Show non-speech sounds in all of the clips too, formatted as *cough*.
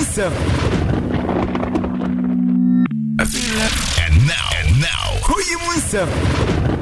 Wisdom. And now, and now, Goeie Wisdom.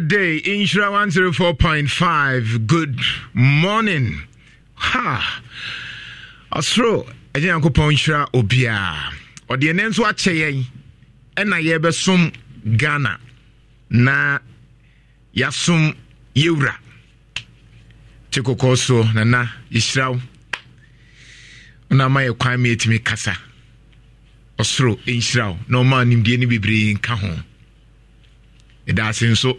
good day, Insura 104.5. Good morning. Ha! Asro, ɛdi na nkopɔn nhyira obiara. Ɔde ɛnɛ nso akyɛ Ghana na yasum Yura. Te kɔkɔɔ nana, yɛhyira unama Ɔna ama yɛ kwan mi etimi kasa. Ɔsoro nhyira wo, na ɔma nimdeɛ no bebree nka ho. ɛdaase nso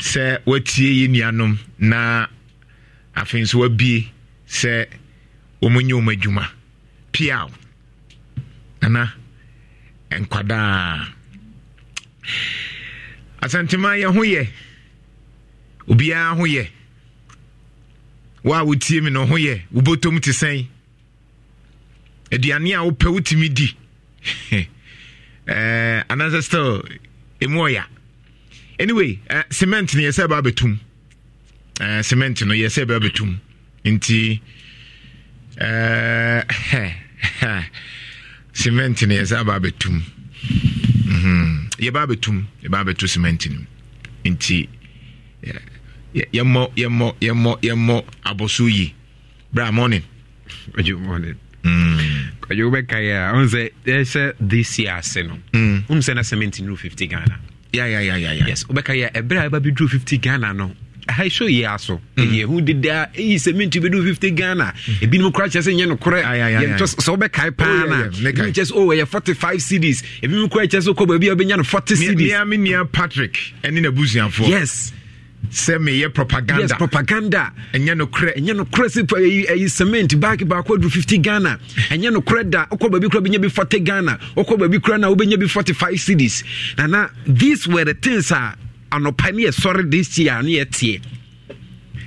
sɛ watie yi nuanom na afei nso wabie sɛ wɔn nyɛ wɔn adwuma piaw nana nkwadaa asantema yɛ ho yɛ obiara ho yɛ wo a wotie mi no ho yɛ wobɔtɔm te sɛn aduane a wopɛ wotumi di *laughs* eh, anaasɛ still ɛmu ɔya anyway uh, cement no yɛsɛ ɛba bɛtum uh, cement no yɛsɛ ɛba bɛtum nti uh, cement no yɛsɛ aba bɛtum mm-hmm. yɛba bɛtum yɛba bɛto cement no nti yɛmmɔ yɛmmɔ yɛmmɔ yɛmmɔ abɔso yi bra morning good morning kwadwo wobɛkaeɛ a ɔhu sɛ yɛhyɛ this year ase no wohu sɛ na cement no 50 ghana yeah, yeah, yeah, yeah, yeah. yes wobɛka yɛ ɛberɛ a ɛba bi 50 ghana no ha e so mm-hmm. e yɛ aso ɛyɛ ho dedaa ɛyi e sɛ menti bɛdu fifty ghana mm-hmm. ebinom kora kyerɛ sɛ nyɛ nokorɛ yɛntɔ sɛ wobɛkae paa oh, no kyɛ sɛ o oh, ɛyɛ 45 cities ebinom kora kyerɛ sɛ wokɔ baabi a wobɛnya no 40 cities mea me nua patrick ɛne n'abusuafoɔ yes sɛ meyɛ propaganda yes, propaganda ɛnyɛ nokorɛ ɛnyɛ nokorɛ sɛ eh, eh, cement bak baako aduru 50 ghana ɛnyɛ nokorɛ da wokɔ baabi kora bɛnya bi 40 ghana wokɔ baabi kora na wobɛnya bi 45 cities nana this were the things a ah, anɔpa ne yɛsɔre this year ne yɛteɛ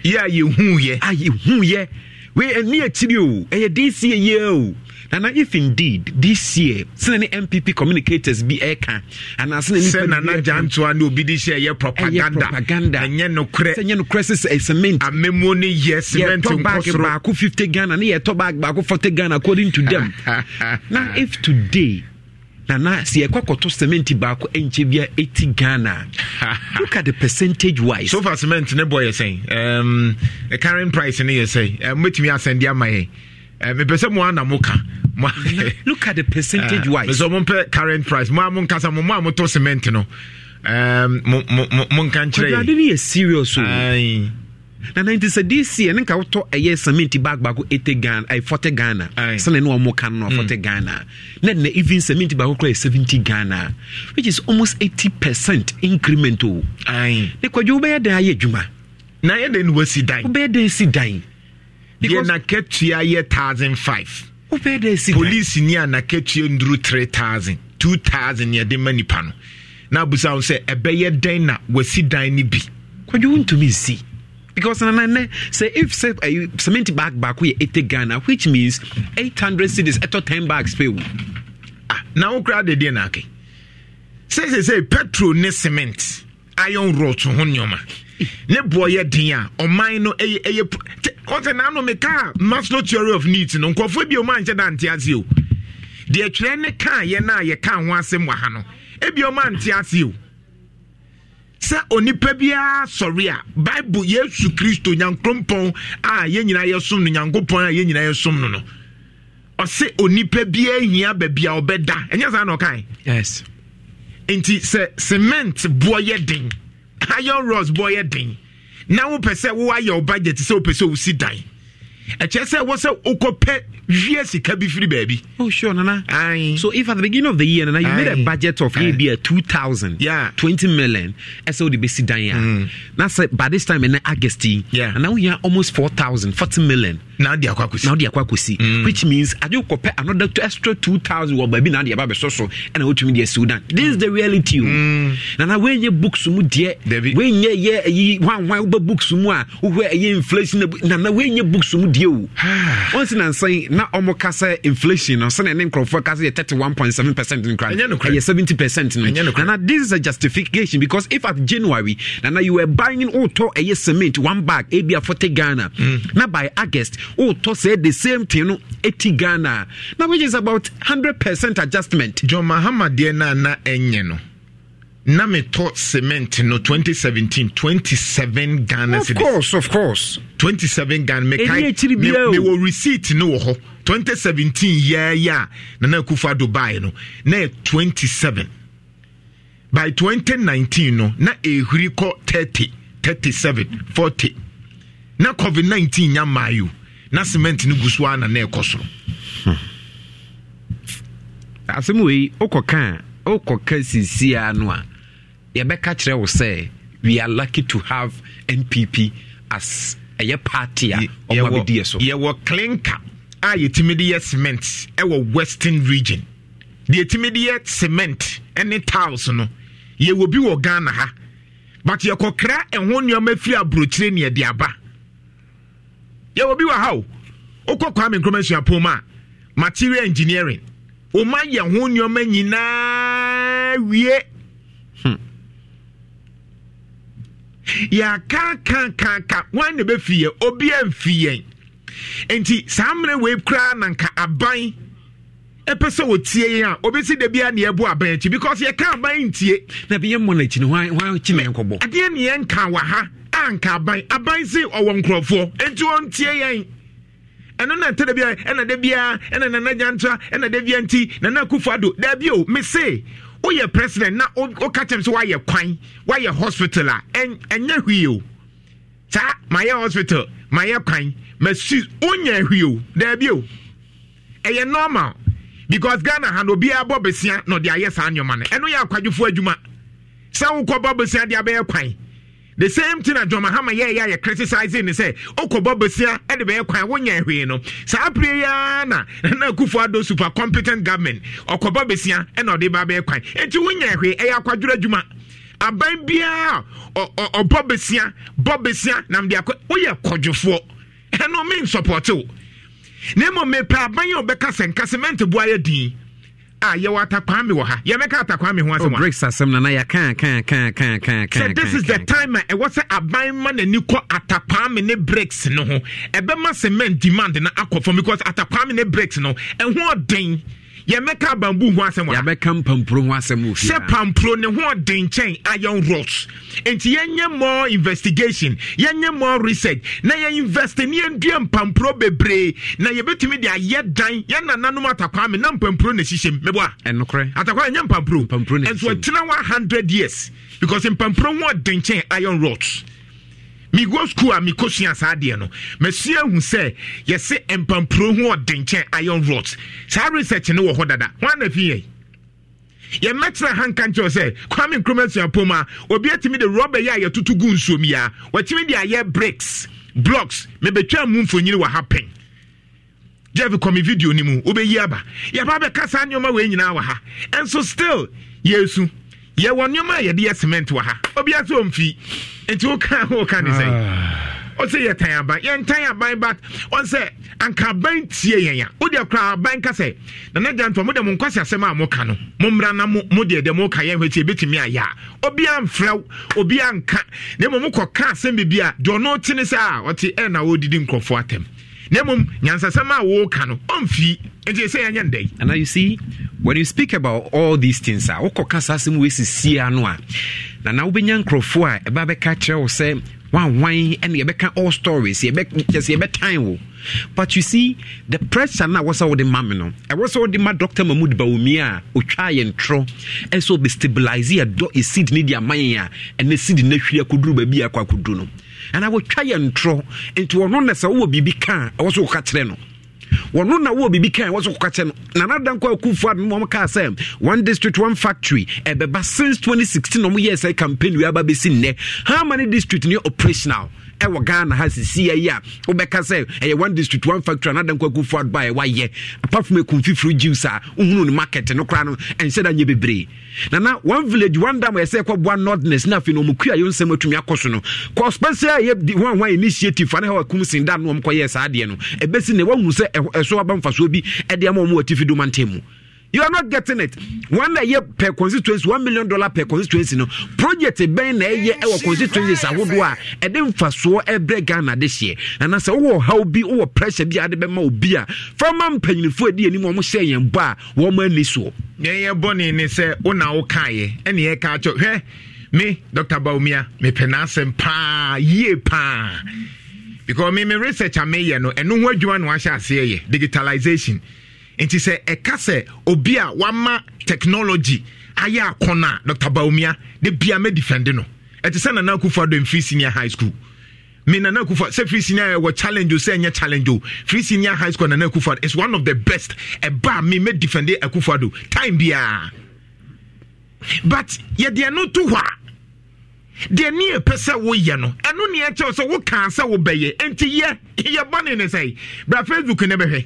yɛ a yɛhuyɛ a yɛhuyɛ wei ɛni akyiri o ɛyɛ eh, this year yɛ o nana if indeed this year sena ne MPP communicators bi ɛka anaasɛ na nipa nana gyantoa ne obi de hyɛ ɛyɛ propaganda ɛnyɛ nokorɛ sɛ ɛnyɛ nokorɛ sɛ sɛ cement amemuo ne yɛ cement nkɔsoro yɛtɔ baag baako fifty ghana ne yɛtɔ baag baako forty ghana according to them *laughs* na if today nana sɛ yɛkɔ eh, akɔtɔ cement baako ɛnkyɛ eh, bia ɛti ghana *laughs* look at the percentage wise so far cement ne bɔ yɛ sɛn um, the current price ne yɛ eh, sɛn mɛtumi asɛnde ama yɛn Eh, mepɛ sɛ mo ana mo ka look at the percentage eh, wise so mo mpɛ current price mo a mo nkasa mo mo a mo to cement no mo nka nkyerɛ yɛ no yɛ serious o na ninety sɛ this year ne nka wotɔ ɛyɛ cement bag baako eighty ghana ɛyɛ eh, forty ghana sani ne wɔn ka no hmm. forty ghana na na even cement baako kora yɛ seventy ghana which is almost eighty percent increment o ne kwadwo wobɛyɛ dan ayɛ adwuma na yɛ den ni wɔsi dan wobɛyɛ den si dan yɛ nakatua yɛ thousand five Police ni a nakatua nduru three thousand two thousand yɛde ma nipa no na abusa ho sɛ ɛbɛyɛ dan na wasi dan no bi kwadwo wontumi nsi because na na nɛ sɛ if sɛ eh, cement bag baako yɛ 80 ghana which means eight hundred cities ɛtɔ ten bags pɛ wo ah, na wo koraa dedeɛ na ake sɛ sɛ sɛ petrol ne cement iron rot ho nneɔma ne boɔ yɛ den a ɔman no ɛyɛ ɛyɛ ɔtɛ n'ano mi kaa Maslow theory of needs no nkurɔfoɔ bi a ɔmo ankyɛ dante ase o deɛ twerɛ ne kaa yɛ na yɛ kaa ho asɛm wɔ ha no ebi ɔmo ante ase o sɛ onipa biara sɔre a Bible Yesu Kristo nyankoropɔn a yɛn nyinaa yɛ som no nyankopɔn a yɛn nyinaa yɛ som no no ɔsɛ onipa biara hia baabi a ɔbɛda ɛnyɛ saa na ɔkae. yes nti sɛ cement boɔ yɛ den. iron rods bɔ yɛ den na wopɛ sɛ woayɛ wo budget sɛ wopɛ sɛ wosi dan ɛkyerɛ sɛ wɔ sɛ wokɔpɛ wie sika bi firi baabi oh sure nana Aye. so if at the beginning of the year nana you Aye. made a budget of Aye. maybe a 2000 yeah 20 million ɛsɛ wode bɛsi dan a mm. na sɛ by this time ɛnɛ august yi yeah. and now wohia almost 4000 40 million na ɔde akɔ akɔsi na ɔde akɔ akɔsi mm. which means ade kɔpɛ another two extra two thousand wɔ baabi na ɔde aba abɛsɔ so ɛna wotumi deɛ siw dan this is the reality o mm. nana wɔnyɛ books mu deɛ wɔnyɛ yɛ ayi wanwan wobɛ books mu a wohwɛ ɛyɛ inflation nana wɔnyɛ books mu deɛ o ɔnsi nansan na ɔmo kasa inflation no sɛnɛ ne nkurɔfoɔ kasa yɛ thirty one point seven percent nkran ɛyɛ seventy percent no nana this is a justification because if at January nana you were buying otɔ ɛyɛ cement one bag ebi a forty Ghana mm. na by August wotɔ sɛ the same thing no ɛti ghana na which is about 100 percent adjustment john mahama deɛ no na ɛnyɛ no na metɔ cement no 2017 27 ghana of course of course 27 ghana mekae me wɔ receipt no wɔ hɔ 2017 yɛɛyɛ a na akufa dubai no na yɛ 27 by 2019 no na ɛhuri kɔ 30 37 40 na covid-19 nya maa yi na cement no gu so a na na ɛkɔ soro asɛm wei wokɔka a wokɔka sisia no a yɛbɛka kyerɛ wo sɛ we are lucky to have npp as ɛyɛ party a ɔma bɛdiɛ so yɛwɔ clinker a yɛtumi de yɛ cement ɛwɔ western region deɛ yɛtumi de yɛ cement ne tiles no yɛwɔ bi wɔ ghana ha but yɛkɔkra ɛho nneɔma firi aburokyire ne yɛde aba yɛwɔ bi wɔ ha o wokɔ kwame nkrɔma asuapɔn mu material engineering woma yɛ ho nneɛma nyinaa wie hmm. yɛakaakaakaaka wan na ɛbɛfi yɛn obia mfi yɛn nti saa mmerɛ wei koraa nanka aban ɛpɛ sɛ wɔtie yɛn a obɛsi da bia ne yɛbo aban akyi because yɛka aban ntie na bi yɛmmɔ no akyi no hwan kyi na yɛnkɔbɔ adeɛ ne yɛnka wɔ ha anka aban aban se ɔwɔ nkurɔfoɔ nti ɔntie yɛn ɛno na ɛtɛ da bia ɛna da bia ɛna nana gyantoa ɛna da bia nti nana akufo ado daabi o mese woyɛ president na woka kyɛm sɛ woayɛ kwan woayɛ hospital a ɛnyɛ hwee o saa mayɛ hospital mayɛ kwan masi wonyɛ hwee o daabi o ɛyɛ normal because ghana ha no obiara bɔ besia na ɔde ayɛ saa nneɔma no ɛno yɛ akwadwofoɔ adwuma sɛ wokɔbɔ besia de abɛyɛ kwan the same thing a John Mahama yɛyɛ yɛ criticizing ne sɛ okɔbɔ besia ɛde bɛyɛ kwan wonya hwee no saa pere ya na na Akufo ado super competent government ɔkɔbɔ besia ɛna ɔde ba bɛyɛ kwan eti wonya hwee ɛyɛ akwadwere adwuma aban bia ɔbɔ besia bɔ besia nam de akɔ woyɛ kɔdwofoɔ ɛno me o na mmom mepɛ aban a ɔbɛka sɛ nka cement bu ayɛ din Ah, oh, a yɛwɔ atakwame wɔ ha yɛmɛka atakwame ho asɛm breaks asɛm nana yɛka ka ka ka ka ka sɛ this is the time a ɛwɔ sɛ aban ma n'ani kɔ atakwame ne breaks no ho ɛbɛma cement demand na akɔ fam because atakwame ne breaks no ɛho ɔden yɛmɛka bambu ho asɛm yɛbɛka mpampuro ho asɛm sɛ pampuro ne ho ɔde nkyɛn iron rot nti yɛnyɛ more investigation yɛnyɛ more research na yɛinvest ne yɛndua mpampuro bebree na yɛbɛtumi de ayɛ dan yɛnananom atakwa me na mpampuro na ɛhyehyɛ m mɛboa ɛnokorɛ atakwa ɛnyɛ mpampuro ɛnso ɛtena wa 100 years because mpampuro ho ɔde nkyɛn iron rot mego school a mekɔsua saa deɛ no masi ahu sɛ yɛse mpampuro ho ɔde nkyɛn iron rot saa research no wɔ hɔ dada ho ana fi yɛi yɛmɛtena hanka nkyɛw sɛ kwame nkroma asuapɔ mu a obi atumi de rɔba yi a yɛtoto gu nsuom yi a watumi de ayɛ bricks blocks mebɛtwa mu mfonyini wɔ ha pɛn jeff kɔmi video ni mu wobɛyi aba yɛba bɛka saa nneɔma wei nyinaa wɔ ha ɛnso still yɛsu yɛwɔ nneɔma a yɛde yɛ cement wɔ ha obia sɛ ɔmfii nti woka woka ne sɛ ah. ɔsɛ yɛtan aban yɛntan aban but ɔn sɛ anka aban tie yɛn a wode kora aban ka nana gya ntoa mode mo nkwase asɛm a moka no mommra na mo deɛ deɛ moka yɛn hɔ ti ɛbɛtumi ayɛ a obiaa mfrɛw obiaa nka na mmom wokɔka asɛm bibi a deɛ ɔno te ne sɛ a ah, ɔte ɛ na wɔdidi nkurɔfoɔ atɛm na mmom nyansasɛm a wɔka no ɔmfii nti ɛsɛ yɛnyɛ ndɛn and you see when you speak about all these things a wokɔka saa asɛm wei sisia no a na na wobɛnya nkurɔfoɔ a ɛba bɛka kyerɛ wo sɛ wanwan ɛne yɛbɛka all stories yɛsɛ yɛbɛtan wo but you see the pressure no a wɔsɛ wode ma me no ɛwɔ sɛ wode ma dr mahmud baomi a ɔtwaa yɛ ntorɔ ɛsɛ obestabilise yɛdɔ ɛsid no de ama yɛn a ɛnɛ sid no ahwiri akɔduru baabi a akɔ akɔduru no ɛna wɔtwa yɛ ntorɔ nti wɔno nɛ sɛ wowɔ biribi ka a ɛwɔ so woka kyerɛ no wɔno na wo biribi kan wɔso kɔka kyɛ no nanadankɔ akufo ad mmɔm kaa sɛ one district one factory ɛbɛba since 2016 na ɔmo yɛɛ sɛ campaign wi aba bɛsi nnɛ how many district ne operational ɛwɔ ghana ha sisi ayi a wobɛka sɛ ɛyɛ one district one factory anada nkwaku fo adoba a ɛwayɛ apart from ɛkum fifiri jews a wohunu no market no koraa no ɛnhyɛ da nyɛ bebree nana one village one dam ɛsɛ ɛkɔboa northerness na afei na ɔmo kua yɛn nsɛm atumi akɔ so no kɔspɛsɛ a yɛ wɔn wɔn initiative fa ne ha wɔkum sin da no ɔmo kɔyɛ saa adeɛ no ɛbɛsi na wɔn mu sɛ ɛso aba mfasoɔ bi ɛde ama ɔmo wɔ tifi domantɛn mu you are not getting it one na ɛyɛ per constituency one million dollar per constituency no project bɛn na ɛyɛ ɛwɔ constituencies ahodoɔ a ɛde eh? mfasoɔ ɛbrɛ ghana de hyɛ anasɛ wowɔ ɔhaw bi wowɔ pressure bi a ade bɛma obi a fama mpanyinfoɔ adi anim a wɔhyɛ yɛn bɔ a wɔn ani soɔ. yɛn yɛ bɔ ne ne sɛ wo na wo kaeɛ ɛne yɛ ka akyɛ hwɛ me dr baomia mepɛ n'asɛm paa yie paa because me me research a meyɛ no ɛno ho adwuma na wahyɛ aseɛ yɛ digitalization nti sɛ ɛka sɛ obi a wama technology ayɛ akɔn dr baomia de bia mɛdifɛnde no ɛte sɛ nana kufa do mfiri senior high school me nana kufa sɛ free senior ɛwɔ challenge o sɛ ɛnyɛ challenge o free senior high school nana kufa is one of the best ɛba me mɛdifɛnde kufa do time biara but yɛdeɛ no to hɔ a deɛ ne yɛpɛ sɛ woyɛ no ɛno neɛ kyɛw sɛ wokaa sɛ wobɛyɛ enti yɛ yɛbɔne ne sɛe bra facebook ne bɛhwɛ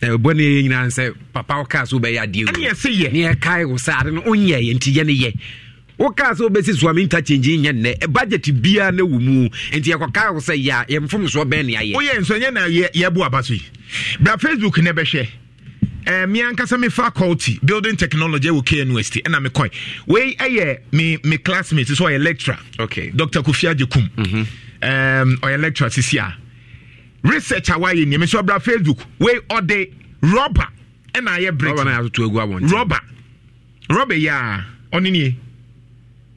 bɔne yɛ nyinaa sɛ papa wo kaa so wobɛyɛ adeɛ wɛne yɛkae wo sɛ ade no wonyɛɛ nti yɛ ne yɛ wo kaa sɛ wobɛsi soame ntakyɛngye nyɛ nnɛ budget biara na wɔ mu nti yɛkɔkae wo sɛ yɛ a yɛmfomsoɔ bɛn ne ayɛ woyɛ nsɔnyɛ na yɛbo aba so yi bra facebook ne bɛhwɛ Uh, me ankasa me faculty building technology wɔ knust ɛna mekɔe wei ɛyɛ me me classmate so ɔyɛ lecturer okay. dr kofi agye kum mm -hmm. um, lecturer sisi a research a wayɛ nneɛma sɛ ɔbra facebook wei ɔde rɔba ɛna ayɛ brick rɔba rɔba yi a ɔne nie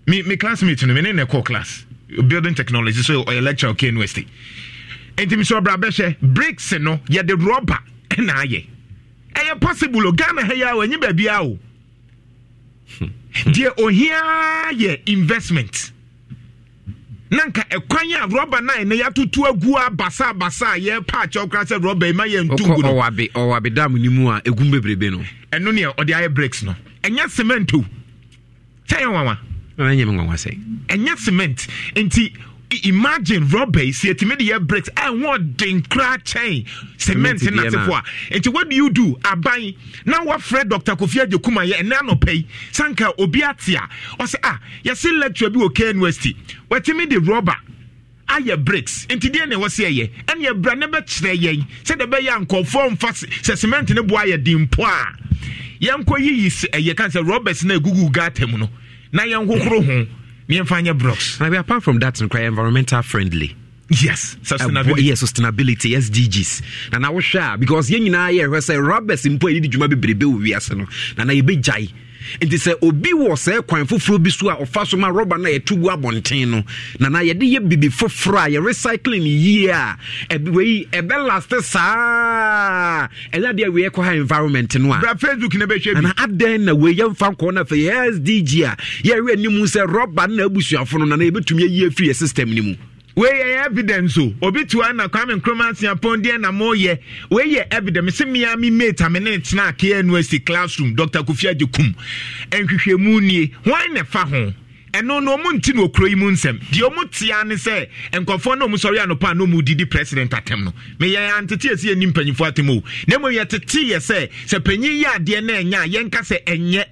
me me classmate no me ne na class building technology so ɔyɛ lecture ɔkɛ university nti mi sɛ ɔbra bɛhyɛ bricks no yɛde rɔba ɛna ayɛ ɛyɛ possible o ghana ha yi a wɔnyi baabi o hmm. deɛ ohia yɛ investment na nka ɛkwan a rɔba nine na yɛatoto agu a basa basa a yɛpa akyɛw kora sɛ rɔba yi ma yɛ ntungu no ɔwabe ɔwabe dam ni mu a egum bebrebe no ɛno neɛ ɔde ayɛ breaks no ɛnyɛ cement o sɛ yɛ nwanwa ɛnyɛ cement nti imagine rubber si etimi de yɛ bricks ɛho ɔden kura kyɛn cement n'asefo a nti what do you do aban na wafrɛ dr kofi agyekuma yɛ ɛnɛ anɔpɛ yi sanka obi ate a ɔsɛ a yɛsi lecture bi wɔ k university wɔtimi de rubber ayɛ bricks nti deɛ na ɛwɔ se ɛyɛ ɛna ɛbra ne bɛkyerɛ yɛn sɛdeɛ ɛbɛyɛ nkɔfoɔ mfa sɛ cement ne bo ayɛ den mpo a yɛnkɔ yiyi ɛyɛ kan sɛ rubbers na egugu gata mu no na yɛnhohoro ho yɛmfa nyɛ blocks and apart from that nkra environmental friendly yes sustainability uh, yes sustainability sdgs na na wohwɛ a because yɛn nyinaa yɛhwɛ sɛ rubbers mpo a yɛde dwuma bebrebe wɔ wiase no na na yɛbɛgyae nti sɛ obi wɔ sɛ kwan foforɔ bi so a ɔfa so ma rɔba no a yɛto gu abɔnten no nana yɛde yɛ bibi foforɔ a yɛrecycling yie a wei ɛbɛlaste saa ɛna deɛ wei ɛkɔ ha environment no a facebook na bɛhwɛ bi adɛn na wei yɛmfa nkɔɔ no afei yɛ sdg a yɛwe anim sɛ rɔba no na abusuafo no nana yɛbɛtumi ayi afiri yɛ system no mu wei yɛ evidence o obi tua na kwame nkrumah siapɔn deɛ na mo yɛ wei yɛ evidence si mmea mi mate ame ne tena knusc classroom dr kofi agye kum nhwehwɛmu nie wɔn na fa ho ɛno na ɔmo nti na okuro yi mu nsɛm deɛ ɔmo tia ne sɛ nkɔfoɔ na ɔmo sɔre anɔpa na ɔmo didi president atɛm no meyɛ antete yɛ si yɛ ni mpanyinfoɔ atɛm o na mmom yɛtete yɛ sɛ sɛ panyin yɛ adeɛ na ɛnyɛ a yɛnka sɛ ɛnyɛ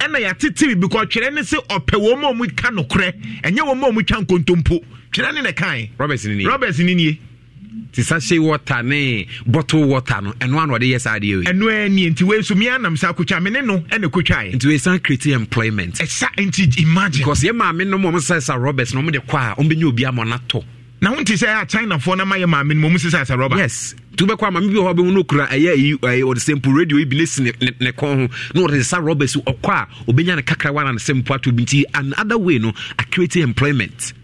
ɛna yɛatete bi kɔ twerɛ ne sɛ ɔpɛ wɔn a ɔmo ka nokorɛ ɛnyɛ wɔn a ɔmo twa nkontompo twerɛ ne ne kae robert ne nie robert ne nie water ne bottle water no ɛno ano ɔde yɛ saa adeɛ o. ɛno ɛni nti wei so mia nam sa akutwa mi no ɛna kutwa yɛ. nti wei create employment. ɛsa nti imagine. because yɛ maame nom wɔn sɛ sa robert na wɔn de kɔ a wɔn bɛ nye obi ama ɔnato. na wɔn ti sɛ a china foɔ na ma yɛ maame nom wɔn sisa sa robert. yes tu bɛkɔ ama mi bi wɔ hɔ bɛ wɔn okura ɛyɛ eyi ɛyɛ ɔde sɛmpo radio yi bi ne si ne ne kɔn ho na ɔde sa robert ɔkɔ a obɛnya ne kakra wa na ne sɛmpo ato bi nti another way no a create employment.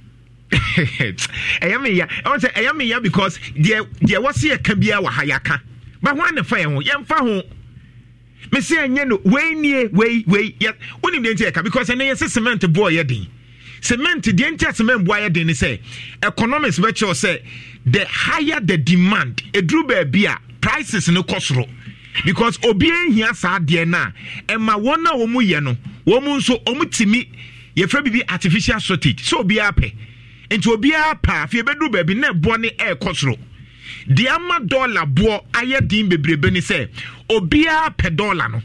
*laughs* ɛyɛ mi ya ɔn sɛ ɛyɛ mi ya because deɛ deɛ wɔsi yɛ ka biara wɔ ha yɛ aka ba ho ana fa yɛn ho yɛn fa ho mesi ɛnyɛ no wei nie wei wei yɛ wɔnim deɛ nti yɛ because ɛnɛ yɛ sɛ cement boɔ yɛ den cement deɛ nti a cement boɔ yɛ den ni sɛ economics bɛ kyerɛw sɛ the higher the demand eduru baabi a prices no kɔ soro because obi ehia saa deɛ na ɛma wɔn a wɔn yɛ no wɔn nso wɔn timi yɛfrɛ bibi artificial shortage so obiara pɛ nti obiara paa afei bɛduru baabi na ɛboɔ ne ɛrekɔ soro deɛ ama dɔɔla boɔ ayɛ din bebrebe ne sɛ obiara pɛ dɔɔla no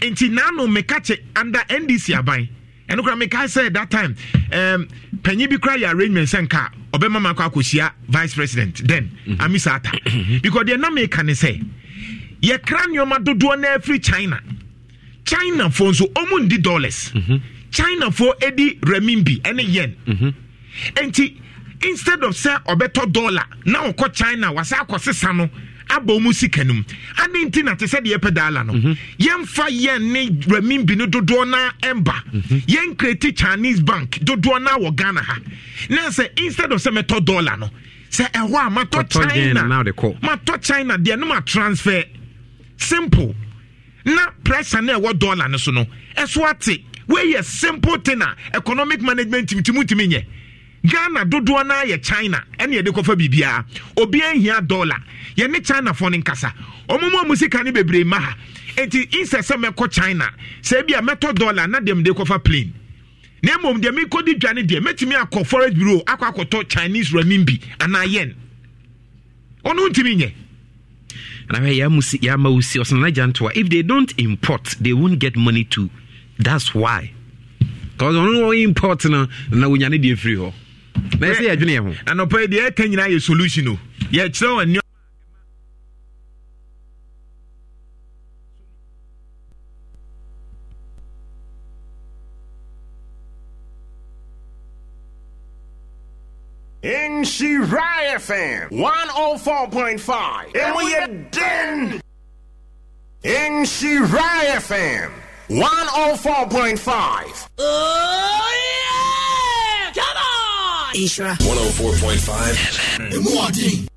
nti naanu meka kye under ndc aban ɛno kora sɛ that time um, panyin bi kora yɛ arrangement sɛ nka ɔbɛma ma akɔ vice president then mm-hmm. amisa ata mhm. because deɛ na meka ne sɛ yɛkra nneɛma dodoɔ na afiri china chinafoɔ nso ɔmu ndi dollars mm-hmm. chinafoɔ edi renminbi ɛne yen. Mm-hmm nti instead of sɛ ɔbɛtɔ dollar na ɔkɔ china wasa akɔ sesa no abɔ mu sika no mu nti na te sɛ deɛ yɛpɛ daala no mhm. yɛmfa yɛn ne ramimbi no dodoɔ na ɛmba mhm. yɛn kreti chinese bank dodoɔ na wɔ ghana ha na sɛ instead of sɛ mɛtɔ dollar no sɛ ɛhɔ a matɔ china matɔ china deɛ no ma transfer simple na pressure no ɛwɔ dollar no so no ɛso ate weyɛ simple thing economic management tìmtìmù tìmì yɛ ghana dodoɔ no yɛ china ɛne yɛde kɔfa biribiaa obiaa hia dollar yɛne chinafoɔ no nkasa ɔmomu a mu sika no bebree ma ha enti insɛ sɛ mɛkɔ china sɛ bi a mɛtɔ dollar na deɛ mede kɔfa plane na mmom deɛ mekɔdi dwa no deɛ mɛtumi akɔ forest bureau akɔ akɔtɔ chinese renminbi anaa yen ɔno ntumi nyɛ anahwɛ yɛamusi yɛama wo si if they don't import they won't get money too that's why because ɔno import no na wonya ne deɛ firi na yɛ adwene yɛ ho anɔpa yi deɛ ɛka nyinaa yɛ solution o oh. yɛkyerɛ In Shirai FM 104.5. And we are den. In Shirai FM 104.5. Oh, yeah! Ishra. 104.5 FM.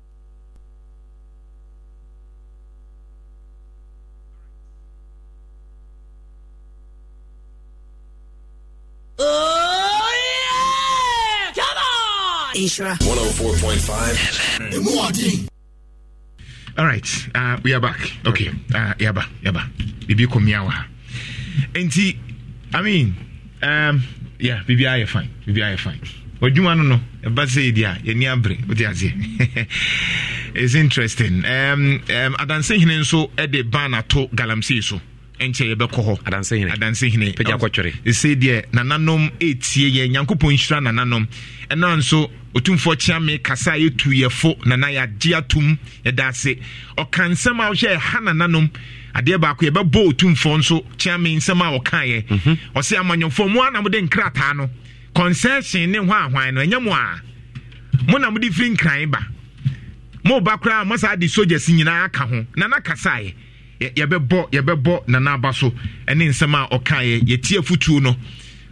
Oh, yeah! Come on! Ishra. 104.5 FM. All right, uh, we are back. Okay, uh, yaba, yaba. Bibi kumiawa. Enti, I mean, um, yeah, bibi are fine. Bibi are fine. odwuma no no ɛba sɛ yɛdi a yɛni abere wote aseɛ *laughs* it's interesting um, um, adansehene nso de ban ato galamsey so nkyɛ yɛbɛkɔ hɔ adansehene adansehene pɛgya kɔtwere ɛsɛ deɛ nananom ɛtie yɛn nyankopɔn nhyira nananom ɛna nso otumfoɔ kyeame kasa a yɛtu yɛfo nana yɛagye atom yɛda ase ɔka nsɛm a wohyɛ ɛha nananom adeɛ baako yɛbɛbɔ otumfoɔ nso kyeame nsɛm a ɔkaeɛ mhm. ɔsɛ amanyɔfoɔ mu a na mode nkrataa no concession ne ho ahwan no ɛnyɛ mo a mo na mode firi nkran ba moba koraa mo saa de sogyas nyinaa ka ho nana kasaeɛ yɛbɛbɔ yɛbɛbɔ nana aba so ɛne nsɛm a ɔkaeɛ yɛtie afotuo no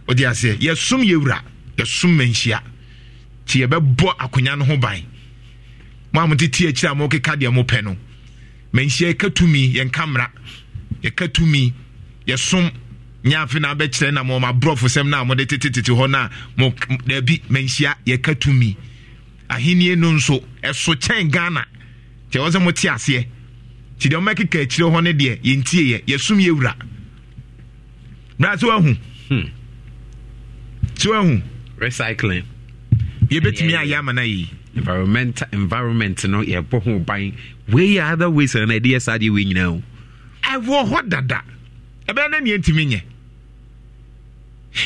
ɔde aseɛ yɛsom yɛwura yɛsom manhyia nti yɛbɛbɔ akonnwa no ho ban mo a motete akyiri a mokeka deɛ mopɛ no manhyia yɛka tumi yɛnka mmara yɛka tumi yɛsom nyɛ afe na abɛkyerɛ na mɔma borɔfo sɛm no a mode tetetete hɔ no a daabi manhyia yɛka tumi ahennie no nso ɛso kyɛn ghana kyɛ wɔ sɛ mote aseɛ nti deɛ ɔmɛkeka akyirɛ hɔ no deɛ yɛntieɛ yɛsom yɛwura bra sɛ woahu hmm. sɛ woahu recycling yɛbɛtumi ayɛ ama no yii environment environment no yɛbɔ ho ban wei yɛ other ways ɛna ɛde yɛ saa deɛ wei nyinaa o ɛwɔ hɔ dada ɛbɛyɛ no neɛ ntumi nyɛ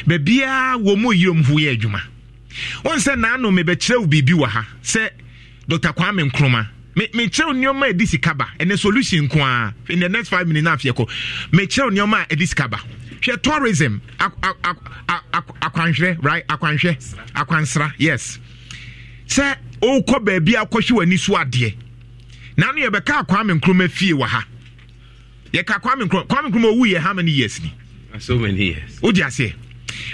baabiaa wɔ mu yirem ho yɛ adwuma wɔn sɛ naano mebɛkyerɛ wo biribi wɔ ha sɛ dr kwame nkroma mekyerɛw nneɔma a ɛdi sika ba ɛnɛ solution nko a in the next five minutes na afeɛ kɔ mekyerɛw nneɔma a ɛdi sika ba hwɛ tourism akwanhwɛ right akwanhwɛ akwansra yes sɛ ɔrekɔ baabi akɔhwe w'ani so adeɛ naano yɛbɛka akwame nkroma fie wɔ ha yɛka kwame nkroma kwame nkroma owu yɛ how many years ni so many years wodi aseɛ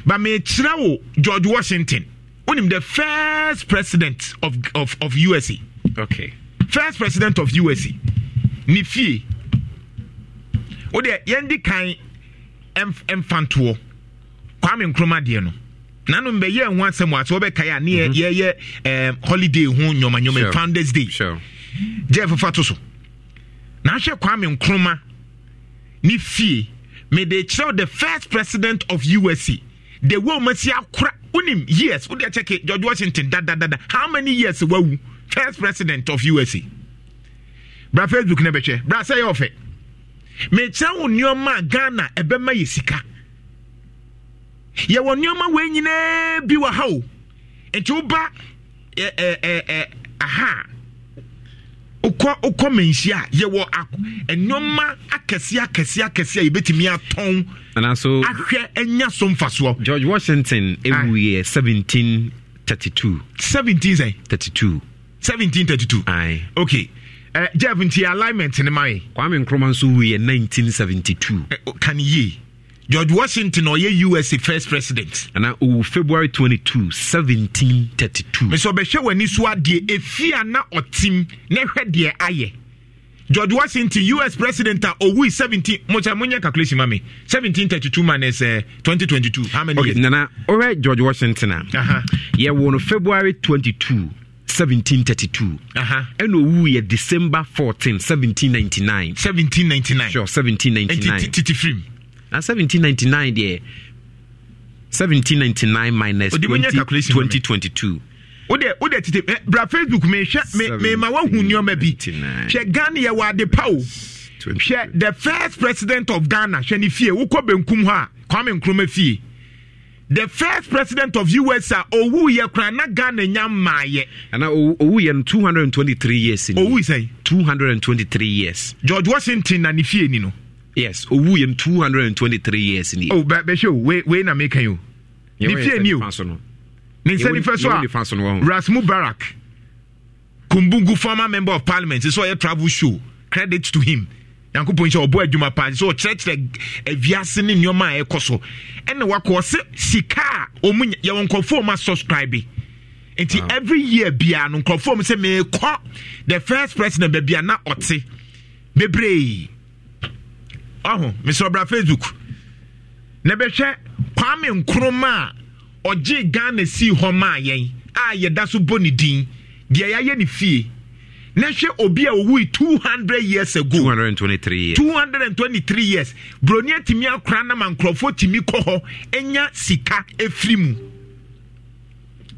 but mekyerɛ wo george washington wonim the first president of, of, of usa okay. first president of usa ne fie yendi yɛndi kan mfantoɔ kwame nkroma deɛ no nanom bɛyɛ ho asɛm wɔ ase wɔbɛkae a ne yɛyɛ holiday ho nnwɔmanwɔma sure. founders day sure. gye fatoso. to so kwame nkroma ne fie mede kyerɛw the first president of usa the way wɔn si akora wonim years wode akyɛke george washington Da da da da. how many years were first president of usa bra facebook na bɛhwɛ bra sɛ yɛ ɔfɛ mekyerɛ wo nneɔma a ghana ɛbɛma yɛ sika yɛwɔ nneɔma wei nyinaa bi wɔ ha o nti woba eh, eh, eh, aha wokɔ wokɔ manhyi a yɛwɔ nneɔma akɛseɛ akɛseɛ akɛseɛ a yɛbɛtumi atɔn anaso ahwɛ anya so mfasoɔ george washington ɛwuiɛ 1732 17 sɛ 32 1732 Aye. okay uh, jeff nti alignment ne ma yɛ kwame nkrɔma nso wuiɛ 1972 uh, kan yie george washington ɔyɛ usa first president ana ɔwɔ february 22 1732 mesɛ ɔbɛhwɛ w'ani so adeɛ ɛfie a na ɔtem na ɛhwɛ deɛ ayɛ george washington us president a owui 17 mokyɛ monyɛ calculation ma 1732 minus uh, 2022 how many okay, years? nana ɔhwɛ george washington a uh-huh. yɛwɔ no february 22 1732 ɛna ɔwu yɛ december 14 1799 1799 sure 1799 titi firim na 1799 deɛ 1799 minus 2022 wode wode tete eh, bra facebook mehwɛ mema woahu nneɔma bi hwɛ ghana yɛwɔ ade pa o hwɛ the first president of ghana hwɛ ne fie wokɔ benkum hɔ a kwame nkroma fie the first president of us a owuyɛ koraa na ghana nya mmaayɛ ana owuyɛ no 223 years owui sɛn 223 years george washington na ne fie ni no yes owu yam 223 years ni. o bɛ bɛ se o wei na mi kan yi o ni fiye ni o ni nsɛn nifɛ so a rasmu barak kumbungu former member of parliament sɛ ɔyɛ travel show credit to him nyankopɔn sɛ ɔbɔ adwuma paa sɛ ɔkyerɛkyerɛ aviase ne nneɔma a ɛkɔ so ɛna wakɔ sɛ sika a ɔmu yɛwɔ nkurɔfoɔ ma subscribe nti wow. every year biara no nkurɔfoɔ mu sɛ meekɔ the first president baabi a na ɔte bebree ɔho mesɛ ɔbra facebook na bɛhwɛ kwame nkroma a ɔgye ghana sii hɔ maa yɛn a yɛda so bɔ ne din deɛ yɛayɛ ne fie na hwɛ obi a owui 200 years ago 223 years 223 years buroni atumi akora na ma nkurɔfoɔ tumi kɔ hɔ anya sika ɛfiri mu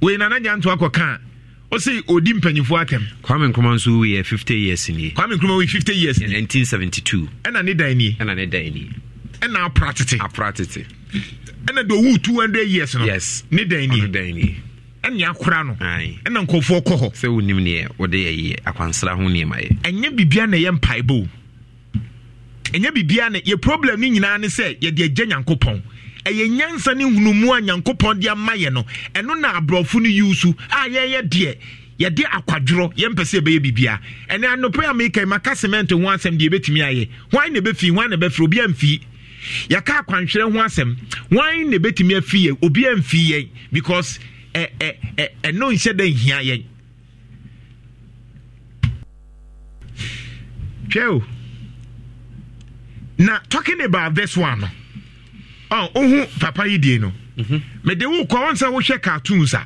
wei nana nyanto akɔka a ɔsɛ ɔdi mpanyinfoɔ atɛm kwame nkrumah nso yɛ 50 years nie kwame nkrumah wɔ 50 years nie 1972 ɛna ne dan nie ɛna ne dan nie ɛna apra tete apra tete ɛna deɛ ɔwu 200 years no yes ne dan nie ɔno dan nie ɛne akora no ɛna nkɔfoɔ kɔ hɔ sɛ wonim neɛ wode yɛyɛ akwansra ho nneɛma yɛ ɛnyɛ biribia na ɛyɛ mpaebɔ ɛnyɛ biribia na yɛ problem no nyinaa ne sɛ yɛde agya nyankopɔn ɛyɛ nyansa ne hunumu a nyankopɔn de ama yɛ no ɛno na aborɔfo no yiw so a yɛyɛ deɛ yɛde akwadworɔ yɛmpɛ sɛ ɛbɛyɛ biribia ɛne anɔpɛ a meka maka cement ho asɛm deɛ ɛbɛtumi ayɛ hwan na ɛbɛfii hwan na ɛbɛfiri obi amfii yɛka akwanhwerɛ ho asɛm hwan na ɛbɛtumi afii yɛn obi amfii yɛn because ɛno nhyɛ dɛ nhia yɛn hwɛ na talking about this one ohu papa yi die no mhm. mede wo kɔ ɔn wohwɛ cartoons a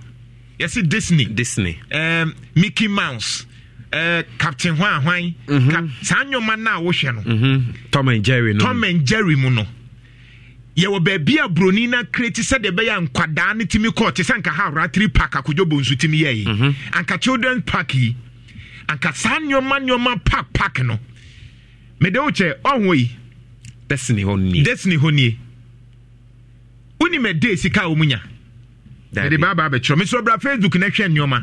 yɛsi Disney Disney um, Mickey Mouse uh, Captain hwan hwan mm-hmm. saa nneɛma no a wohwɛ no mm Tom and Jerry no Tom and Jerry mu no yɛwɔ baabi a buroni na kreti sɛdeɛ ɛbɛyɛ a nkwadaa no tumi kɔɔ te sɛ nka ha ratri park akodwo bonsu tumi yɛyi mm-hmm. anka children park yi anka saa nneɔma nneɔma park park no mede wo kyɛ ɔho yi destiny hɔ nie destiny hɔ nie wonim ɛde sika a wɔ mu nya ɛde baabaa bɛkyerɛ me so bra facebook na hwɛ nneɔma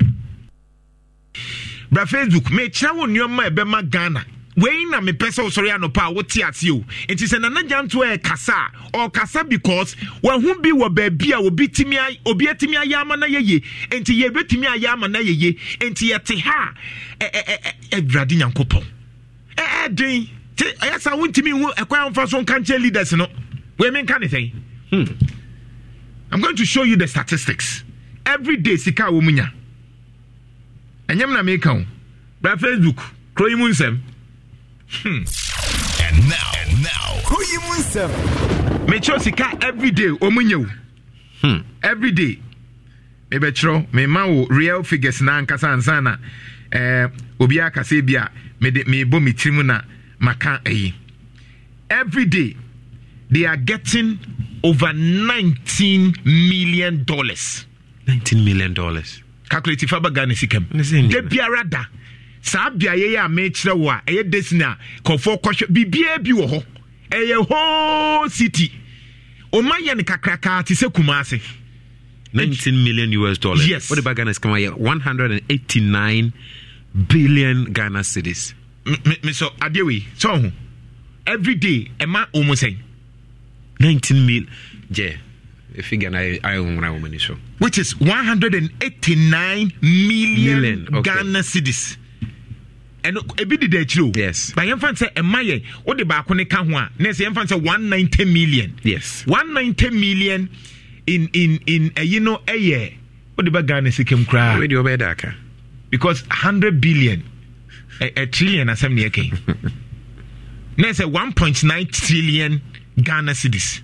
bra facebook mekyerɛ wo nneɔma a ɛbɛma ghana wei na mepɛ sɛ wosɔre anɔpa a wote ase o nti sɛ nana gyanto a ɛkasa a ɔkasa because wahu bi wɔ baabi a obi timi obi atimi ayɛ ama na yɛye nti yɛbɛtumi ayɛ ama na yɛye nti yɛte ha a awurade nyankopɔn ɛɛden nti ɛyɛ sa wontimi hu ɛkwan amfa so nka nkyɛ leaders no wei menka ne sɛn hmm. I'm going to show you the statistics. Every day, sika wo munya. Enyam na make on. Bra Facebook, kroyi mu hmm. And now, and now, kroyi mu nsem. sika every day omunya Hmm. Every day. Maybe tro. me ma real figures na ankasa ansana. Eh, obi akase bia me de me bo me maka eyi. Every day they are getting over 19 million dollars 19 million dollars calculate faba ghana sikam da biara da saa beaeɛ yi a mekyerɛ wo a ɛyɛ desini a kɔfoɔ kɔhwɛ biribiaa bi wɔ hɔ ɛyɛ whole city ɔma yɛ no kakrakaa te sɛ kuma ase 19 million US dollars. Yes. What about Ghana? Come on, 189 billion Ghana cities. Mr. Adewi, so every day, am ma almost saying? 19 mil jɛ efi ghana ayɛ nwura wɔn ani so. which is one hundred and 189 million, million okay. ghana cedis. ɛno ebi deda akyire o. yes na yɛn fan sɛ ɛma yɛ o de baako ne ka ho a na yɛn fan sɛ 190 million. yes 190 million in in in ɛyi no ɛyɛ o de ba ghana sikem koraa. o de ɔbɛyɛ daaka. because 100 billion ɛ ɛ trillion asɛm ne yɛ kɛ. na yɛ sɛ 1.9 trillion ghana cities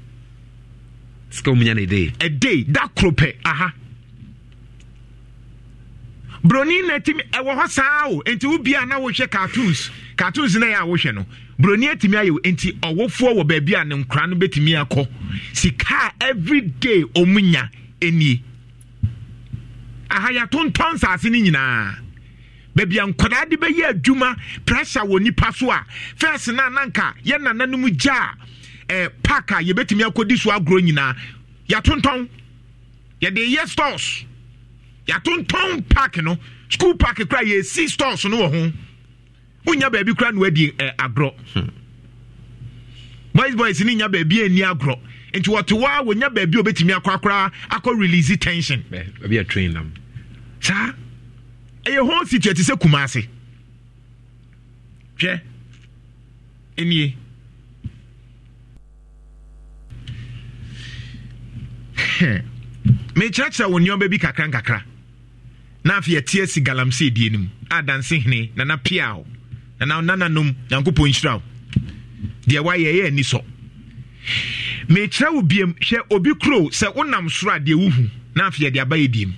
sika omunya day a day, da koro pɛ aha broni na etimi ɛwɔ hɔ saa o nti wo bia na wohwɛ cartoons cartoons na yɛ no broni etimi ayɛ o nti ɔwɔfoɔ wɔ baabi a ne nkora no betumi akɔ sika a everyday omunya enie aha yɛatontɔn nsase no nyinaa baabi a nkwadaa de bɛyɛ adwuma pressure wɔ nipa so a fɛs no ananka yɛ nananom gya a eh, park a yɛbɛtumi akɔdi so agorɔ nyinaa yɛatontɔn yɛde yɛ stores yɛatontɔn park no school park kora yɛsi stores no wɔ ho wonya baabi kora na wadi eh, agorɔ hmm. boys boys ne nya baabi ani agorɔ nti wɔte hɔ a wɔnya baabi a wɔbɛtumi akɔ akora akɔ release tension saa ɛyɛ hɔ situa te sɛ kumase hwɛ nie Hmm. mekyerɛkyerɛ wo nneɔma bi kakra nkakra na afei ɛte asi galamsey die no mu a dansehene nana pia wo nana nananom nyankopɔn nhyira o deɛ woayɛ ɛyɛ ani sɔ mekyerɛ wo biam hwɛ obi kuro sɛ wonam soro a deɛ wohu na afei ɛde aba yɛ diem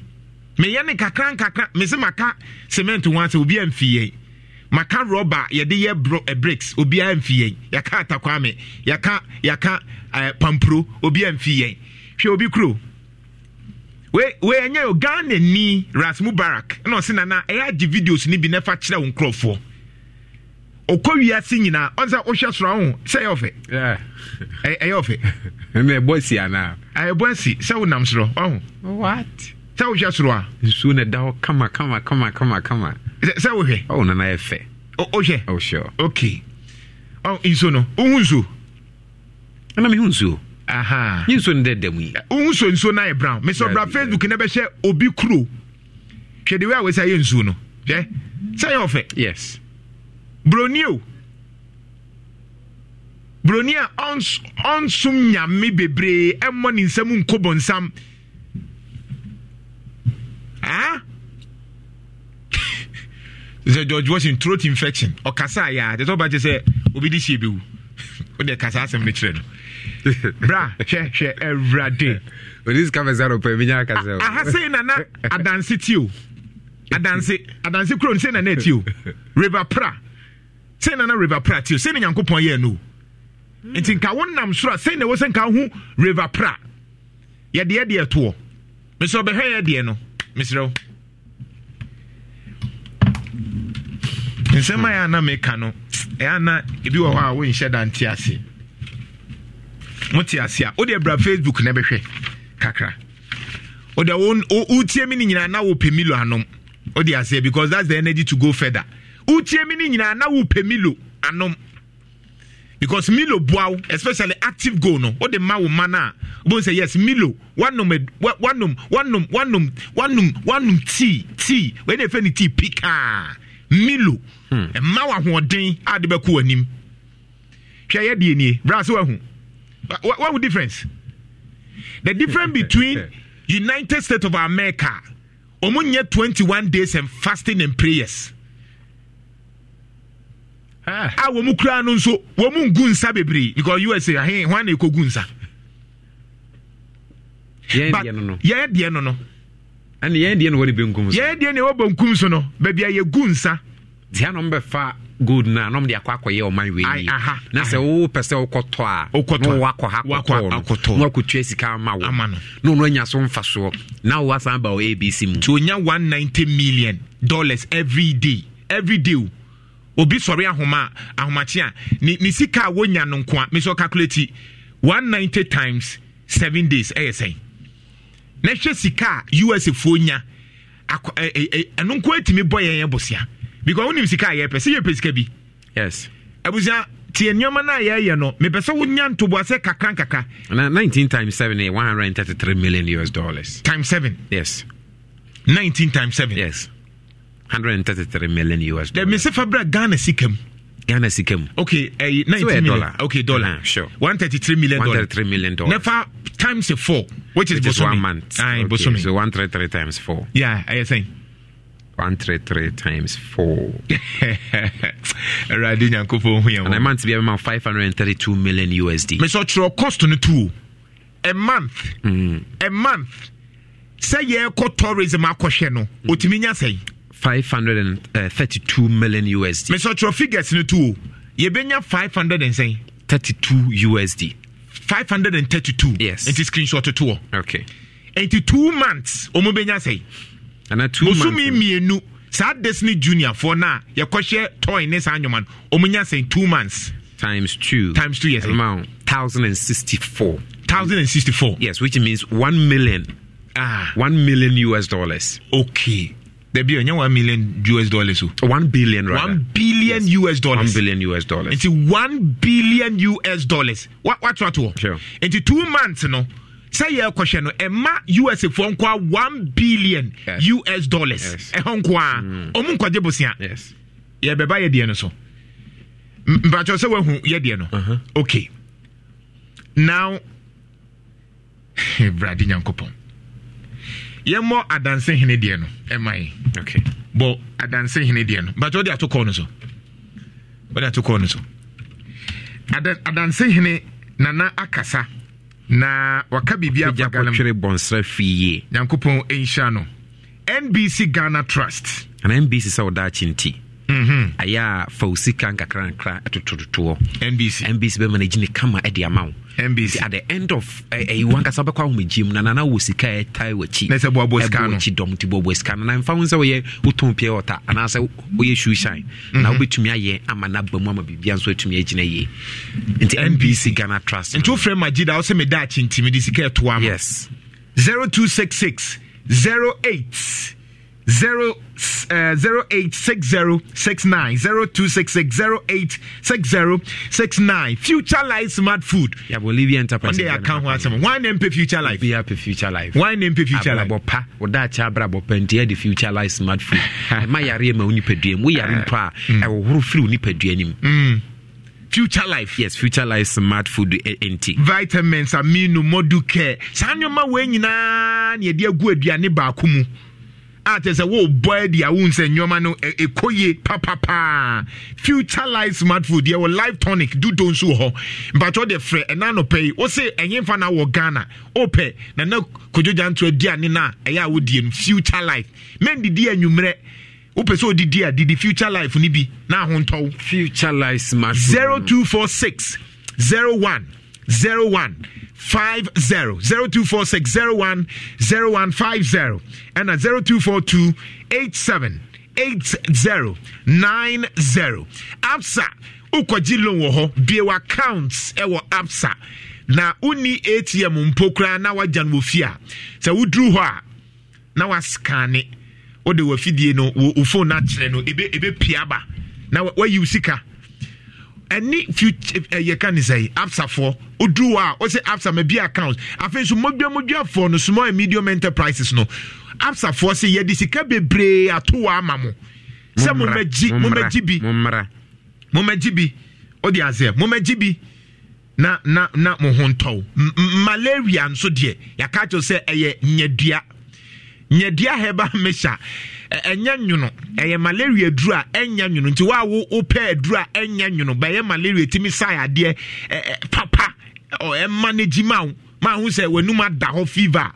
meyɛ ne kakra nkakra mese maka cement ho asɛ obi amfi yɛn maka rɔba yɛde yɛ bro e bricks obiara amfi yɛn yɛka atakwame yɛka yɛka uh, eh, pampuro obiara amfi yɛn hwɛ obi kuro wɔɛnyɛ o ghana ni ras mubarak ɛna ɔse nana ɛyɛ agye videos ni bi na ɛfa kyerɛ wo nkurɔfoɔ ɔkɔ wiase nyinaa ɔn sɛ wohwɛ soro ho sɛ ɛyɛ ɔfɛ ɛyɛ ɔfɛ *laughs* ɛbɔ si anaa ɛbɔ asi sɛ wonam soro ɔho what sɛ wohwɛ soro a nsuo na ɛda hɔ kama kama kama kama kama sɛ wohwɛ ɔwo nana yɛ fɛ wohwɛ wohwɛ ok nsuo no wohu nsuo ɛna mehu nsuo aha nyi nsuo ni dɛ dɛm yi. ohun nsuo nsuo na yɛ brown mesɔbra facebook na bɛhyɛ obi kuro hwɛdewe a wɔsi ayɛ nsuo no hwɛ sɛ yɛ ɔfɛ. yes. broni o broni a ɔnsom nyame bebree ɛmmɔ ne nsam nkobɔ nsam ah *laughs* sɛ george washington throat infection ɔkasa ayɛ a tɛ sɛ ɔba kyɛ sɛ obi de hyɛ bɛwu *laughs* wode kasa asɛm no kyerɛ no *laughs* bra hwɛhwɛ awurade *laughs* aha sei na na adanse tio adanse adanse kuro no sei na na atio river pra sei na na river pra tio sei na nyankopɔn yɛ no nti nka wonam soro a sei na ɛwɔ sɛ nka ho river pra yɛdeɛ deɛ toɔ mesɛ ɔbɛhwɛ yɛ deɛ no mesrɛ wo nsɛm a yɛ ana meka no ɛyɛ ana ebi wɔ hɔ a wonhyɛ dante ase mote ase a wode bra facebook na bɛhwɛ kakra wode wotie mi no nyinaa na wopɛ milo anom wode aseɛ because that's the energy to go further wotie mi no nyinaa na wopɛ milo anom because milo boa wo especially active goal no wode ma wo ma no a wobɛhu sɛ yes milo wanom wanom wanom wanom wanom wanom tea tea wei na ɛfɛ ne tea pikaa milo hmm. ɛma hmm. e, wo ahoɔden a de bɛkɔ w'anim hwɛ yɛ deɛ nie bra sɛ wahu what, what difference the difference *laughs* between united states of america ɔmo 21 days and fasting and prayers ah. a ah, wɔn kura no nso wɔn ngu nsa bebree because usa eh, eh, ahen wɔn na ekɔ gu nsa. yɛn deɛ no no yɛn deɛ no no. ɛna yɛn deɛ no wɔ ne benkum so. yɛn deɛ no wɔ benkum so no baabi a yɛ gu nsa. deɛ no mbɛ fa Good na anam de akɔ akɔyɛ ɔman Aha, na sɛ wopɛ sɛ wokɔtɔ a wowakɔ ha kɔtɔ na wakɔtua sika ama wo na ɔno anya so mfa soɔ na wowasan ba wɔ abc mu nti ɔnya 190 million dollars every day every day o obi sɔre ahoma ahomakye a ne ne sika a wonya no nko a mesɛ calculate 190 times 7 days ɛyɛ sɛn na hwɛ sika a us foɔ nya ɛno nko atumi bɔ yɛn yɛ bosea because wonim sika a yɛpɛ sɛ yɛpɛ sika bi yes abusua tie nneɛma no a yɛyɛ no mepɛ sɛ wonya ntoboasɛ kakra nkakra 19 times and eh, thirty three million us dollars times seven? yes Nineteen times seven? yes One hundred and thirty three million us dollars me sɛ fa bra ghana sika mu ghana sika mu okay uh, eh, 19 so eh, million dollar. okay dollar uh, sure three million One thirty three million dollar nefa times four? which is which bosomi. one month Aye, okay, bosomi. so one thirty three times four. yeah i saying one three three times four. Awurade *laughs* nyankopɔn And a month bi a ma five hundred and thirty two million USD. Mɛ sɔ twerɛ cost no tu A month. Hmm. A month. Sɛ yɛ kɔ tourism akɔhwɛ no, otumi hmm. nya sɛn. Five hundred and uh, thirty two million USD. Mɛ sɔ twerɛ figures no tu o. Yɛbɛnya five hundred and sɛn. Thirty two USD. Five hundred and thirty two. Yes. Nti screenshot to o. Okay. Nti two months, ɔmo bɛnya sɛn bosome mmienu saa destiny juniorfoɔ no a yɛkɔhyɛ toy ne saa nnwoma no ɔmunya sɛn two months times two times two yes amount thousand and sixty four thousand and sixty four yes which means one million ah one million us dollars okay debi onye one million us dollars o. one billion rather. one billion yes. us dollars. one billion us dollars. Into one billion us dollars. What what what ato. sure Into two months you know sɛ yɛrekɔhwɛ no ɛma US foɔ nko a 1 billion us dollars ɛhɔ nko a mm. ɔmo nkɔgye bosea yɛbɛba yɛdeɛ no so mpakyɛw sɛ woahu yɛdeɛ no uh-huh. okay now brade *laughs* nyankopɔn yɛmmɔ adanse hene deɛ no ɛma yi bɔ adanse hene deɛ no mpakyɛw wode ato kɔɔ no so wode ato kɔɔ no so adanse nana akasa na waka biribiagyakɔtwerɛ fie nyankopɔn nhyia no nbc ghana trust ana nbc sɛ wodaa kye nti ɛyɛ mm-hmm. a fa wo sika nkakrankra ɛtotototoɔ mbc bɛma no gyine kama ɛde ama wo at the end of ɛyiwo eh, eh, wobɛkɔ ahomegyie mu na nana wɔ sika ɛtae wakyi dɔm nti bɔbɔ sika no na mfa wo sɛ woyɛ wotɔn pia ɔta anaasɛ woyɛ shoe mm-hmm. na wobɛtumi ayɛ ama no aba mu ama biribia nso atumi agyina yie nti mbc ghana trust nti wofrɛ magye da wo sɛ meda akye de sika ɛtoa ma 0266 08 zero uh, zero eight six zero six nine zero two six six zero eight six zero six nine Future Life Smart Food. Yeah, Bolivia Enterprise. On their account one seven. Why name pay Future Life? Be happy Future Life. Why name pay Future Life? Abopa. Oda chabra pentia. the Future Life Smart Food. *laughs* Ma yari ma unipeduem. We are in mpa. I mm. will huru free unipeduenim. Mm. future life yes future life smart food e, NT. vitamins amino modu care saa nneɛma wei nyinaa na yɛde agu aduane baako mu ate sɛ wobɔ adi a wohu sɛ nnwɔma no ɛkɔ e, e papapaa future life smartphone deɛ wɔ life tonic dudo nso wɔ hɔ mpatɔ de frɛ ɛna e nɔpɛ yi wo se ɛnyɛ no wɔ ghana wopɛ na na kodwogya nto aduane no a ɛyɛ a wodie no future life mɛndidi anwummerɛ wopɛ sɛ odidi a didi future life no bi na ahontɔw future life smartphone 0246 01 01 50 0246 01 0150 and at 0242 87 8090 absa wokɔgye loan wɔ hɔ bio accounts ɛwɔ e absa na wonni atm mpo koraa na woagya no wɔ fie a sɛ woduru hɔ a na waskane wode wafidie no wo phone no akyerɛ no ɛbɛpia ba na wayi sika ɛne ɛyɛ ka ne sɛ absafoɔ woduru hɔ a wɔsɛ absa ma bi account afei nso mmɔdwamɔdwafoɔ no small and medium enterprises no absafoɔ sɛ yɛde sika bebree ato wɔ ama mo sɛ mommagyi mommagyi bi mommagyi bi wode oh, aseɛ mommagyi bi na na na mo ho ntɔw malaria nso deɛ yɛaka kyerɛ eh, sɛ ɛyɛ nyadua nyadua heba mehyɛ ɛnyɛ nwono ɛyɛ malaria duru a ɛnyɛ nwono nti wa wo wopɛ aduru a ɛnyɛ nwono bɛyɛ malaria timi sae adeɛ papa ɛma no gyi ma wo ma ho sɛ w'anum ada hɔ fever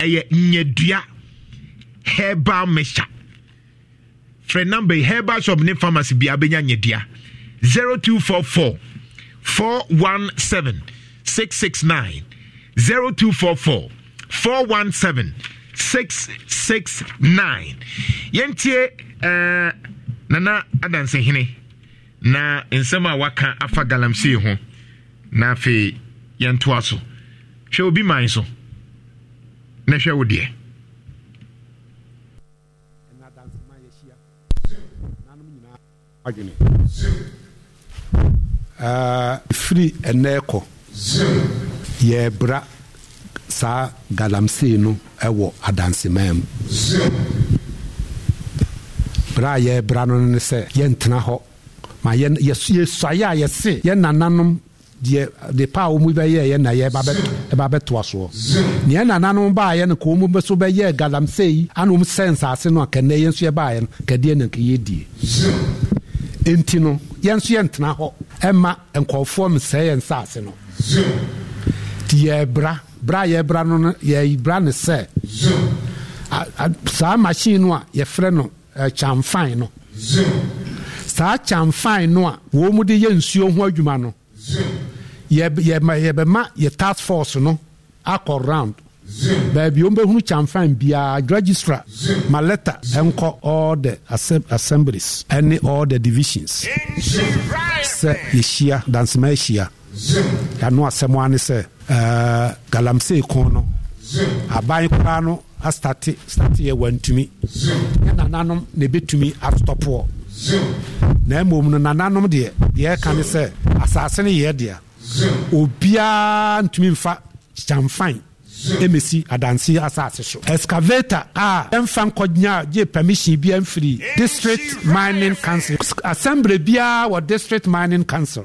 a ɛyɛ nyadua herbal mixture frɛ number yi herbal shop ne pharmacy bia bɛnya nyadua 0244 417 669 0244 417 669 yɛntie uh, nana adansehene na nsɛm a waka afa galamsey ho na afei yɛntoa so hwɛ obi man so na hwɛ wo deɛ Uh, eh, ɛnɛ kɔ yɛbra saa galamsey no wɔ adansemaa mu berɛ a yɛrebra no ne sɛ yɛntena hɔ ma yɛsuaeɛ a yɛse yɛ nananom de pa a wɔmu bɛyɛɛ yɛ na yɛba bɛtoa soɔ neɛ nananom baayɛ no kɔɔ mu so bɛyɛɛ galamsei ana ɔm sɛ nsase no a kɛnɛ yɛ nso yɛbaayɛ no kɛdeɛ na nkɛyɛ die enti no yɛn nso yɛntena hɔ ɛma nkɔɔfoɔ mesɛɛ yɛ nsase no nti yɛrebra bra yɛ bra no yɛ bra no sɛ saa machine no a yɛfrɛ no kyamfan no saa kyamfan no a wɔn mu de yɛ nsuo ho adwuma no yɛbɛma yɛ task force no akɔ round baabi wɔn bɛhunu kyamfan biara registrar ma letter nkɔ all the assemblies ɛne all the divisions sɛ yɛhyia dansema yɛhyia yɛano asɛm ane uh, galamsey kon no aban koraa no astate stateɛ wantumi ɛ nananom na ɛbɛtumi astɔpoɔ na mmom no nananom deɛ deɛ ɛka ne sɛ asase no yɛ dea obiaa ntumi mfa kyamfan ɛmɛsi adanse asase so excavator a ɛmfa nkɔnya gye permission bia mfiri district mining council assemble biara wɔ district mining council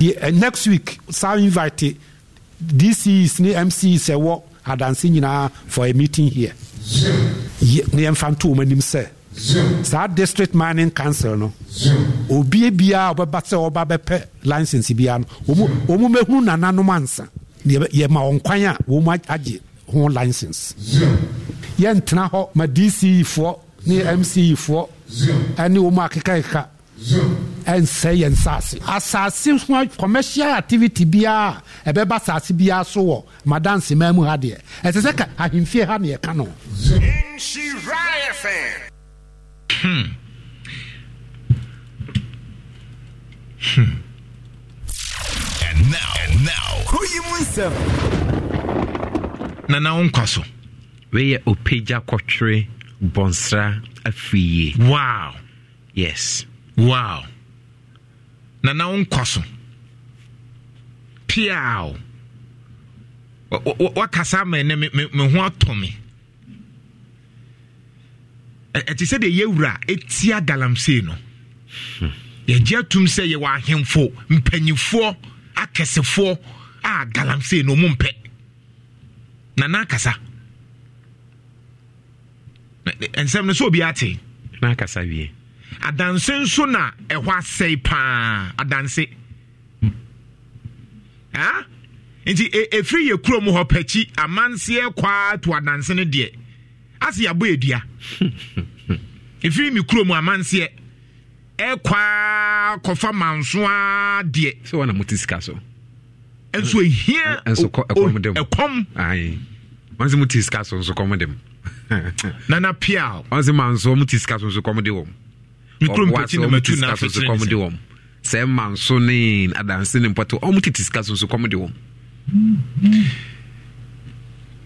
eh, next week saa invite dcs ne mcs ɛwɔ adanse nyinaa for a meeting here ne yɛmfa nto wɔm anim sɛ saa district mining council no obie biara ɔbɛba sɛ ɔba bɛpɛ license biara no ɔmu mɛhunu nananom ansa yɛma ɔnkwan a wɔmu agye ho license yɛntena hɔ ma dc foɔ ne mc foɔ ɛne wɔmu akekakeka ɛnsɛ yɛn nsase asase ho commercial activity biara ɛbɛba asase biara so wɔ madansi man mu ha deɛ ɛsɛ sɛ ka ahemfie ha ne yɛka no hmm. Hmm. Hmm. And now, and now, who Nana Unkwa so, where Opeja Kotri Bonsra Afiye. Wow. Yes wow na na wo nkɔ so piaw wakasa me ne me ho atɔ me ɛte sɛ deɛ yɛwura ɛtia galamsey no yɛgye atum sɛ yɛwɔ ahemfo mpanyifoɔ akɛsefoɔ a galamsey no mu mpɛ na akasa nsɛm no sɛ obiara te na akasa wie adanse nso na ɛhɔ asɛe paa adanse nti ɛfiri e, yɛ kurom hɔ pɛkyi amanseɛ kwaa to adanse no deɛ ase yɛabɔ yɛdua ɛfiri me kurom amanseɛ ɛkwaa kɔfa mansoa deɛ sɛ wana mote sika so nso ɛhia ɛkɔm ɔnse mote sika so nso kɔm dem nana pial ɔnse mansoɔ mote sika so nso kɔm de wɔm nkrom de wɔm sɛ ma nso ne adanse ne mpɔte ɔmo tete sika so nso kɔm de wɔm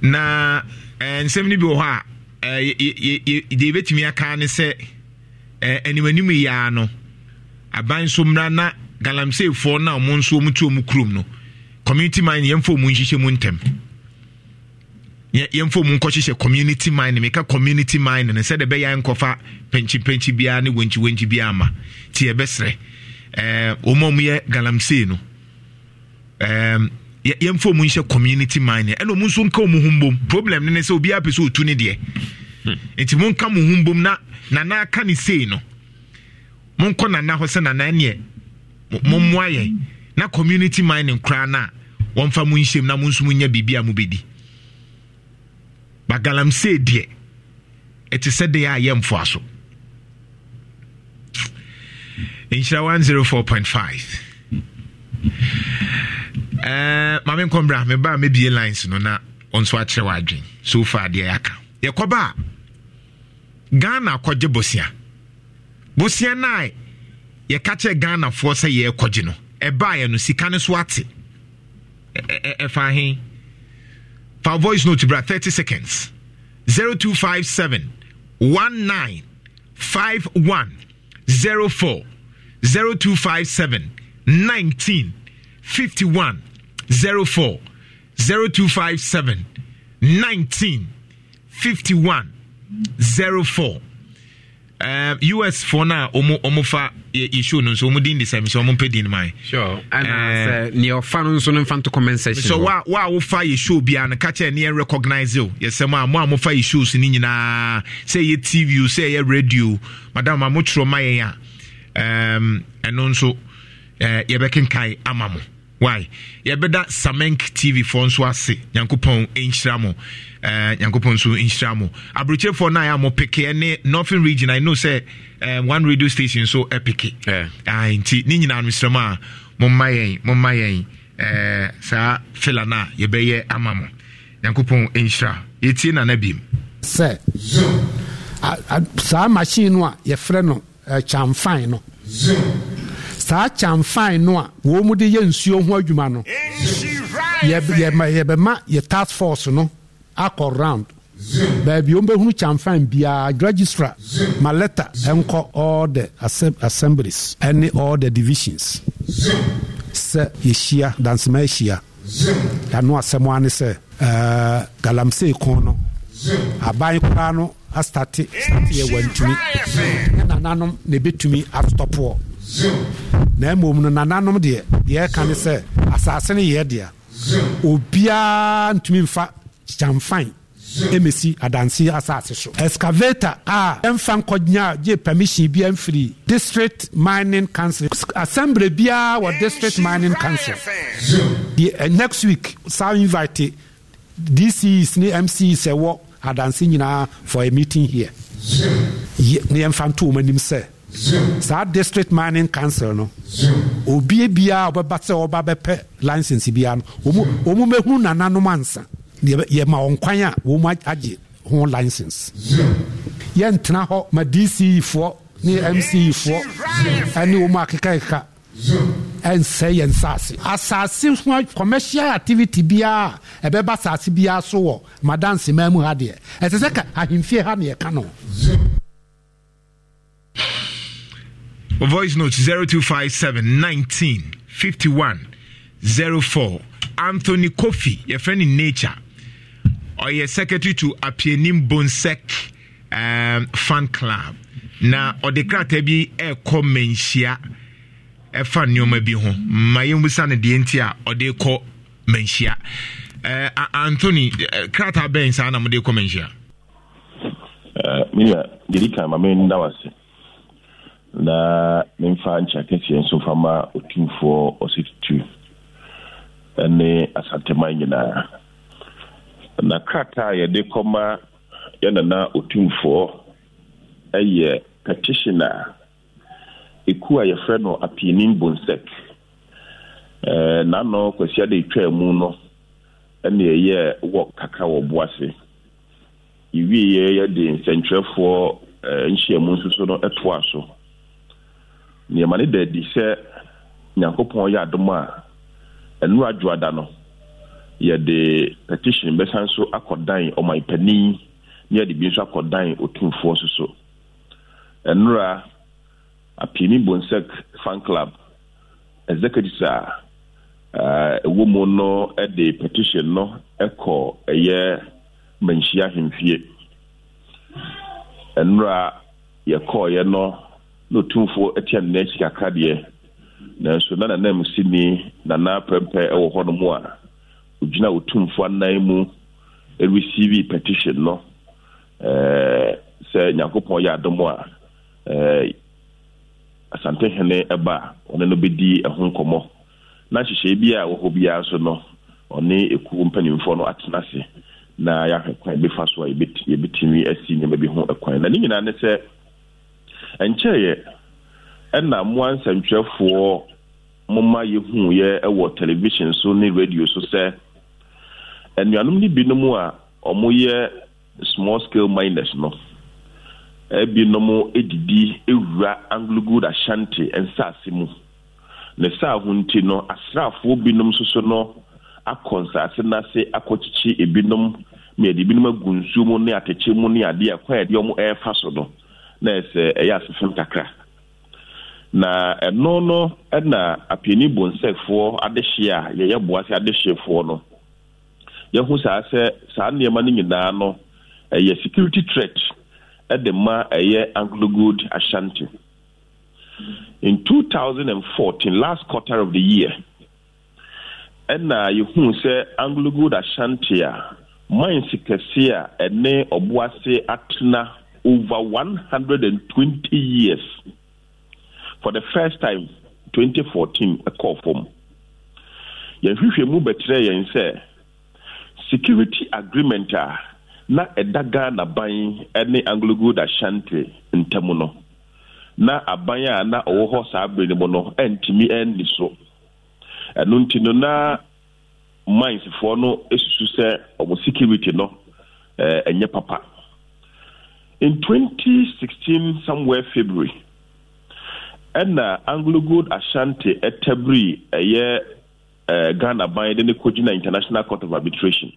na eh, nsɛm no bi wɔ hɔ a eh, deɛ yɛbɛtumi aka ne sɛ eh, animanim yia no aban so mmra na galamseefoɔ no a ɔmo nso ɔmo tuo mu kurom no community man yɛmfa ɔmo nhyehyɛ mu ntɛm yɛmfa mu nkɔhyehyɛ community mind meka community mind no sɛde bɛyɛ nkɔfa pɛnkyimpɛnkyi bia ne wɔnkyiwɔnkyi bia ma nti yɛbɛserɛ ɔma eh, um, mu yɛ galamsey no um, yɛmfa mu nhyɛ community mind ɛna ɔmu nso nka ɔmu ho mbom problem no ne sɛ obiara pɛ sɛ ɔtu ne deɛ hmm. nti monka mo ho mbom na nana aka ne sei no monkɔ nana hɔ sɛ nana neɛ mommoa yɛ na community mind nkoraa no a wɔmfa mu nhyɛm na mo nso nya biribi a mobɛdi galamsey deɛ ɛte sɛ deɛ a yɛ mfoa so nhyira 104.5 uh, mame mebaa mɛbie lines no na ɔnso akyerɛ wɔ adwen so far deɛ yɛaka yɛkɔba a ghana akɔgye bosea bosea no a yɛka kyerɛ ghanafoɔ sɛ yɛrekɔgye no ɛbaeɛ no sika no so ate ɛfa e, e, e, he For voice note bra 30 seconds 0257 19 51 04 0257 19 51 04 0257 19 51 04 um, US for now, Omo Omofa issue no nso ɔmu din de sɛm sɛ ɔmo mpɛ din ma sure ɛna eh. sɛ nea ɔfa no nso no mfa nto comment section so wa wa wofa issue bia no ka kyerɛ ne yɛn recognize o yɛsɛm a mo a mofa issues no nyinaa sɛ ɛyɛ tv o sɛ ɛyɛ radio madam a motwerɛ ma yɛn a ɛno nso eh, yɛbɛkenkan ama mo why yɛbɛda samenk tv fɔ nso ase nyankopɔn nhyira eh, mo uh, nyankopɔn nso nhyira mo aburokyefoɔ no a yɛ a ne northern region i know sɛ eh, one radio station so ɛpeke yeah. uh, nti ne nyinaa no mesrɛ mu a momma yɛn momma yɛn uh, saa fila no a yɛbɛyɛ ama mo nyankopɔn nhyira yɛtie nana biom sɛ saa machine no a yɛfrɛ no uh, no Zoom saa kyamfan no a wɔn mu de yɛ nsuo ho adwuma no yɛbɛma yɛ task force no akɔ round baabi wɔn bɛhunu kyamfan biara registrar ma letter nkɔ all the assemblies ɛne all the divisions sɛ yɛhyia dansema ahyia yɛano asɛm a ne sɛ uh, galamsey kon no aban koraa no astate state yɛ wantumi ne nananom na ɛbɛtumi astɔpoɔ na mmom no nananom deɛ deɛ ɛka ne sɛ asase no yɛ dea obiara ntumi mfa kyamfan ɛmɛsi adanse asase so excavator a ɛmfa nkɔnya gye permission bi amfiri district mining council assembly biara wɔ district mining council the, eh, next week saa invite dcs ne mcs ɛwɔ adanse nyinaa for a meeting here ne yɛmfa nto wɔ anim sɛ saa district mining council no obie biara ɔbɛba sɛ ɔba bɛpɛ license biara no ɔmu mɛhu nananom ansa yɛma ɔnkwan a wɔmu agye ho license yɛntena hɔ ma dce foɔ ne mce foɔ ne wɔmu akekakeka ɛnsɛ yɛn nsase asase ho commercial activity biara ɛbɛba asase biara so wɔ madanse maa mu ha deɛ ɛsɛ sɛ ahemfie ha ne yɛka no voice note 0257 19 51 04 anthony kofi your friend in nature or your secretary to apienim bonsek um, fan club Now, na ɔde krataa be a commensia a fan bi may be yɛmbusa no deɛ nti a ɔde kɔ manhyia commensia. anthony uh, krataa bɛn saa na mode kɔ manhyia uh, media dedi kan ma mendaw ase na memfa nkyɛkɛseɛ nso fa ma ɔtumfoɔ ɔsetutu ne asanteman nyinaa na krataa yɛde kɔma yɛnana ɔtumfoɔ ɛyɛ petition a ɛku a yɛfrɛ no apinin bonsek n'ano kwasia de twa mu no ɛne ɛyɛ wɔ kaka wɔ boase yɛwieɛ yɛde nsɛnkyerɛfoɔ nhyiamu nso so no ɛtoa so nneɛma no da adi sɛ nyankopɔn yɛ adom a ɛnura adwoada no yɛde petition bɛsan so akɔdan ɔmanpanin ne yɛde bi nso akɔdan otumfoɔ so so ɛnura apini bonsek fan club executives a eh, ɛwɔ mu no de petition no kɔ ɛyɛ manhyia ahemfie ɛnura yɛkɔɔyɛ no na otumfoɔ ati n'akyi akyi kakra deɛ nanso na nanam si ni nana pɛmpɛ wɔ hɔnom a ogyina otumfoɔ anan mu receive petition no sɛ nyankopɔn yɛ adom a asantehene ba ɔne no bɛdi ɛho nkɔmmɔ na nhyehyɛe bi a wɔhɔ biara so no ɔne ɛku mpanimfoɔ no atena ase na yɛahwɛ kwan bɛfa so a yɛbɛtumi asi nneɛma bi ho kwan na ne nyinaa ne sɛ ɛnkyɛeɛ ɛna mmoa yi moma yɛhuueɛ ɛwɔ television so ne radio so sɛ anuanom no binom a ɔmoyɛ small scale miners no ebinom edidi ewura anglogold ashanti nsaase mu ne saa nti no asraafoɔ binom soso no akɔ nsaase n'ase akɔkyekye ebinom na yɛde ebinom agu nsuo mu ne atɛkyɛ mu ne adeɛ a kwan a yɛde wɔn ɛrefa so no na ɛsɛ ɛyɛ asesɛm kakra na ɛno no na apini bonsɛfoɔ adehye a yɛyɛ boa sɛ adehyefoɔ no yɛhu saa sɛ saa nneɛma no nyinaa no ɛyɛ security threat ɛde ma ɛyɛ anglo gold ashanti in 2014 last quarter of the year ɛna yɛhuu sɛ anglo gold ashanti a mines kɛseɛ a ɛne ɔboase atena over 120 years for the first time 2014 a ɛkɔɔ fam yɛhwehwɛ mu bɛkyerɛ yɛn sɛ security agreement a na ɛda ghana ban ne anglogold ashanti ntam no na aban na oho hɔ ni mono entimi no ɛntumi ɛnni so ɛno nti no na minesfoɔ no susu sɛ security no ɛnyɛ papa in 2016 somewhere february ɛna anglo gold ashanti ɛtɛbiri ɛyɛ ɛɛ ghana by the Kojina international court of arbitration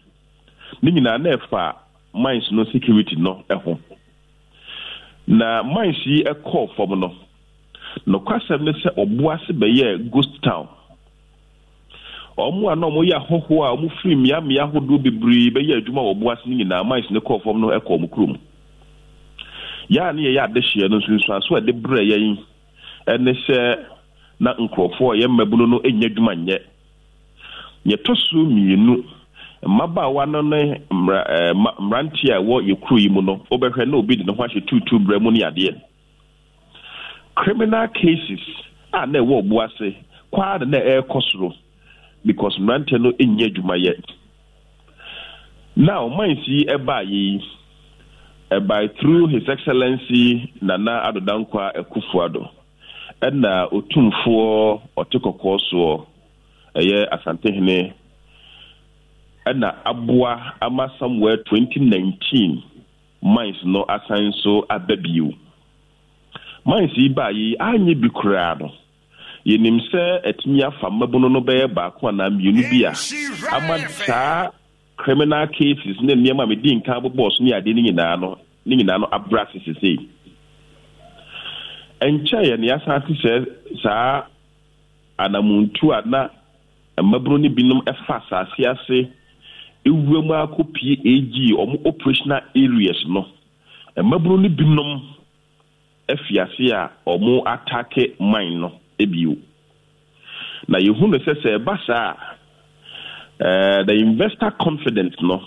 ne nyinaa na ɛfa mines no security no ɛho na mines yi ɛkɔɔ fam no No nokwasɛm ne se ɔboa be ye ghost town ɔmo a na ɔmo yɛ ahɔhoɔ a ɔmo firi mmeammea ahodoɔ bebree bɛyɛ adwuma wɔ boase no nyinaa mines ne kɔɔ no ɛkɔɔ ɔmo kurom yɛa ne yɛyɛ adehyeɛ no nsunsuaso a ɛde berɛ yɛn ɛne sɛ na nkurɔfoɔ yɛ mmabunu no ɛnya adwuma nyɛ yɛtɔ so mmienu mmabaawa no ne mmeranteɛ a ɛwɔ yɛkuro yi mu no wobɛhwɛ na obi de ne ho ahyɛ tuutu berɛ mu ne adeɛ criminal cases a na ɛwɔ ɔbo ase kwaa na na ɛrekɔ soro because mmeranteɛ no ɛnya adwuma yɛ na ɔmansi ɛbaa yɛ yi Eh, by through his excellency nana adoda nkwa ekufuado ɛna otumfoɔ ɔte kɔkɔɔ soɔ ɛyɛ asantehene ɛna aboa ama somewhere 2019 mines no asan so aba bio mines yi baa yi anyɛ bi koraa no yɛnim sɛ atumi afa mmabuno no bɛyɛ baako anaa mmienu bi a ama saa criminal cases ne nneɛma a medi nka bobɔɔ so ne adeɛ no nyinaa no ne nyinaa no abra se sesei ɛnkyɛeɛ ne yɛasan te sɛ saa anamuntu a na mmaburo no binom ɛfa asase ase ewura mu akɔpie PAG, ɔmo operational areas no mmaburo no binom afi ase a ɔmo atake mine no ebio na yɛhu no sɛ sɛ ɛba saa a Uh, the investor confidence no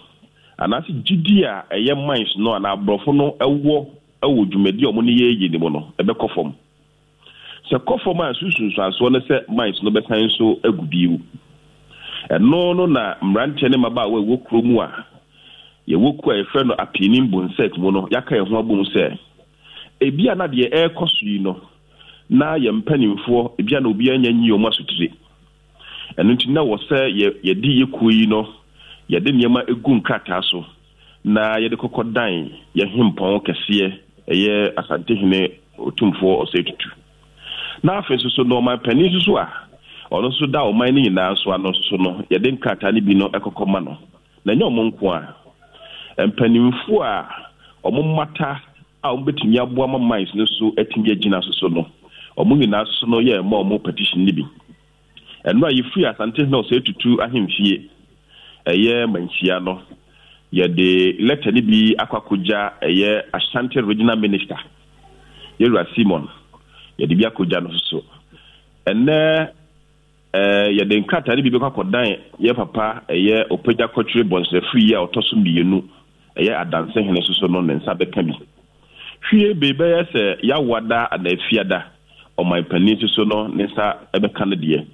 anaasị gidi a ɛyɛ mines no anaa aborɔfo no ɛwɔ ɛwɔ dwumadi a wɔn ne yɛ yie ne mu no ɛbɛkɔ fam sɛ kɔ fam a nsusunsuasoɔ no sɛ mines no bɛsan so agu biiru ɛno eh, no na mmeranteɛ ne mmabaawa a ɛwɔ kuro mu a yɛwɔ kuo a eh, yɛfrɛ no apini bonsek mu no yɛaka yɛn ho abom sɛ ebi a na deɛ ɛrekɔ so yi no na yɛn mpanimfoɔ ebi a na obiara anya nyi wɔn asotire. ɛno nti na wɔ sɛ yɛde yɛ kuo yi no yɛde nneɛma egu nkrataa so na yɛde kɔkɔ dan yɛhempɔn kɛseɛ ɛyɛ asantehene otumfoɔ ɔsɛ tutu na afei nso so na ɔman panin nso so a ɔno nso da ɔman no nyinaa so ano nso so no yɛde nkrataa no bi no ɛkɔkɔ ma no na ɛnyɛ ɔmo nko a mpanimfoɔ a ɔmo mata a ɔmo betumi aboa ma mines no so atumi agyina so so no ɔmo nyinaa so no yɛ ɛma ɔmo petition no bi ɛno a yɛfiri asante na ɔsɛ tutu ahemfie ɛyɛ manhyia no yɛde lɛtɛ no bi akɔ akɔgya ɛyɛ asante regional minister yɛwura simon yɛde bi akɔgya no soso ɛnɛ ɛɛ yɛde nkrataa no bi bɛkɔ akɔdan yɛ papa ɛyɛ ɔpagya kɔtwere bɔnsɛfiri yi a ɔtɔ so mmienu ɛyɛ adansehene soso no ne nsa bɛka bi hwie beebi sɛ yɛawoada anaafiada ɔman soso no ne nsa bɛka no deɛ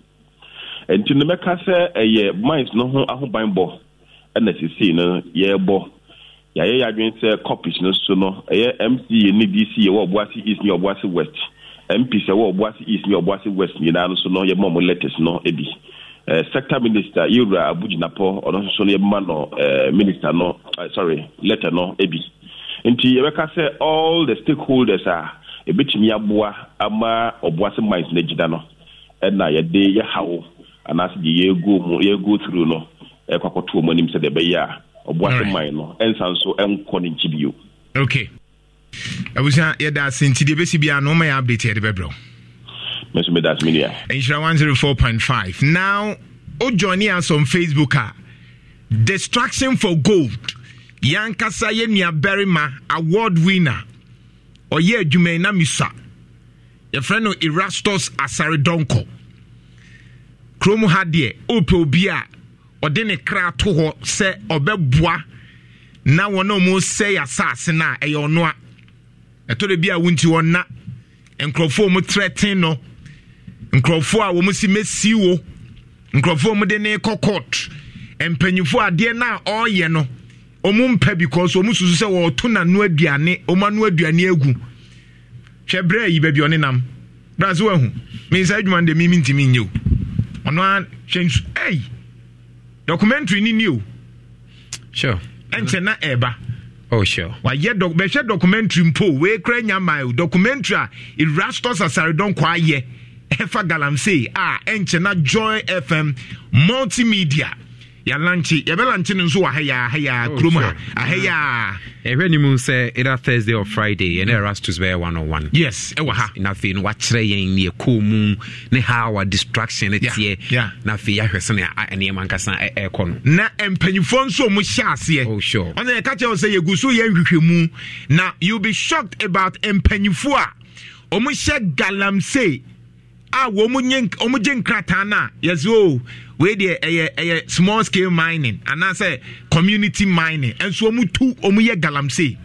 nti no mɛka sɛ ɛyɛ mines no ho ahobanbɔ ɛna sesei no yɛrebɔ yɛayɛ yɛ adwene sɛ copish no so no ɛyɛ mca ne dc yɛwɔ ɔboase east ne ɔboase west mp sɛ wɔ ɔboase east ne ɔboase west nyinaa no so no yɛma ɔmo letters no bi Uh, sector minister yewura abugyinapɔ ɔno nso no yɛma no uh, minister no uh, sorry letter no bi nti yɛbɛka sɛ all the stakeholders a ebetumi aboa ama ɔboase mines no agyina no ɛna yɛde yɛhaw anaasị gye e ya ego mu ya ego turu no ɛkɔ akɔto wɔn anim sɛ deɛ ɛbɛyɛ a ɔboase man no ɛnsa nso ɛnkɔ ne nkyi bio. okay abusua yɛda ase nti deɛ ebesi bia no ɔma yɛ update yɛde bɛbrɛ o. mɛso mɛda ase nhyira one zero oh four point five now o join on facebook a distraction for gold yankasa yɛ nua bɛrima award winner ɔyɛ adwuma yi na mi sa yɛfrɛ no erastus asaredɔnkɔ. kurom ha deɛ ɔpɛ obi a ɔde ne kra to hɔ sɛ ɔbɛboa na wɔn a wɔsɛe asase no a ɛyɛ ɔnoa a ɛtɔ de bi a wonti wɔn na nkurɔfoɔ a wɔn trɛten no nkurɔfoɔ a wɔn si mɛsi wo nkurɔfoɔ a wɔde ne kɔ court mpanyinfoɔ adeɛ no a ɔreyɛ no wɔn mpɛ because wɔn susu sɛ wɔreto n'ano aduane wɔn ano aduane agu hwɛ brɛ yi baabi ɔne nam brɛ ase wɔn ahu mmiɛnsa adwuma de mi mi ntumi nye o. ɔno ahwɛ nsu ɛyi documentary ni ni o. sure. ɛnkyɛ na ɛɛba. oh sure. wayɛ dɔk bɛhwɛ documentary mpo wee kura nyama o documentary a erastus asaredɔnkɔ ayɛ ɛfa galamsey a ɛnkyɛ na joy fm multimedia. yɛlanche yɛbɛlanche no nso wɔ ahayaahayaa oh, kurom ha ahayaa ɛhwɛ eh, no mu sɛ ɛda thursday or friday ɛne mm. erastus bɛyɛ 101 yes ɛwɔ ha na afei no wakyerɛ yɛn ne yɛkɔɔ mu ne how a distraction no teɛ na afei yɛahwɛ sene nneɛma nkasa ɛɛkɔ no na mpanyimfoɔ nso mu hyɛ aseɛ oh, ɔne yɛka kyerɛ wo sɛ yɛgu so yɛ nhwehwɛmu na you be shocked about mpanyimfoɔ a ɔmo hyɛ galamsey a wɔn gye nkrataa no a yɛsɛ o oh, wei deɛ ɛyɛ ɛyɛ small scale mining anaasɛ community mining nso wɔn tu wɔn yɛ galamsey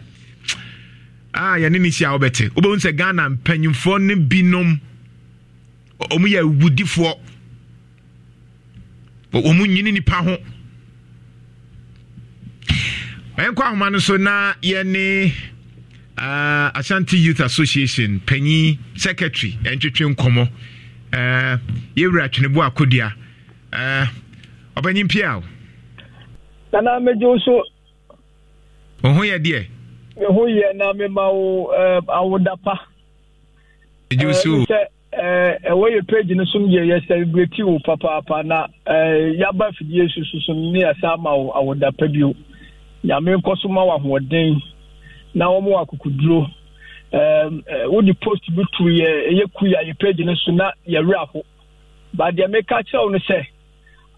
a yɛne ne hyia wɔbɛte wɔbɛhu sɛ ghana mpanyinfoɔ ne binom wɔn yɛ awudifoɔ wɔn nyini nipa ho ɛnkɔ ahoma no so na yɛne uh, ashanti youth association panyin secretary ɛntwetwe nkɔmmɔ. Eh, yɛwura twenebo akodua eh, ɔbɛnyi mpia o nana megye wo so wo ho yɛ deɛ me ho yɛ na mema wo eh, awodapa megye wo so sɛ ɛwɔ yɛ page no som deɛ yɛsɛlebrati wo papaapa na yɛaba afidie sususum ne yɛsa ma wo awodapa bio nyame nkɔ so ma wo ahoɔden na wɔma wɔ akokoduro Eh, wode post bi tu yɛ ɛyɛ kui yɛ page no so na yɛwerɛ ho but deɛ meka kyerɛw no sɛ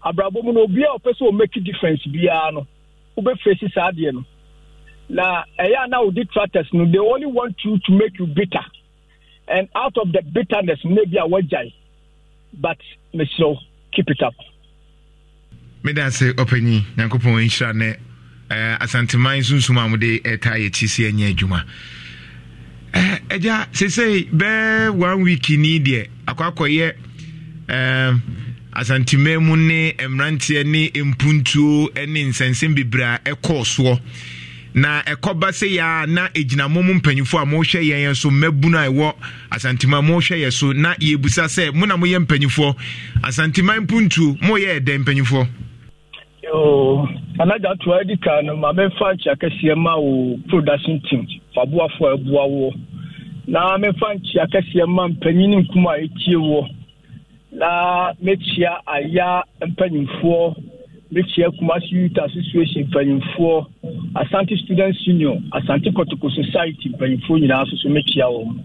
abrabɔ mu no obiaa ɔpɛ sɛ ɔmaki difference biara no wobɛfɛsi saa deɛ no na ɛyɛ a na wo detractors no they only want you to make you bitter and out of the bitterness na bi a wagyae but mesrɛ keep it up meda sɛ ɔpanyi nyankopɔn nhyira ne eh, asanteman sunsum a mode ɛtaa eh, yɛkyi sɛ ɛnyɛ adwuma ɛgya eh, sesei bɛɛ one week ni deɛ akɔ akɔyɛ ehm, asantima mu ne mmeranteɛ ne mpuntuo ne nsɛnsɛm bebree a ɛkɔɔ soɔ na ɛkɔba se yɛ a na ɛgyina mo mu mpanyimfoɔ a mohwɛ yɛn so mmabunu a ɛwɔ asantema mohwɛ yɛ so na yɛbusa sɛ mo na moyɛ mpanyimfoɔ asantema mpuntuo moyɛ ɛdɛn mpanyimfoɔ o anagya to a ɛdi kan no maame fa nkyi akɛseɛ ma o production team faboafo e a ɛboa wo na mefa nkyi akɛseɛ ma mpanyin nkum a ɛtie wo na mekyia aya mpanyinfoɔ mekyia kumasi youth association mpanyinfoɔ asante students union asante kotoko society mpanyinfoɔ nyinaa nso so mekyia wɔn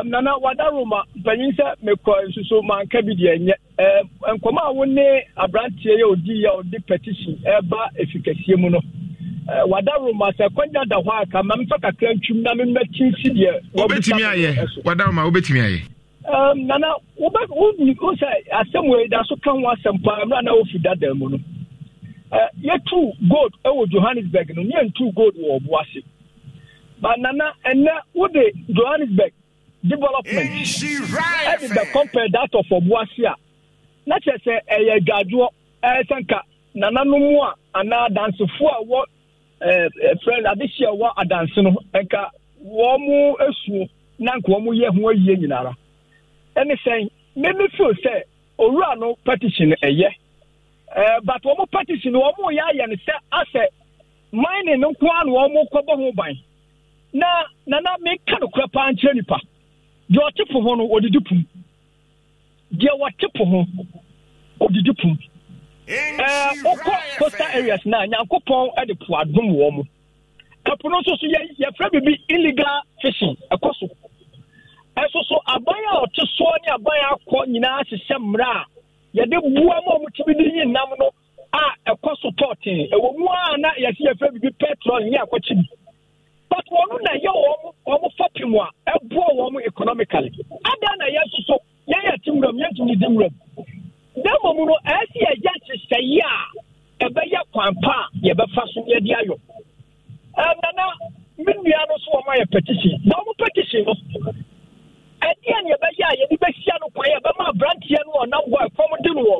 um, nana wadaroma mpanyin sɛ mekɔ nso so manka bi deɛ nyɛ ɛɛ um, nkɔmɔ a wɔne aberanteɛ yɛ odi yɛ ɔde petition ɛɛba efi kɛseɛ mu no ɛɛ uh, wadaroma sɛ kɔnya da hɔ a ka ma mfa kakra ntwim na mmɛkyi si deɛ wɔbɛtumi ayɛ wadaroma wɔbɛtumi ayɛ um, nana wobɛ wo sɛ asɛm wɔ yi da so ka ho asɛm paa mmerɛ na wofi dada mu no yɛtu gold wɔ johannesburg no yɛntu gold wɔ ɔboase but nana ɛnɛ wode johannesburg development ɛde bɛ compare that of ɔboase a na kyerɛ sɛ ɛyɛ ɛyɛ sɛ nka nana a anaa adansefoɔ a wɔ frɛ no wɔ adanse no nka wɔn mu esuo na nka wɔn yɛ ho ayie nyinara ɛne sɛn mmemme owura no petition Uh, but wɔn petition wɔn yɛ ayɛ no sɛ asɛ mining no nko na wɔn kɔbɔ ho ban na nana no kura paa nipa deɛ ɔte po ho no odidi pum deɛ po ho eh, na nyankopɔn de po adum wɔn mo ɛpo no nso so yɛ yɛfrɛ illegal so aban a ɔte soɔ nyinaa yɛde mmoa ma ɔmotumi de yi nam no a ɛkɔ so tɔɔtee ɛwɔ mu a na yɛsi yɛfrɛ biribi petrol nyɛ akɔkye bi but wɔn na ɛyɛ wɔn wɔn fapem a ɛboa wɔn economically adan na yɛ soso yɛyɛ ti nwuram yɛ tumi di nwuram dan mu no ɛsi yɛyɛ nhyehyɛeɛ a ɛbɛyɛ kwan pa a yɛbɛfa so yɛde ayɔ ɛnana mi nua no so wɔn ayɛ petition na wɔn petition no ɛdeɛ ne yɛbɛyɛ a yɛde bɛhyia no kwan yɛbɛma aberanteɛ no ɔnam hɔ ɛfam de no wɔ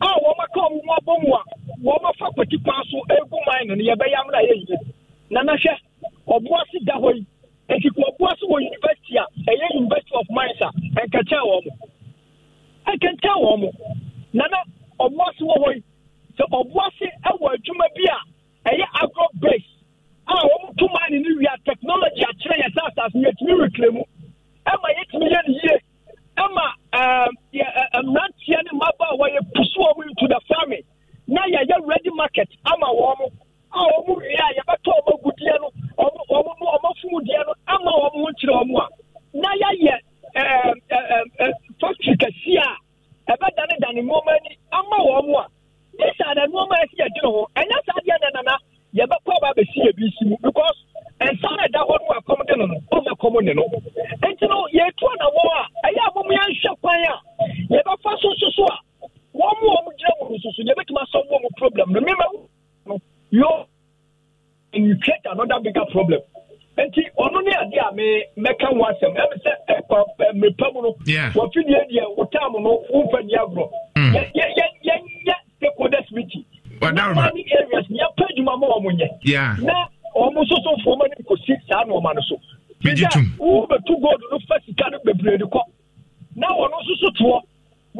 a wɔmaka ɔmo abɔ mu a wɔmafa kwati kwan so ɛgu man no no yɛbɛyɛ amena yɛyie nanahwɛ ɔboa se da hɔ yi nti kɔ ɔboa se wɔ university a ɛyɛ university of mines a ɛnkɛkyɛ wɔ mo ɛnkɛkyɛ wɔ mo nana ɔboa se wɔ hɔ yi sɛ ɔboa se ɛwɔ adwuma bi a ɛyɛ agro base a wɔn to mine no wia technology akyerɛ yɛ sɛ asase yɛtumi reclaim ɛma yɛtumi yɛ no yie ɛma mmeranteɛ ne mmaba a wɔyɛ pusu wɔ mu into the farming na yɛyɛ ready market ama wɔn mo a wɔn mo wie a yɛbɛtɔ wɔn agudeɛ no wɔn mo wɔn afunudeɛ no ama wɔn ho nkyerɛ wɔn a na yɛyɛ factory kɛseɛ a ɛbɛdanedane nneɛma ani ama wɔn a disa na nneɛma a yɛsi yɛ di ne ho ɛnyɛ saa deɛ na nana yɛbɛkɔ aba abɛsi yɛ bi si mu because nsa a ɛda hɔ no wɔ de no no ɔma ɛkɔm ne no nti no yɛtu anawɔ a ɛyɛ a yɛnhwɛ kwan a yɛbɛfa so soso a wɔn mu wɔn gyina mu no soso yɛbɛtumi asɔn wɔn mu problem no mmɛmɛ no yɔ and you create another bigger problem nti ɔno ne adeɛ a me mɛka ho asɛm ɛmi sɛ ɛkɔ mmepa mu no wɔfidie deɛ wɔtaa mu no wɔmfa ni agorɔ mm. yɛ yɛ yɛ yɛ stakeholders meeting. wadaw ma na many areas yɛ pɛ adwuma ma wɔn nyɛ. na ɔmo soso nfɔwɔmɔ ne nkosi saa nneɛma no so bíjà wúbẹ̀tú gold no fẹ́ sika no bebree de kɔ na wɔn no soso toɔ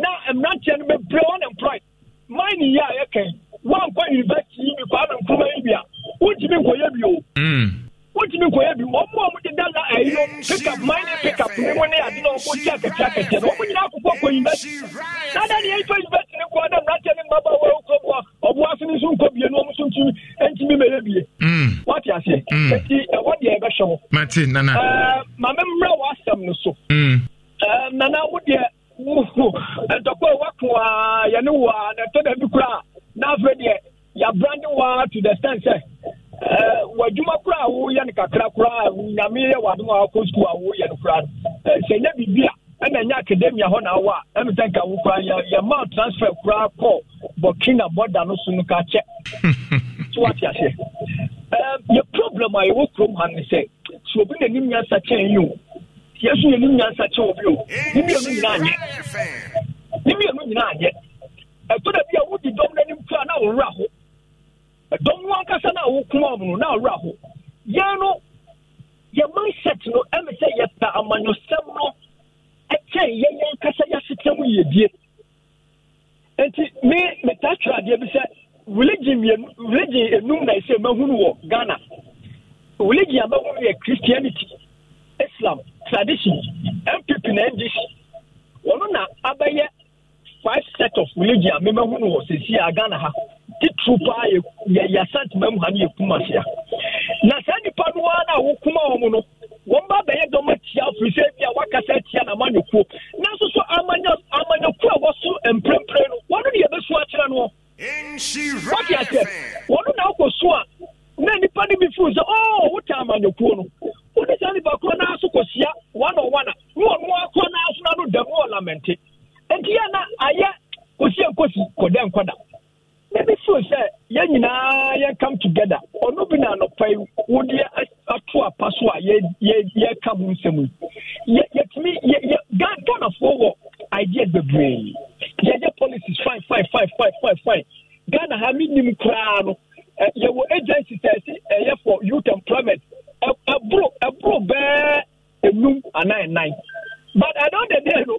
na mmeranteɛ no bebree wɔn employed mine yi a yɛ kɛn wɔn akɔ university yi bi kɔ ama nkuruma yi bi a wɔn ti bi nkɔ yɛ bi o. Hmm wotumi nkɔyɛ bi ɔmo a ɔmode dala ayi no pickup mine pickup ne mu ne ade na ɔkɔkyi akɛkyɛ akɛkyɛ no ɔmo nyinaa akokɔ kɔ university na da ne yɛmfa university ne kɔɔ na mmeranteɛ ne mmaba wɔ wokɔ mu a ɔboa so ne nso nkɔ bie no ɔmo so ntumi ntumi mmɛyɛ bie mm. wate aseɛ mm. nti ɛhɔ deɛ ɛbɛhwɛ hɔ mate nana ma memmrɛ w'asɛm no so mm. nana wodeɛ ntɔkɔ wako a yɛne wo a na ɛtɔ da bi koraa na afei deɛ yɛabrande wo a to the stand sɛ Eh, w'adwuma koraa a woyɛ no kakra koraa nyame yɛ w'adom a wakɔ sukuu a woyɛ no koraa no eh, sɛ ɛnyɛ biribi a ɛna ɛnyɛ akademia hɔ na awɔ a ɛmi sɛ nka wo koraa yɛma transfer koraa kɔ burkina bɔda no so no ka kyɛ *laughs* so wate aseɛ eh, yɛ problem a yɛwɔ kurom ha no sɛ sɛ obi na anim nyansa kyɛn yi o yɛso yɛnim nyansa kyɛn obi o ne mmienu nyinaa nyɛ ne mmienu nyinaa nyɛ ɛtɔ da bi a wodi dɔm n'anim koraa na wɔwura ho dɔm no ankasa no a wokuma mu no na awerɛ ho yɛn no yɛ mindset no ɛme sɛ yɛpɛ amanyɔsɛm no ɛkyɛn yɛn ankasa yɛasetɛm yɛdie nti me meta twerɛ adeɛ bi sɛ religion mmienu religion enum na ɛsɛ mahunu wɔ ghana religion a mahunu yɛ christianity islam tradition npp na ndc wɔno na abɛyɛ five set of religion a memahunu wɔ sesie ghana ha titiri paa yɛ yɛ yɛ asantima mu ha no yɛ kuma sia na saa nipa no ara na wɔkuma wɔn no wɔn ba bɛyɛ dɔm atia afiri sɛ ebi a wakasa atia na ama nyɔkuo nanso so amanya amanyakuo a wɔso mprempren no wɔn no deɛ bɛsu akyerɛ no wɔte akyɛ wɔn na akɔ so a na nipa no bi fiw sɛ ɔɔ oh, wote amanyakuo no wɔn saa nipa koro naa so kɔ sia wana wana ne wɔn no akoro naa so na no dɛm wɔ lamɛnte nti yɛ na ayɛ kɔsi nkosi kɔdɛ nkɔda ebi feel sɛ yɛn nyinaa yɛn come together ɔno bi na anɔpa yi wodeɛ ato apa so a yɛka ho nsɛm yi yɛtumi yɛ ghanafoɔ wɔ ideas bebree yɛyɛ policies fine fine fine fine fine fine ghana ha menim koraa no eh, yɛwɔ agencies a ɛsi ɛyɛ eh, for youth employment ɛboro eh, ɛboro bɛɛ enum anan nan but ɛdɔn de deɛ no.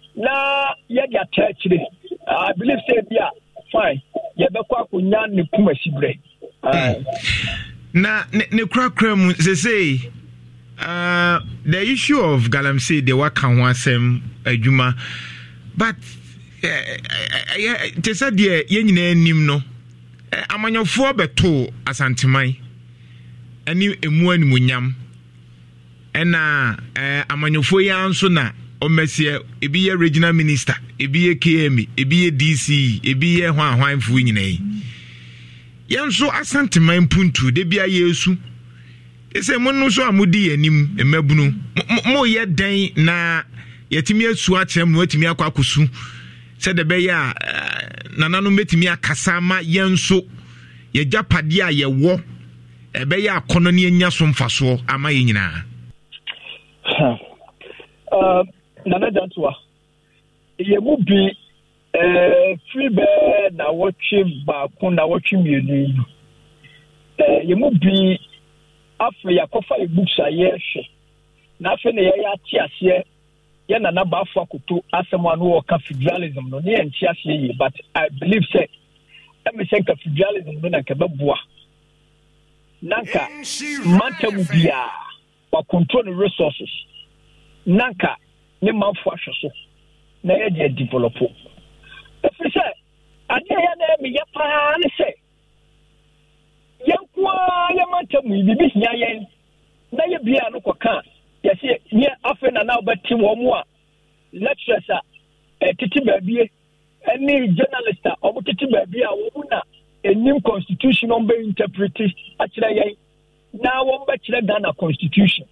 na yɛde ata akyire i believe sɛ bi a fine yɛbɛkɔ akɔnya ne puma siberɛ na ne, ne korakora mu sesei uh, the issue of galamsey de waka ho asɛm adwuma but eh, eh, eh, te sɛ deɛ yɛn nyinaa anim no amanyɔfoɔ bɛtoo asanteman ɛne ɛmu animuonyam ɛna amanyɔfoɔ yi ara nso na ɔmmɛsiɛ ebi yɛ regional minister ebi yɛ kme ebi yɛ dc ebi yɛ hwan ahwanfoɔ nyinaa yi yɛn nso asantema mpuntu de bia yɛ esu ɛsɛ mo eh, no nso a mo di yɛn anim mmabunu mo yɛ dan na yɛtumi esu akyerɛ mu yɛtumi akɔ akɔsu sɛdeɛ bɛyɛ a nananom bɛtumi akasa ama yɛn nso yɛgyapadeɛ a yɛwɔ ɛbɛyɛ akɔnɔ ne enya so mfasoɔ ama yɛn nyinaa. *laughs* Uh, nana dantua yɛ mu bi ɛɛ firi bɛɛ na wɔtwe baako na wɔtwe mmienu yi ɛɛ yɛ mu bi afei akɔfa yɛ books a yɛrehwɛ na afei na yɛyɛ ate aseɛ yɛ nana baafo akoto asɛm a no wɔka federalism no ne yɛ nte aseɛ yie but i believe sɛ ɛmi sɛ nka federalism no na nka boa, nanka mantam biara wakontrol control resources nanka ne manfo ahwɛ so na yɛde develop ɛfiri sɛ adeɛ yɛ na ɛmeyɛ paa ne sɛ yɛnkoaa yɛmanta mu yi biribi hia yɛn na yɛ bia no kɔka yɛsɛ yɛ afei na na wobɛte wɔ mu a lecturers a ɛtete eh, baabie ɛne journalist a ɔmotete baabie a wɔn mu na ɛnim constitution ɔmbɛ interpret akyerɛ yɛn na wɔmbɛkyerɛ ghana constitution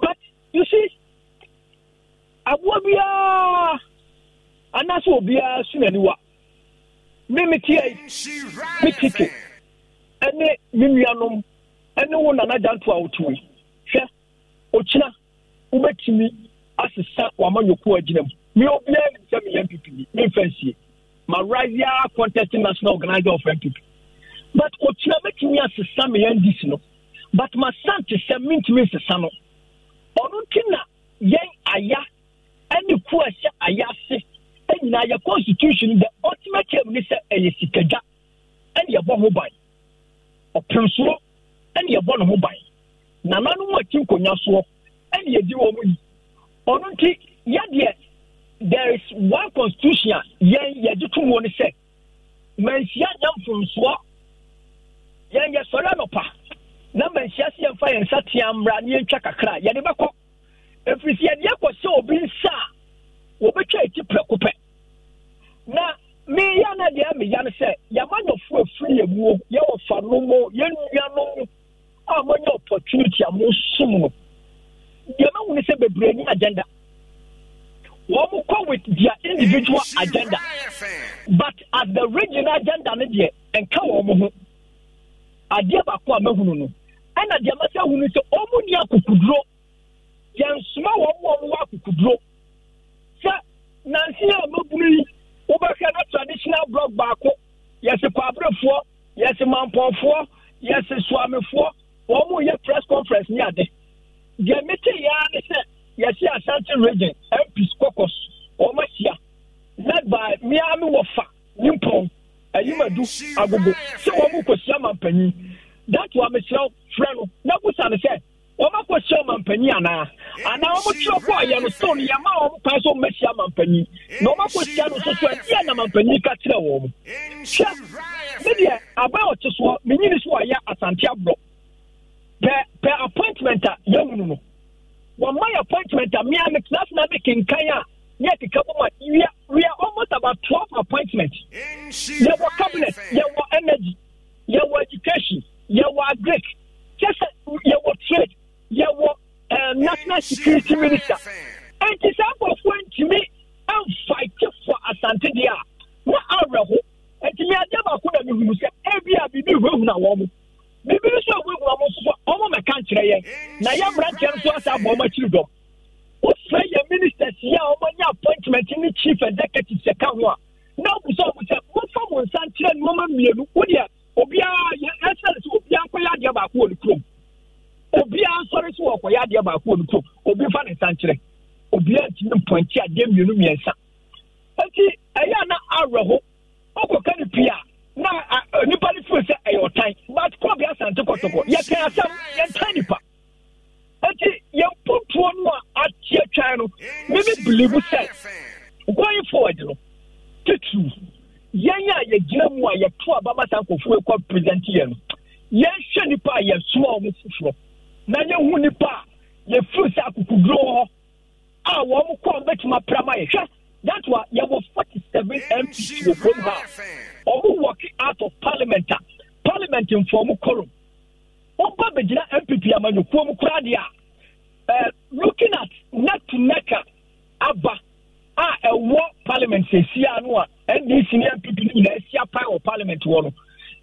but you see aboa biara anaasɛ obiara si n'aniwa me tie me tete ɛne me ɛne wo nana gyanto a wotumi hwɛ okyina wobɛtumi asesa wama nyɔku agyina mu me obiara nim sɛ mpp bi memfa nsie maria contesting national organizer of mpp but okyina mɛtumi asesa meyɛ ndis no but masante sɛ mentumi nsesa no ɔno nti na yɛn aya ɛne ku ɛhyɛ ayase nyinaa yɛ constitution the ultimate aim ne sɛ ɛyɛ sikadwa ɛne yɛbɔ ho ban ɔpemsoɔ ɛne yɛbɔ ne ho ban nananom akyi nkonnwa soɔ ɛne yɛdi wɔn mu yi ɔno nti yɛdeɛ there is one constitution a yɛn yɛde to wɔn sɛ manhyia nyɛ mfonsoɔ yɛn yɛ sɔre anɔpa na manhyia si yɛmfa yɛn nsa tea mmra ne yɛntwa kakra yɛde bɛkɔ efiri si yɛde akɔhyɛ obi nsa a wɔbɛtwa eti prɛko pɛ na meya na deɛ meya no sɛ yɛma nyɔfo efiri yɛ mu o yɛwɔ fa no mu yɛn nuanom a wɔnyɛ opportunity a wɔsom no deɛ mahu ne sɛ bebree ni agenda wɔn kɔ with their individual agenda but as the regional agenda no deɛ nka wɔn ho adeɛ baako a mahunu no ɛna deɛ masa hunu sɛ wɔn ni akokuduro yɛn soma wɔn mu wɔn wɔ akukuduro sɛ nansi a mabunu yi wobɛhwɛ na traditional block baako yɛsi kwabrɛfoɔ yɛsi mampɔnfoɔ yɛsi suamefoɔ wɔn mu yɛ press conference ní ade deɛ mete yaa ne sɛ yɛsi asante region mps caucus wɔn ahyia led by miami wɔfa nimpɔn ayimadu agogo sɛ wɔn mu kɔ si ama mpanyin that wa mekyerɛw frɛ no na kusa ne sɛ wɔn akɔ kyerɛ mampanyin anaa anaa wɔn kyerɛ kɔ ayɛ no stone yɛ ma wɔn kwan so mɛ kyerɛ mampanyin na wɔn akɔ kyerɛ no soso ɛdi yɛ na mampanyin ka kyerɛ wɔn kyerɛ ne deɛ aba ɔkye soɔ ne nyini so ɔyɛ asante aborɔ pɛ pɛ appointment a yɛhunu no wɔn ma yɛ appointment a mmea ne class na ne kenkan a yɛ keka bɔ ma wia wia almost about twelve appointment yɛwɔ cabinet yɛwɔ energy yɛwɔ education yɛwɔ agric kyɛ sɛ yɛwɔ trade yɛwɔ eh, national security minister nti saa nkurɔfoɔ ntumi mfaite fa asante deɛ a na awerɛho ntumi adeɛ baako na mehunu sɛ ebi a biribi huahuna wɔn mo biribi nso a huahuna wɔn nso wɔn mɛka nkyerɛ yɛn na yɛ mmeranteɛ nso asɛ abɔ wɔn akyiri dɔm wofrɛ yɛ ministers yi a wɔn anya appointment ne chief executive sɛ ka ho a na wɔn sɛ wɔn sɛ wɔfa wɔn nsa nkyerɛ nneɛma mmienu wɔn deɛ obiara yɛ ɛsɛ sɛ obiara nkɔyɛ adeɛ baako wɔ ne kurom. obiara nsọrọ si wọ ya adịọ baako wɔ ne obi fa ne nsa nkyerɛ obiara ntumi mpɔnkye adeɛ mmienu mmiensa eti ɛyɛ na awerɛho ɔkɔka ne pia na nipa ne firi sɛ ọtan ɔtan but kɔbi asante kɔtɔkɔ yɛtɛn ya yɛntɛn nipa eti ya potuo no a akyɛ twan no mimi bilibu sɛ going forward no titiri yɛn a yɛgyina mu a yɛto ababasa nkɔfu ekɔ present yɛn no yɛn hyɛ nipa a yɛsoma ọmụ foforɔ. na yɛhu nipa a yɛfiri sɛ akokuduro hɔ a wɔn mo kɔn bɛtuma prama yɛhwɛ that wa yɛwɔ forty seven mps wɔ kurom ha wɔn wɔki out of parliament a parliament nfɔmu korom wɔn ba bɛgyina npp amanyɔkuo mu koraa deɛ a ɛɛ looking at neck to neck a aba a ɛwɔ parliament sɛ si ano a ndc ne npp nyinaa si apae wɔ parliament wɔ no.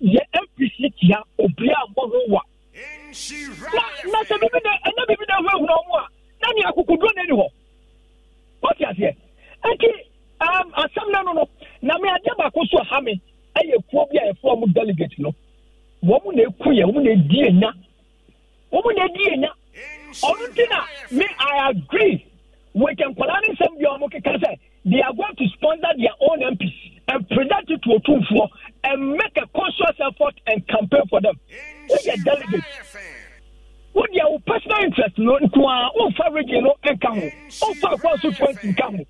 yɛ mpc tia obi a mɔho wa na na sɛ bibi na ɛna bibi na ho ehuna ɔmo a na nea akokoduro na ɛni hɔ wɔte aseɛ eti um, asam na no no na me adeɛ baako so ha me ɛyɛ kuo bi a yɛfo ɔmo delegate no wɔn na eku yɛ wɔn na edi enya wɔn na edi enya ɔno ti na me i agree with nkwadaa ne nsɛm bi a wɔn keka sɛ they are going to sponsor their own MPs and present it to a two for and make a conscious effort and campaign for them. Who your delegate? What your personal interest, no, you no, region, no, income, over constituent income.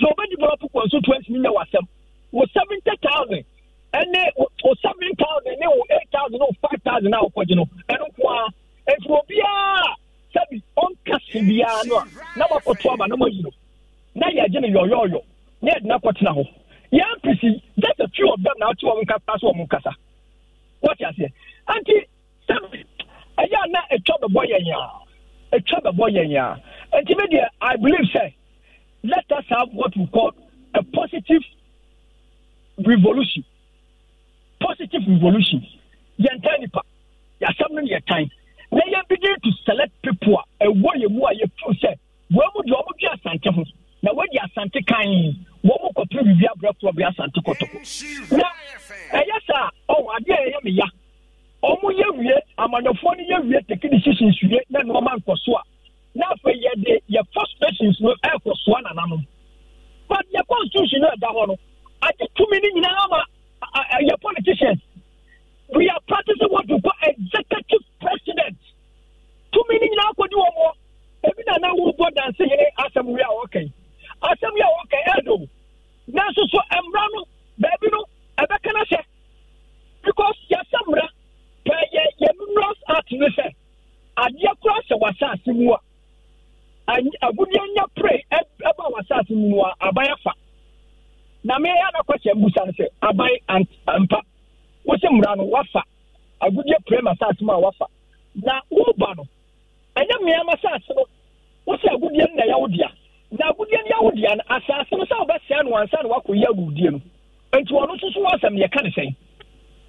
So many people constituents mean there was some was seventy thousand. And they for seven thousand, they were eight thousand or five thousand now, you know, and one and for Bia Sabi on Cassibiano, number for Twaba, no more, you know. Now you're getting your yo yo. Yet, not what's now yɛn apc just a few of them na ɔte wɔn nkasa so wɔn nkasa wɔte aseɛ anti sɛbi ɛyɛ ana etwa bɛbɔ yɛn yaa etwa bɛbɔ yɛn yaa nti mi deɛ i believe say let us have what we call a positive revolution positive revolution yɛn tan nipa yasɛm no yɛ tan na yɛn begin to select people a ɛwɔ yɛn mu a yɛ feel sɛ wɔn mu deɛ wɔn mu dua asante ho na wɔadi asante kan wɔn mu kɔpem bibi abrɛfoɔ bi asante kɔtɔkɔ na ɛyɛ saa ɔwɔ adeɛ a ɛyɛ me ya ɔmo yɛ wie amanyɔfoɔ no yɛ wie tekini sisi nsuye na nneɛma nkɔ so a na afei yɛde yɛ first stations no ɛkɔ so a nananom but yɛ constitution no ɛda hɔ no agye tumi no nyinaa ma yɛ politicians we are practicing what we call executive president tumi no nyinaa kɔdi wɔn wɔ ebi na na wɔn bɔ dansi yɛ asɛm wi a wɔkɛn. asɛm yɛ wɔka ɛdom nanso so mmara no baabi no ɛbɛka no hyɛ because yɛsɛ mmara pɛ yɛ yɛ numerous art no sɛ adeɛ koraa hyɛ w'asaase mu a agudeɛ nya pere ɛba w'asaase mu a aban afa na meyɛ no kɔkyɛ mbusa no sɛ aban ampa wosɛ mmara no wafa agudeɛ pere ma asaase mu a wafa na woba no ɛnyɛ mmea ma asaase no wosɛ agudeɛ no na ɛyɛ wo dea na agudie ni awudie no asase no sɛ wobɛsɛe no ansa na wakɔyi agudie no nti ɔno nso so asɛm yɛka ne sɛn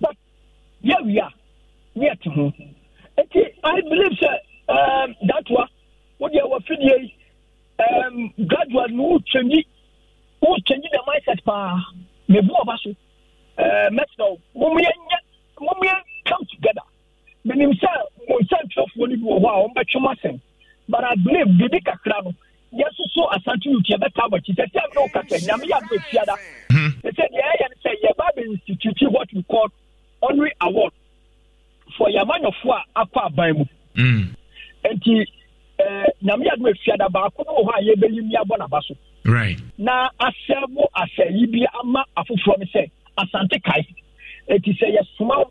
but yɛawie a ne yɛte ho nti i believe sɛ um, datoa wodeɛ wɔfidie yi um, graduate no wokyɛnyi wokyɛnyi the mindset paa mebu ɔba so um, mɛtena wo mommyɛnyɛ mommyɛ come together menim sɛ mo nsɛntwerɛfoɔ no bi wɔ hɔ a wɔmbɛtwem asɛm but i believe biribi kakra no yɛsoso asante uti yɛbɛka abɔkyi sɛ sɛ mmerɛ woka sɛ nyame yɛ adɔ fiada hmm. sɛ sɛ deɛ ɛyɛ no sɛ yɛba bɛnstitute what we call honorary award for yɛamanyɔfoɔ a akɔ aban mu hmm. nti eh, nyame yɛ adom afiada baako no wɔ hɔ a yɛbɛyi mi abɔ n'aba so na asɛbo asɛyi bi ama afoforɔ no sɛ asante kae ɛti sɛ yɛsoma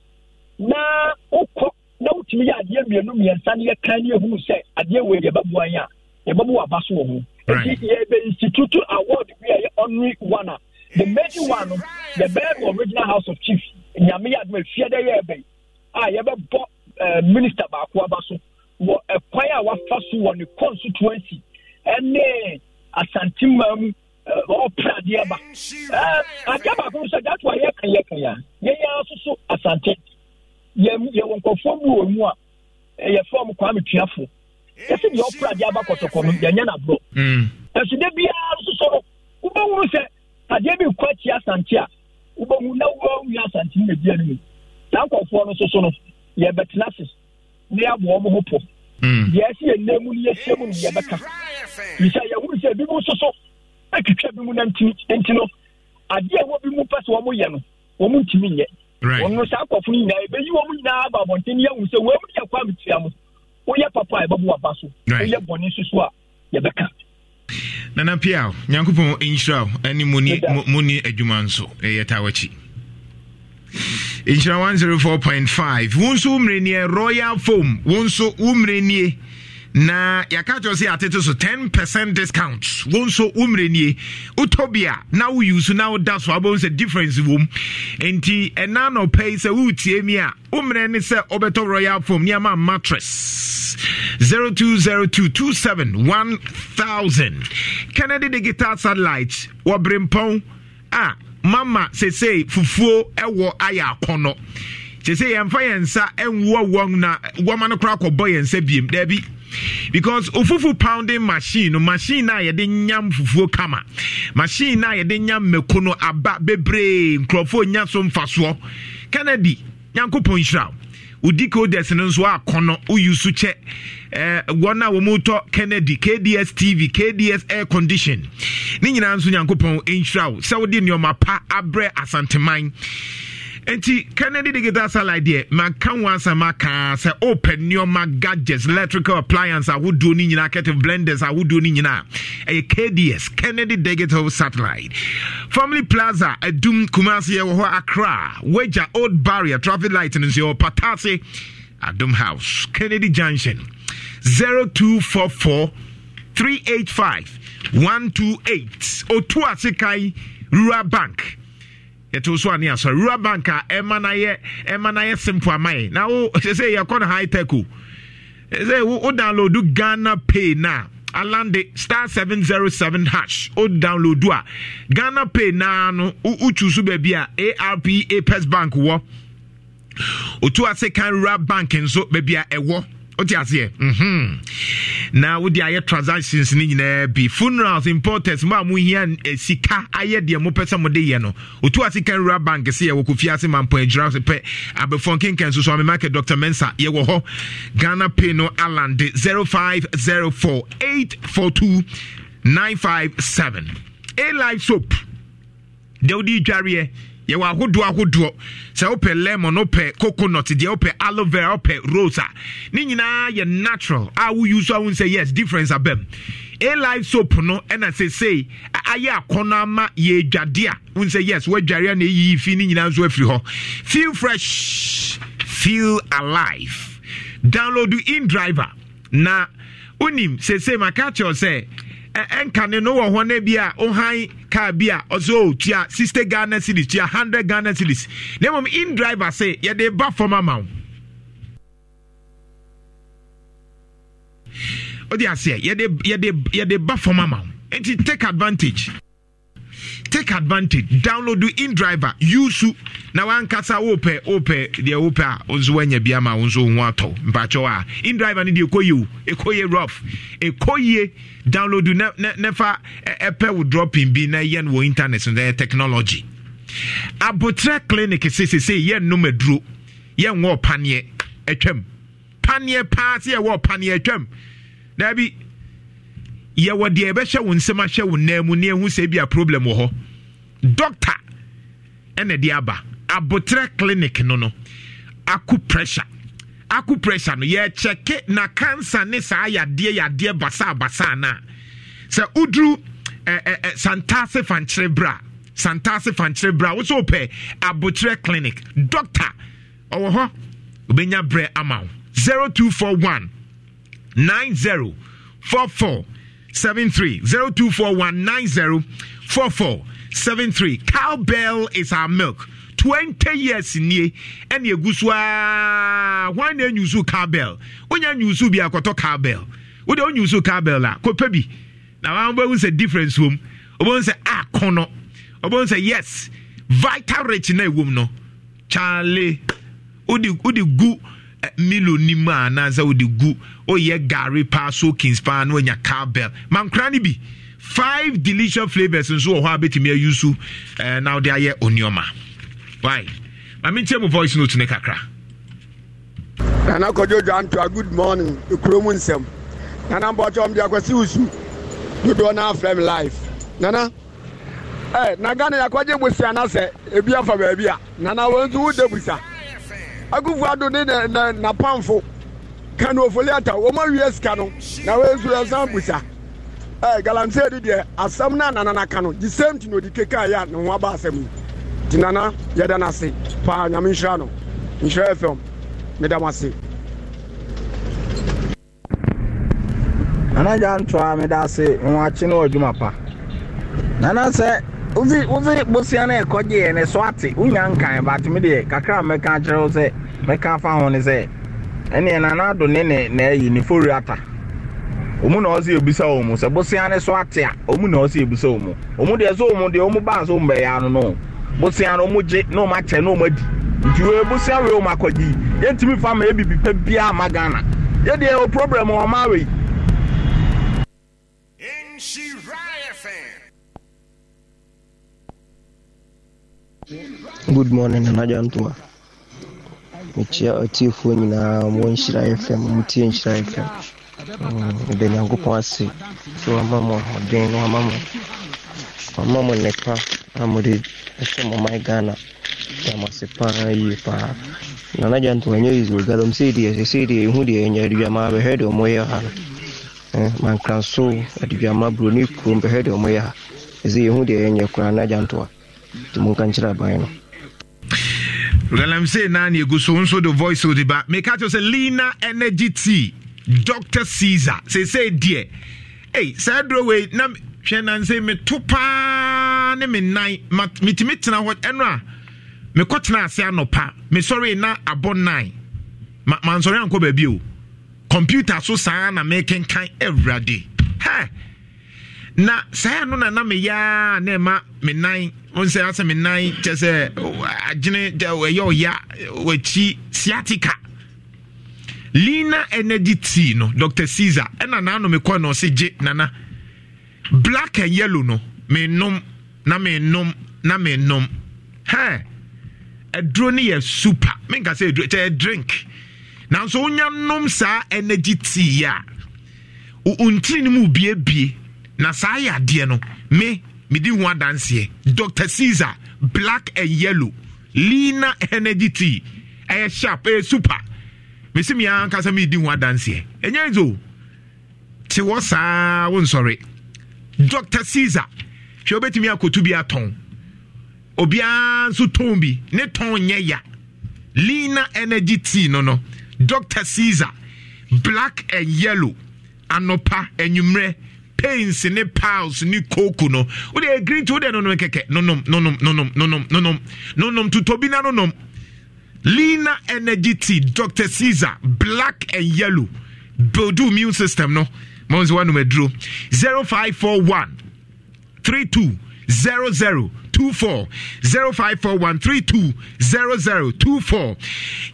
na wokɔ na wotumi yɛ adeɛ mmienu mmiɛnsa no yɛka ne yɛhunu sɛ adeɛ wɔ yɛbɛboa yɛ a yɛbɛbɔ waba so wɔ ho ɛti yɛbɛ institute award bi a yɛ ɔnri one the major one the best original house of chief nyame yɛ adoma fie dɛ yɛ ɛbɛn a yɛbɛbɔ minister baako aba so wɔ ɛkwan a wafa so wɔ ne constituency ɛne asantima mu ɔprade aba agya baako nso agya to a yɛka yɛka yɛ a yɛyɛ nso so asante yɛwɔ nkurɔfoɔ bi wɔ mu a yɛfrɛ ɔmo kwame tuafoɔ yɛsi deɛ ɔkura deɛ aba kɔtɔkɔ no yɛnyɛ n'aborɔ ɛsode biara nso so no wobɛhunu sɛ adeɛ bi kɔ akyi asante a wobɛhu na woawie asante no bia no mu saa mm. nkɔfoɔ no soso no yɛbɛtena ase na yɛaboa ɔmo ho pɔ deɛ ɛsi yɛnna mu no yɛhyia mu no yɛbɛka bisa yɛhunu sɛ bi mu soso atwitwa e bi mu na nti no adeɛ ɛwɔ bi mu pɛ sɛ wɔmo yɛ no wɔmo ntumi nyɛ ɔno saa akɔfo no nyinaa ɛbɛyi wɔn nyinaa aba abɔnten yɛhu sɛ wɔamu deɛ kɔ ametua mo woyɛ papa a ɛbɛbu aba so woyɛ bɔne nso so a yɛbɛka nana pia nyankopɔn nhyira wo ne mo ni adwuma nso ɛyɛ ta wakyi nhyira 104.5 wo nso wo mmerɛ royal foam. wo nso wo mmerɛ na yɛka kyerɛ sɛ yɛatete so 10 percent discount wo nso wo mmerɛ nie wotɔ bi a na woyi so na woda so abɛhu sɛ difference wom enti ɛna na ɔpɛ yi sɛ woretie mi a wo mmerɛ ne sɛ wobɛtɔ royal form nneɛma mattress 020227 1000 kennedy digital satellite wɔ berempɔn a mama sesei fufuo ɛwɔ ayɛ akɔnnɔ sesei yɛmfa yɛn nsa ɛnwoa wɔn na wɔma no koraa kɔbɔ yɛn nsa biem daabi because ofufu pounding machine machine na yɛde nyam fufuo kama machine na yɛde nyam mako no aba bebree nkurɔfoɔ nya so mfasoɔ kennedy nyankopɔn nhyira odi codes no nso akɔnɔ woyi so kyɛ wɔn a eh, wɔn retɔ kennedy kds tv kds air condition ne nyinaa nso nyankopɔn nhyira wo sɛ wode nneɔma pa abrɛ asanteman nti kennedy digital satellite. deɛ maka ho asɛm aka sɛ opɛ nneɔma gadgets electrical appliance ahodoɔ no nyinaa kettle blenders ahodoɔ no nyinaa ɛyɛ e kds kennedy digital satellite family plaza adum e kumase yɛwɔ hɔ accra wagya old barrier traffic light no nso yɛwɔ patase adum house kennedy junction 0244 385 128 otu asekai rural bank yɛte so ane asɔre rural bank a ɛma no yɛ ɛma no yɛ simple ama yɛ na wo sɛ sɛ yɛkɔ no high tech o sɛ wo download ghana pay na alande star seven zero seven hash o download a ghana pay na no wotu so baabi a arp apes bank wɔ otu ase kan rural bank nso baabi a ɛwɔ e wote aseɛ mhm. na wode ayɛ transactions no nyinaa bi funerals importers ma a mohia eh, sika ayɛ deɛ mopɛ sɛ mode yɛ no ɔtu ase kan rural bank sɛ yɛwɔ kɔfie ase mampɔ adwira so pɛ abɛfɔn kenkan so so amemake dr mensa yɛwɔ hɔ ghana pay no aland 0504 a live soap deɛ wode dwareɛ yɛwɔ ahodoɔ ahodoɔ sɛ wopɛ lemon wopɛ coconut deɛ wopɛ aloe vera wopɛ rosa. a ne nyinaa yɛ natural a wouse a wohu sɛ yes difference abam alive soap no ɛna sesei ayɛ akɔnɔ ama yɛdwade a wohu sɛ yes woadware a na ɛyiyi fi ne nyinaa nso afiri hɔ feel fresh feel alive download InDriver na wonim sesei maka kyerɛw se ɛnkane no wɔ hɔ no bi a ɔhan car bi a ɔsɛ ɔtua 60 ghana cedis tua 100 ghana cedis na mmom in driver se yɛde ba fam ama wo wode aseɛ yɛde ba fam ama wo nti take advantage take advantage download do indriver use na wankasa wopɛ wopɛ deɛ wopɛ a wo nso woanya bi ama wo nso wo ho atɔ mpakyɛw a indriver no deɛ ɛkɔyie o ɛkɔyie rough ɛkɔyie download do na na fa ɛpɛ e, wo dropping bi na yɛ no wɔ internet no ɛyɛ technology abotrɛ clinic sesesei yɛ nnom aduro yɛnwɔ paneɛ atwam e paneɛ paa sɛ yɛwɔ paneɛ atwam e daabi yɛwɔ deɛ yɛbɛhyɛ wo nsɛm ahyɛ wo nan mu ne ɛhu sɛ bi a problem wɔ hɔ doctor ɛna de aba abotrɛ clinic no no aku pressure aku pressure no yɛkyɛke na cancer ne saa yadeɛ yadeɛ basaabasa no a sɛ woduru eh, eh, eh, santase fankyerɛ berɛ a santase fankyerɛ berɛ a wo sɛ wopɛ abotrɛ clinic doctor zero two four one nine zero four four 73 0241904473 cowbell is our milk 20 years nie ɛne ɛgu so a hwan na anyusu cowbell wonya nyusu bi akɔtɔ cowbell wode wonyusu cowbell la. kɔpɛ bi na wobɛhu sɛ difference wom wobɛhu ah kono. wobɛhu sɛ yes vital rich na ɛwom no charlie wode gu milo nim a anaasɛ wode gu oyɛ gari paa sokins paa na wanya carbell mankora no bi five delicious flavors nso wɔ hɔ a bɛtumi ayu so uh, na wode ayɛ onioma why mamenkyɛ mu voice note ne kakra nana kɔdwodwa ntoa good morning ɛkuro mu nsɛm nana mpɔkyɛ ɔmde akɔsi wo usu dodoɔ no afrɛ me live nana eh, na ghana yɛakɔgye bosia na sɛ ebi afa baabi a nana wɔnso wo da busa akufo ado ne na napamfo kano ofoliata wɔn awie sika no na wɔazu ɛsan busa ɛɛ eh, galamsey de deɛ asam na nanana ka no the same thing odi keka yɛ a ne ho aba asɛm yi ti nana yɛda n'ase paa nyame nhyira no nhyira fm meda mo ase. nana gya ntoa meda ase adwuma pa nana sɛ. wozi wozi na ɛkɔgye yɛ ne so ate wonya nkan baatumi deɛ kakra mɛka kyerɛ wo sɛ mɛka afa ho ne sɛ na ɛyi ne ata ɔmu na ɔsɛ ebisa wɔn mu sɛ bosia na ɔsɛ ebisa wɔn mu ɔmu deɛ so deɛ ɔmu baa so bɛyɛ ano no bosia no ɔmu gye na ɔmu akyɛ na ɔmu adi nti ɔmu akɔgye yɛntumi fa ma ebibi ma Good morning Najantua ɔtiefoɔ nyinaa mɔ nhyira fm motie nhyira fm mm, mbeni nyankopɔn pwasi sɛ wama mo wa na wa mo wama mo nnepa a mode ɛsɛ mo man ghana da mo ase paa yie paa nana gyanto ɛnyɛ yisro ya sei ya sɛsei deɛ ɛhu deɛ ɛnyɛ aduama bɛhwɛ deɛ ɔmɔyɛ ha no mankranso aduama buroni kurom bɛhwɛ deɛ ɔmɔyɛ ha ɛsɛ yɛhu deɛ ɛnyɛ koraa na nti monka nkyerɛ aban no galamsey naa ne ɛgu so nso de voice odi ba meka kyerɛ sɛ lina energy tea dr caesar seesei deɛ ei saa duro wei na hwɛ nansei meto paa ne me nan metumi tena hɔ ɛno a mekɔ tena ase anɔpa mesɔre na abɔ nan mansɔre ankɔ baabi o kɔmputa so saa na mekenkan awurade hɛ na saa no na na meyɛ a na ɛma me nan nsɛ asɛm nan kyɛ sɛ agyene ɛyɛ ɔya wakyi siatica lina energy tea no dr caesar ɛna naanome kɔ na ɔse gye nana black and yellow no menom na menom na menom hɛ aduro no yɛ super menka sɛ aduro kyɛ drink nanso wonya nom saa energy tea a ntiri no mu biebie na saa yɛ adeɛ no me medi ho adanseɛ dr caesar black and yellow Lena energy tea ɛyɛ sharp ɛyɛ super mesi mi ankasa mi di ho adanseɛ ɛnyɛ nso te wɔ saa wo nsɔre dr caesar hwɛ obetumi akoto bi atɔn obiara nso tɔn bi ne tɔn nyɛ ya lina energy tea no no dr caesar black and yellow anɔpa enyimrɛ pains ne pals ne coke no wode green tea wode No, kɛkɛ nonom nonom nonom nonom nonom nonom tutɔ bi na nonom lina energy tea dr caesar black and yellow build immune system no mo nso wanom aduro 0541 32 00 24 0541 32 00 24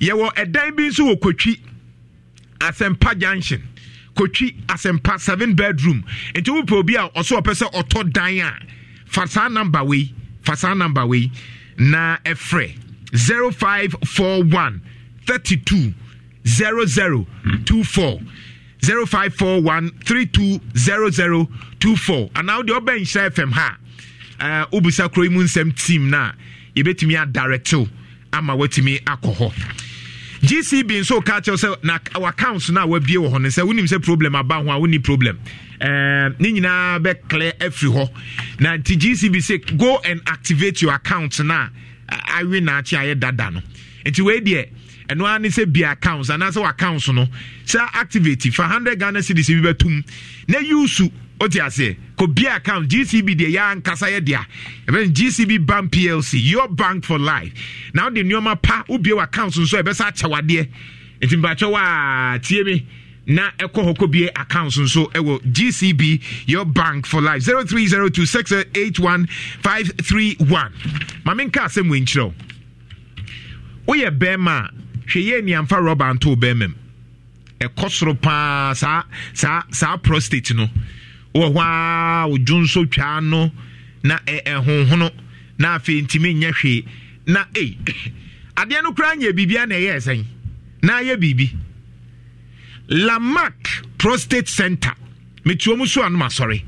yɛwɔ ɛdan bi nso wɔ kotwi asɛmpa junction kɔtwi asɛmpa seven bedroom nti wopɛ obi a ɔso ɔpɛ sɛ ɔtɔ dan a fa saa namba wei fa saa namba wei na ɛfrɛ 0541 32 0024 0541 320024 anaa wode ɔbɛn nhyɛ fm ha Uh, wobisa kuro yi mu nsɛm team na a yɛbɛtumi adarɛtew ama woatumi akɔ hɔ gcb nso ka kyerɛw sɛ na accounts no a wabie wɔ hɔ no sɛ wonim sɛ problem aba ho a wonni problem ne nyinaa bɛklɛ afiri hɔ na nti gcb sɛ go and activate your account no a awe naakye ayɛ dada no nti wei deɛ ɛno ara ne sɛ bia accounts anaasɛ wɔ accounts no sɛ activate fa 100 ghana cities bi bɛtum na usu wote aseɛ kɔbia account gcb deɛ yɛ ankasa yɛ dea ɛbɛn gcb bank plc your bank for life na wode nneɔma pa wobie account nso ɛbɛsa akyɛwadeɛ nti mpakyɛ wɔ a tie me na ɛkɔ hɔ kɔbie account nso ɛwɔ gcb your bank for life 0302 681 531 ma menka asɛm wɔ nkyerɛ wo woyɛ bɛrima a hwɛ yɛ nneamfa rɔba nto wo bɛrima mu ɛkɔ soro paa saa saa saa prostate no wɔ hɔ a wodwo nso twaa no na ɛhonhono na afei ntumi nyɛ hwee na ei *coughs* adeɛ no koraa nyɛ biribia na ɛyɛ ɛsɛn na ayɛ biribi lamak prostate center metuo mu so anom asɔre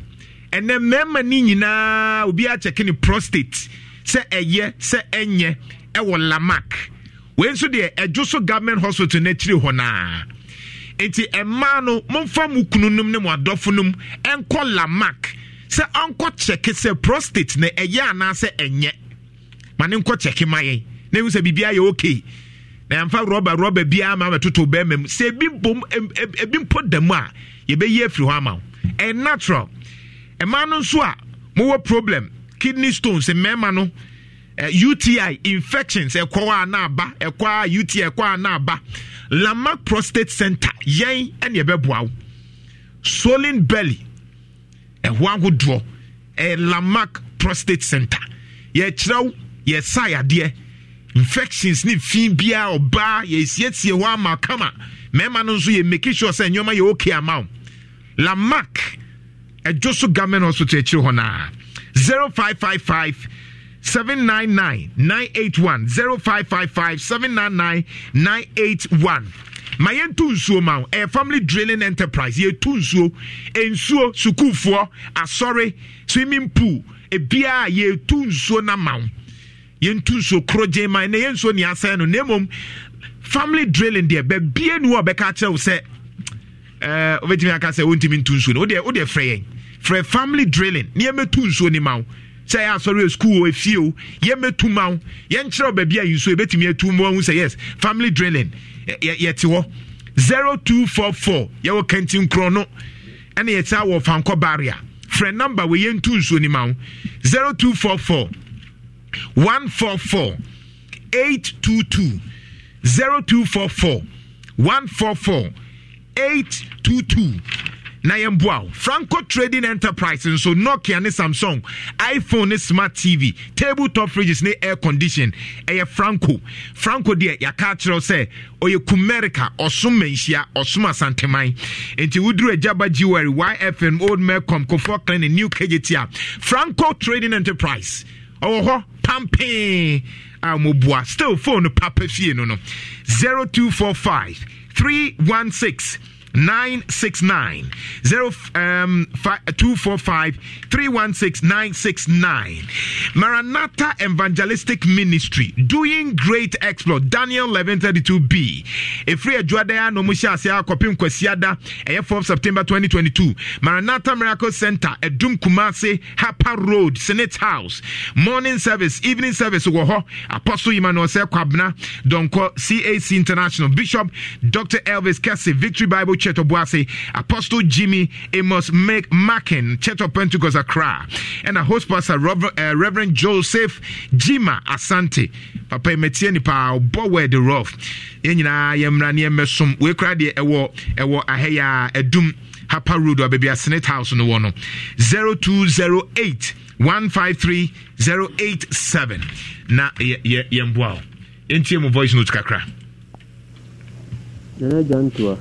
ɛnɛ mmarima no nyinaa obi akyɛke ne prostate sɛ ɛyɛ sɛ ɛnyɛ ɛwɔ lamak wei nso deɛ ɛdwo so government hospital no akyiri hɔ naa nti mmaa no momfa mu kununom ne mo adɔfo nom nkɔ lamak sɛ ɔnkɔ kyɛke sɛ prostate na ɛyɛ anaasɛ ɛnyɛ ma ne nkɔ kyɛke ma yɛn na ehu sɛ biribi ayɛ okay na yɛmfa rɔba rɔba biara ma bɛtoto bɛrima mu sɛ ebi mpom ebi mpo da mu a yɛbɛyi afiri hɔ ama wo ɛyɛ natural mmaa no nso a mowɔ problem kidney stones mmarima no uh, uti infections ɛkɔ a na aba ɛkɔ a uti ɛkɔ a na aba lama prostate center yɛn ɛne ɛbɛboa wo solin belly ɛho ahodoɔ ɛyɛ lamac prostate center yɛkyerɛ wo yɛsa yadeɛ infections ne fi biara ɔbaa yɛsiesie hɔ ama kama mmarima no nso yɛ make sure sɛ nneɛma yɛ okay ama wo lamac ɛdwo so government hospital akyire hɔ naa 0555 799 981 0555 799 981 ma yɛnto nsuo ma wo ɛyɛ eh, family drilling enterprise yɛto nsuo eh, nsuo sukuufoɔ asɔre swimming pool ebiaa eh, yɛto nsuo na ma wo yɛnto nsuo korogyen ma na yɛnsuo ne asɛn no na mmom family drilling deɛ bɛbie nu a ɔbɛka kyerɛ wo sɛ ɛɛ obetumi aka sɛ wontumi nto nsuo no wodeɛ wodeɛ frɛ yɛn frɛ family drilling nneɛma to nsuo ni ma wo sɛ yɛ asɔre yɛ sukuu wɔ efie o yɛmɛtu ma wo yɛnkyerɛw baabi a yi nso yɛbɛtumi atu mu ɔhu sɛ yes family drilling yɛte hɔ zero two four four yɛwɔ kɛntɛn korɔ no ɛna yɛtena wɔ fankɔ barrier frɛ namba wɔ yɛntu nsuo ni ma wo zero two four four one four four eight two two zero two four four one four four eight two two na yɛn boa franco trading enterprise nso nokia ne samsung iphone ne smart tv table top fridges ne air condition ɛyɛ franco franco deɛ yɛaka akyerɛw sɛ ɔyɛ kumerica ɔsom manhyia ɔsom asanteman nti woduru agyaba jewelry yfm old melcom kofoɔ clinic new kgt a franco trading enterprise ɔwɔ hɔ pampee a mɔboa still phone papa fie no no 0245 316 969 0 Maranatha Evangelistic Ministry doing great exploit. Daniel 1132b. Efri Ajuadea no Musha Asia Kopim Kwesiada, air 4 September 2022. Maranatha Miracle Center, Edum Kumase, Hapa Road, Senate House. Morning service, evening service, Woho, Apostle Emmanuel Kwabna, Donko, CAC International, Bishop Dr. Elvis Kese Victory Bible Church. Church of Boise, Apostle Jimmy Amos Mac- Mackin, Church of Pentecost Accra, and a host pastor, Reverend, uh, Reverend Joseph Jima Asante. Papa Metie pa bower the de rough. Yɛn nyinaa yɛmmra ne yɛmmɛsom. Wei kora deɛ ɛwɔ ɛwɔ ahɛyɛ a ɛdum Hapa Road a baabi a Senate House no wɔ no. 0208 153 087 na yɛmboa wo ɛntie mu voice note kakra yɛnɛ gya ntoa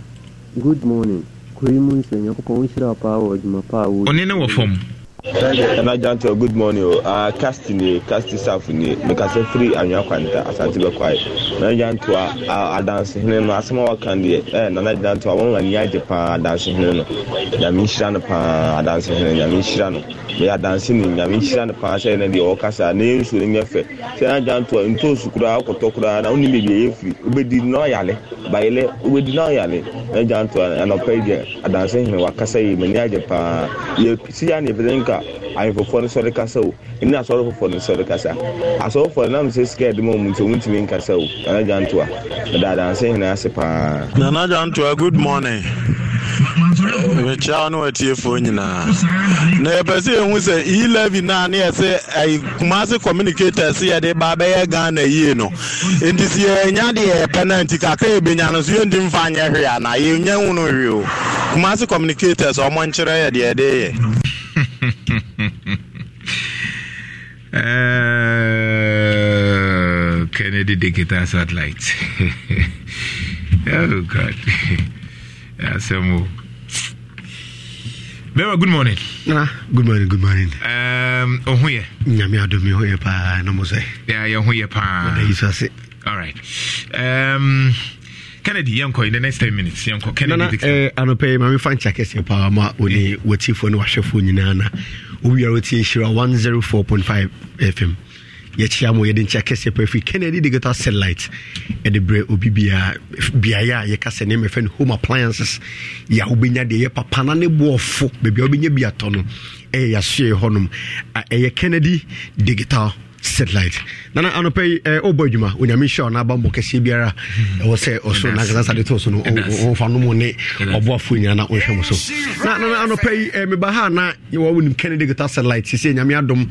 good morning koyi mu nsɛnyɛ kɔkɔ wo nhyira paa wɔ adwuma paa wɔ ɔne ne wɔ fam ɛma dantɛ good morning o uh, cast ni cast staff ni mekasa firi anwea kwanta asante bɛ bɛkwae na dantɛ a adansehene no asɛm a waka deɛ ɛɛ nana dantɛ a wɔn ani agye paa adansehene no nyame nhyira no paa adansehene nyame nhyira no meyɛ adanse ni nyame nhyira no paa sɛ ɛna deɛ ɔkasa na yɛ nsuo no nyɛ fɛ sɛ na dantɛ ntoosu kura akɔtɔ kura na wonim baabi a yɛfiri wobɛdi na ɔyale bayelɛ wobɛdi na ɔyale na dantɛ anɔpa yi deɛ adansehene wakasa yi m'ani agye paa yɛ si ya na yɛpɛ nka a ayefofoɔ no sɔre kasa o ɛna asɔrefofoɔ no sɔre kasa asɔrefoɔ nam nkasa o nana gyantoa ɛdaadanse hene ase paa nana na yɛpɛ sɛ yɛhu sɛ e elevi no a ne yɛsɛ kuma se communicator se yɛde ba bɛyɛ ghana yie no enti sɛ yɛnya deɛ yɛpɛ no nti kakra yɛbɛnya no so mfa nyɛ ana yɛnya no o kuma se uh, *laughs* Kennedy Digital Satellite. oh, God. Asemo. Bema, good morning. Ah, good morning, good morning. Um, oh, here. Nyame do ho ye pa na mo Yeah, ye ho ye pa. Na Yesu ase. All right. Um kennedy yɛnkɔ in the next ten minutes yɛnkɔ kennedy nana eh, anɔpɛ yi maame fan kyakɛseɛ paa ma ɔne eh. wɔtifoɔ ne wahwɛfoɔ nyinaa na zero oh four point five fm yɛkyia mu yɛde nkyia kɛseɛ pa afiri kennedy digital satellite ɛde berɛ obi biaa biaeɛ a yɛka sɛ nneɛma home appliances yɛ a wobɛnya deɛ ɛyɛ papana ne boɔfo baabi a wobɛnya bi atɔ no ɛyɛ yɛasoɛ hɔnom ɛyɛ kennedy digital satellite nana anɔpɛ eh, eh, yi ɛ ɔbɔ adwuma onyame hyɛ ɔna abambɔ kɛseɛ biara ɛwɔ hmm. sɛ ɔso na nkasa sade to so no ɔmfa no ne ɔboafoɔ nyina na ɔnhwɛ mu so na nana anɔpɛ yi eh, ɛ meba ha na wɔwo nim kennedy guitar satellite sɛ nyame adom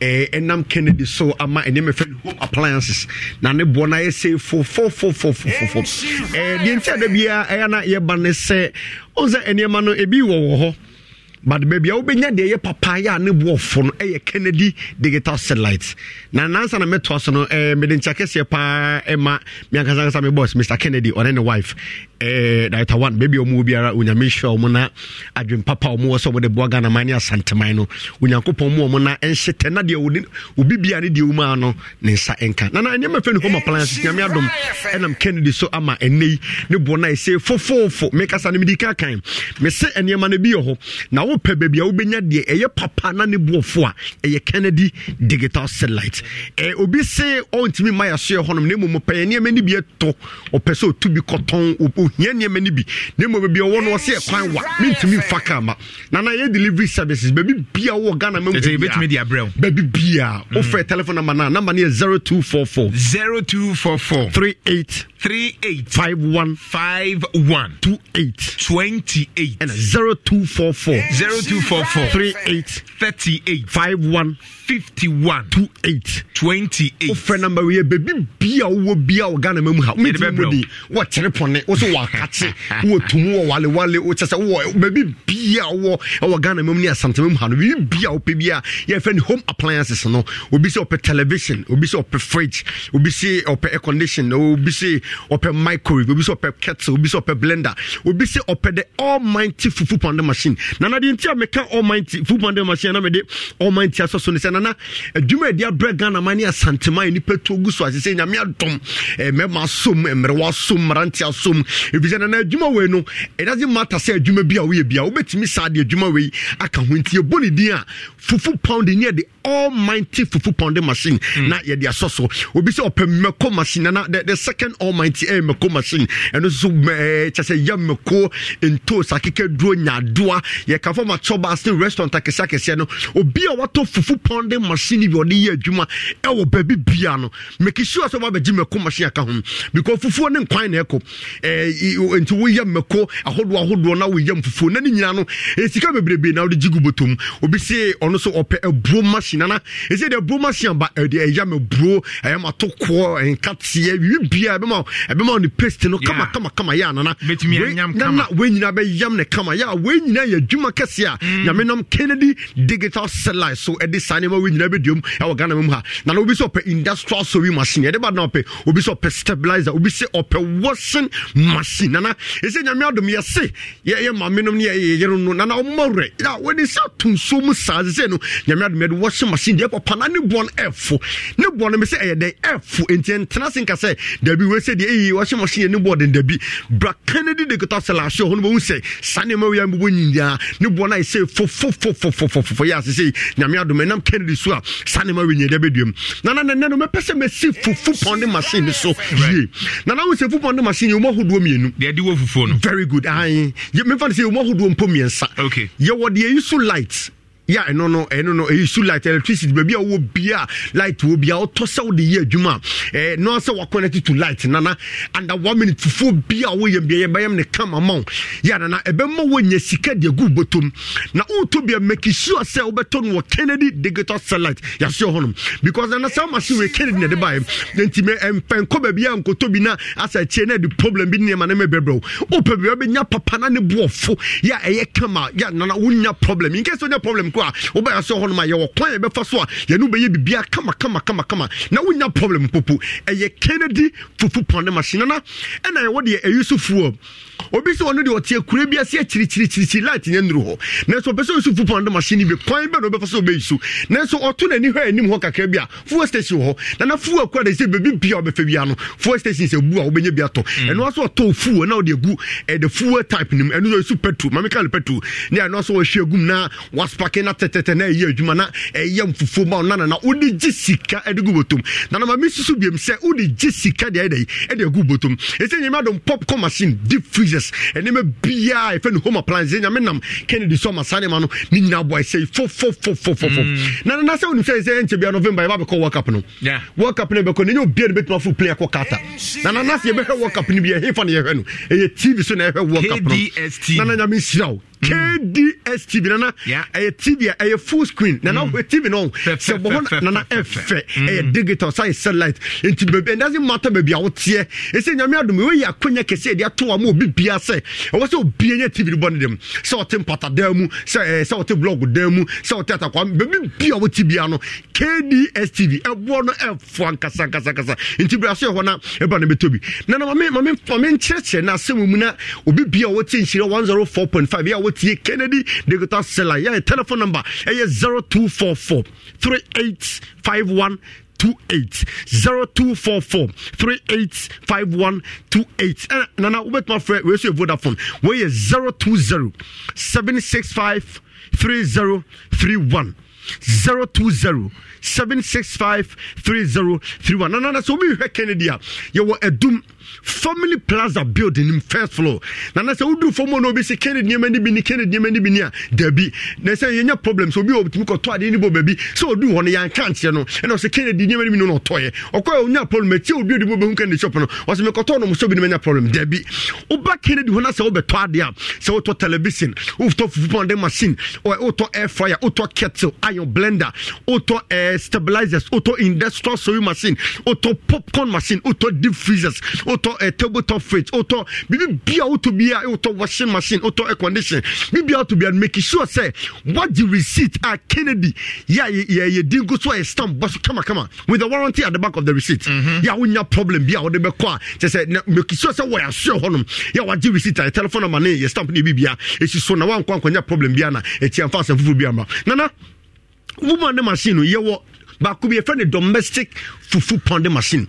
ɛ ɛnam kennedy so ama ɛnneɛma fɛ home appliances na ne boɔ na yɛsɛ fofofofofofo ɛ deɛ nti ada biara ɛyɛ na yɛba ne sɛ ɔn sɛ nneɛma no ebi wɔ hɔ but baabi a wobɛnya deɛ ɛyɛ papaayɛ a ne boɔfo no ɛyɛ kennedy digital satellite na nansa na mɛtoa so no eh, mede nkyɛkɛseɛ paa ɛma eh, meankasakasa me bos mr kennedy ɔne ne wife eh, director one baabi ɔmu biara onyame hyɛ ɔmo na adwenpapa ɔmo wɔ sɛ ɔmode boa ghana man ne asanteman no onyankopɔn mu ɔmo na ɛnhyɛ tɛ na deɛ obi bia ne deɛ womaa no ne nsa ɛnka nana ɛnyɛma fɛ ne home appliance nyame adom ɛnam kennedy so ama ɛnɛ yi ne boɔ no ɛsɛ fofoofo mekasa no medi ka kan mese ɛnneɛma no bi wɔ hɔ na wopɛ baabi a wobɛnya deɛ ɛyɛ papa na ne boɔfo a ɛyɛ kennedy digital satellite eh, obi se ɔntumi ma yɛsoɛ hɔnom na mmom pɛyɛ nneɛma no bi ɛtɔ ɔpɛ sɛ ɔtu bi kɔtɔn ohia nneɛma no bi na mmom baabi ɔwɔ no ɔsɛ kwan wa mentumi mfa ka ma nana yɛ delivery services baabi bia wɔ ghana ma baabi bia wofrɛ mm. telephone number no a number no yɛ 0244 0244 38 38 51 51 28 28 ɛna 0244 0244 38 38 51 51 28 28 wofrɛ number wei baby. bia wo bia wo ghana ma mu ha womɛtimudi wɔkyere pɔne wo so wɔakakye *laughs* wɔtumu wɔ wale. wokyɛ sɛ wo. Baby, bia wo. Wo ghana ma mu ne asantama ha no biribi bia wopɛ bia yɛfrɛ ne home appliances no obi sɛ ɔpɛ television obi sɛ ɔpɛ fridge obi sɛ ɔpɛ air condition obi sɛ ɔpɛ microwave obi sɛ ɔpɛ kettle obi sɛ ɔpɛ blender obi sɛ ɔpɛ the almighty fufu pounder machine Na nanadeɛ nti a meka almighty fufu pounder machine na mede almighty asɔ so ne sɛ nana adwuma adi abrɛ ghana ma ne asantema a nipa tuo gu so ase sɛ nyame adom eh, mmarima asom eh, mmerewa asom mmerante asom ɛfiri sɛ nana adwuma wei no it doesn't matter sɛ adwuma bi a woyɛ bia wobɛtumi saa de adwuma wei aka ho nti yɛbɔ ne din a fufu pound ne yɛde almighty fufu pounding machine mm. na yɛde asɔ so obi sɛ ɔpɛ mmɛko machine na the, the second almighty ɛyɛ eh, mmɛko machine ɛno nso ɛɛ kyɛ eh, sɛ yɛ mmɛko ntoos akeke duro nyadoa yɛka fɔ ma tɔ baasi restaurant akɛse akɛse no obi a watɔ fufu pounding machine bi ɔde eh, yɛ adwuma ɛwɔ baabi bia no mɛki sure sɛ wabɛgye mmɛko machine aka ho because fufuo ne nkwan na ɛkɔ ɛɛ nti woyɛ mmɛko ahodoɔ ahodoɔ na woyɛ mfufuo na ne nyinaa no esika bebrebe na wɔde gyi gu bɔtɔ mu obi sɛ ɔno nso ɔpɛ ɛbuo machine si nana ɛsɛ deɛ boma si aba ɛde ɛya me buro ɛyɛ ma to koɔ nkateɛ wi bia ɛbɛma ɛbɛma ne paste no kama kama kama yɛ anana nana wɔnyina bɛyam ne kama yɛ a wɔnyina yɛ adwuma kɛseɛ a nyame nam kennedy digital satellite so ɛde saa nneɛma wɔnyina bɛdiom ɛwɔ ghana mu ha nana obi sɛ ɔpɛ industrial sewing machine ɛde ba na ɔpɛ obi sɛ ɔpɛ stabilizer obi sɛ ɔpɛ washing machine nana ɛsɛ nyame adom yɛse yɛyɛ mamenom ne yɛyɛ yere no nana ɔmmɔ werɛ wɔde sɛ atomso mu saa sɛ sɛ no nyame adom yɛde wɔhyɛ washing machine deɛ papa na ne bɔ no ɛfo ne bɔ no mesɛ ɛyɛ dɛn ɛfo nti ntena se nka sɛ dabi wei sɛ deɛ ɛyi washing machine yɛ ne bɔ den dabi bra kennedy de kota sɛ laahye ɔho no bɛhu sɛ saa nneɛma wei ambobɔ nyinaa ne bɔ no ayɛ sɛ fofofofofofofo yɛ ase sɛ nyame adom ɛnam kennedy so a saa nneɛma wei nyɛda bɛduam nana nɛnɛ no mɛpɛ sɛ mɛsi fufu pɔnde machine so yie nana wo sɛ fufu pɔnde machine yɛ wɔm ahodoɔ mmienu deɛ de wɔ fufuo no very good ae memfa no sɛ yɛ wɔm ahodoɔ mpo mmiɛnsa yɛwɔ deɛ yi so light yà yeah, ɛno no ɛno no ɛyisu eh, light electricity baabi a wɔwɔ bia light wɔ bia ɔtɔ sɛ wɔde yɛ adwuma ɛɛ eh, n'o sɛ wakɔnɛti to light nana under one minute fufuo bia wɔyɛ bia yɛ bɛyɛ ne kama ma o yà nana ɛbɛma wɔnyɛ sika deɛ gu bɔtɔ mu na ɔɔtɔ bia mɛki sure sɛ ɔbɛtɔ no wɔ kennedy digital satellite yasi ɔhɔnom because nana sɛ ɔma si wɔ kennedy na ɛde ba yɛ nti mɛ ɛnpɛnkɔ baabi a nkoto bi na asa ɛkyɛ e na ɛde problem bi nneɛma na mɛbɛbrɛw ɔpɛ baabi a bɛnya papa na ne boɔ fo yà ɛyɛ kama yà nana wonya problem in case wonya problem nko a wobɛyɛ sɛ hɔ nom a yɛwɔ kwan yɛbɛfa so a yɛne wobɛyɛ biribia kamakamakama na wonya problem popo ɛyɛ kennedy fufu pɔnde machine nana ɛna ɛwɔ deɛ ɛyi so obi sɛ ɔno deɛ ɔte akura bi ase akyirikyirikyirikyi light nyɛ nnuru hɔ nanso ɔpɛ sɛ ɔsi fufu pɔnde machine bi kwan bɛ na ɔbɛfa sɛ ɔbɛyi so nanso ɔto n'ani hɔ anim hɔ kakra bi a fuo station hɔ nana fuo akura de sɛ baabi bia ɔbɛfa bia no fuo station sɛ bu a wobɛnya bi atɔ mm. ɛno aso ɔtɔ fuo na ɔde agu ɛde eh, fuo type nim ɛno sɛ ɔsi petrol mameka no petrol ne ɛno aso ɔhwɛ agum na waspake na tɛtɛtɛ na ɛyɛ adwuma na ɛyɛ mfufuo ma ɔnana na wode gye sika de gu bɔtom na nama mesusu biom sɛ wode gye sika deɛ ɛdɛ de agu bɔtom ɛsɛ nyame adom popcorn machine deep freezers ɛnɛma biaa yɛfɛ no home appliances nyame nam kennedy so ama saa no ne nyinaa boa ɛsɛ fofofofofofo mm. na nana sɛ wonim sɛ ɛnkyɛ bia november yɛba bɛkɔ world no world no bɛkɔ na ɛnyɛ obia no bɛtumi play akɔ kata na nana sɛ yɛbɛhwɛ world no bi ɛhefa no yɛhwɛ no ɛyɛ tv so na ɛhwɛ world cup no nana nyame nhyira kds tv nana ɛyɛ tv a ɛyɛ full screen nana mm. tv no sɛ bɔ hɔ nana ɛfɛ mm. ɛyɛ digital saa yɛ satellite nti baabi ɛnda se mata baabi a woteɛ ɛsɛ nyame adom wɔyɛ akonya kɛsɛ ɛde ato a ma obi bia sɛ ɛwɔ sɛ obia nya tv no bɔ ne dem sɛ wɔte mpatadan mu sɛ sɛ wɔte blog dan mu sɛ wɔte atakwa baabi bia wɔte bia no kds tv ɛboɔ no ɛfoa nkasankasankasa nti bra so yɛ hɔ na ɛba no bɛtɔ bi nana mame nkyerɛkyerɛ no asɛm mu na obi bia wɔte nhyira 104.5 yɛ a tie kennedy degota sela yɛ yeah, telephone number ɛyɛ eh, zero two four four three eight five one two eight zero two four four three eight five one two eight. four three eight five one 0244-385128 nana wobɛtuma frɛ wɔɛsɛ yɛ vodafone Where is zero two zero seven 020 765 3031 020 765 3031 na nana sɛ wobɛhwɛ kennedy a yɛwɔ adum family plaza building nim first floor nana sɛ wodu fam na obi sɛ kennedy nneɛma no bi ni kennedy nneɛma no bi ni a dabi na sɛ yɛnya problem sɛ obi a obitumi kɔtɔ adeɛ no bɔ baabi sɛ ɔdu hɔ no yɛanka nkyerɛ no ɛna ɔsɛ kennedy nneɛma no bi ni na ɔtɔyɛ ɔkɔɛ ɔnya problem ɛkyɛ obi odi mu bɛhu kennedy shop no ɔsɛ mekɔtɔ no mo sɛ obi no manya problem dabi woba kennedy hɔ na sɛ wobɛtɔ adeɛ a sɛ wotɔ television wotɔ fufu de machine wotɔ air fryer wotɔ kettle your blender wotɔ uh, eh, stabilizers auto industrial sewing machine auto popcorn machine wotɔ deep freezers wotɔ uh, eh, tabletop fridge be out to be bia Auto washing machine auto air condition out to be and make sure say what the receipt at kennedy Yeah, yeah, yɛ dingo so a stamp? yɛ come on, come on. with the warranty at the back of the receipt mm-hmm. Yeah, a wonya problem Be out wɔde bɛkɔ a kyɛ sɛ make sure say sɛ wɔyɛ asoɛ hɔnom Yeah, what the receipt at yɛ telephone number ne yɛ stamp ne bibia esi so now. na wankɔ ankɔnya problem bi a na ɛkyɛ mfa asɛm foforɔ bi ama nana woman ne machine no yɛwɔ baako bi yɛfrɛ no domestic fufu pound machine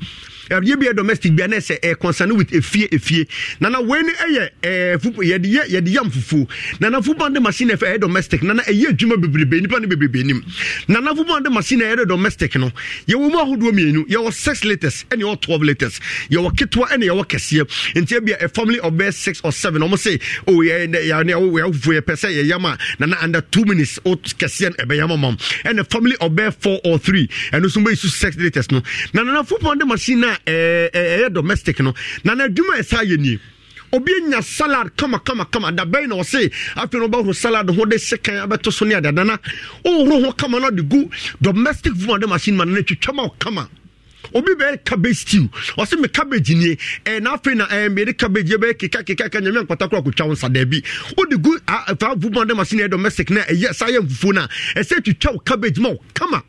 yɛ bi yɛ domestic bia na sɛ ɛyɛ concern with efie efie nana wei ni ɛyɛ ɛɛ fufu yɛde yɛ yɛde yam fufu nana fufu de machine ɛfɛ ɛyɛ domestic nana ɛyɛ adwuma bebrebe nipa ne bebrebe nim nana fufu de machine ɛyɛ domestic no yɛwɔ mu ahodoɔ mmienu yɛwɔ six litres ɛne yɛwɔ twelve litres yɛwɔ ketewa ɛne yɛwɔ kɛseɛ nti ebi a family of bɛɛ six or seven ɔmo se o oh, yɛ yɛ yɛ yɛ fufu yɛ pɛ sɛ yɛ yam a nana under two minutes o kɛseɛ ɛbɛ yam ama ɛna family of bɛɛ four or three ɛno nso bɛ yi so six litres no nana fufu de machine naa. Eh eh, eh eh domestic no na n'adwuma ɛsa yɛ nie obi nya salad kamakamakama dabɛn na ɔse afei no wobɛhoro salad ho de sekan abɛto so ne adada na wohoro ho kama na ɔde gu domestic vomade machine ma no natwitwa ma kama obi bɛyɛ cabbage stew ɔse me cabbage nie ɛɛ eh, na na ɛɛ meyɛde cabbage yɛ bɛyɛ keka keka keka nyame ankpata kora kotwa wo nsa daabi wode gu ah, fa vomade machine yɛ domestic na ɛyɛ saa yɛ mfufuo no a ɛsɛ twitwa wo cabbage ma wo kama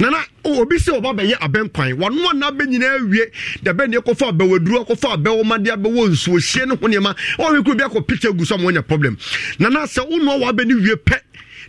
nana obi sɛ ɔba bɛyɛ abɛnkwan wanoa na abɛ nyinaa awie dabɛ ne ɛkɔfa abɛwaduru akɔfa abɛwɔmadeɛ abɛwɔ nsuohyie ne ho nneɛma ɔhwɛ kuro bi akɔ picture gu so ama wanya problem nana sɛ wonoa waabɛ ne wie pɛ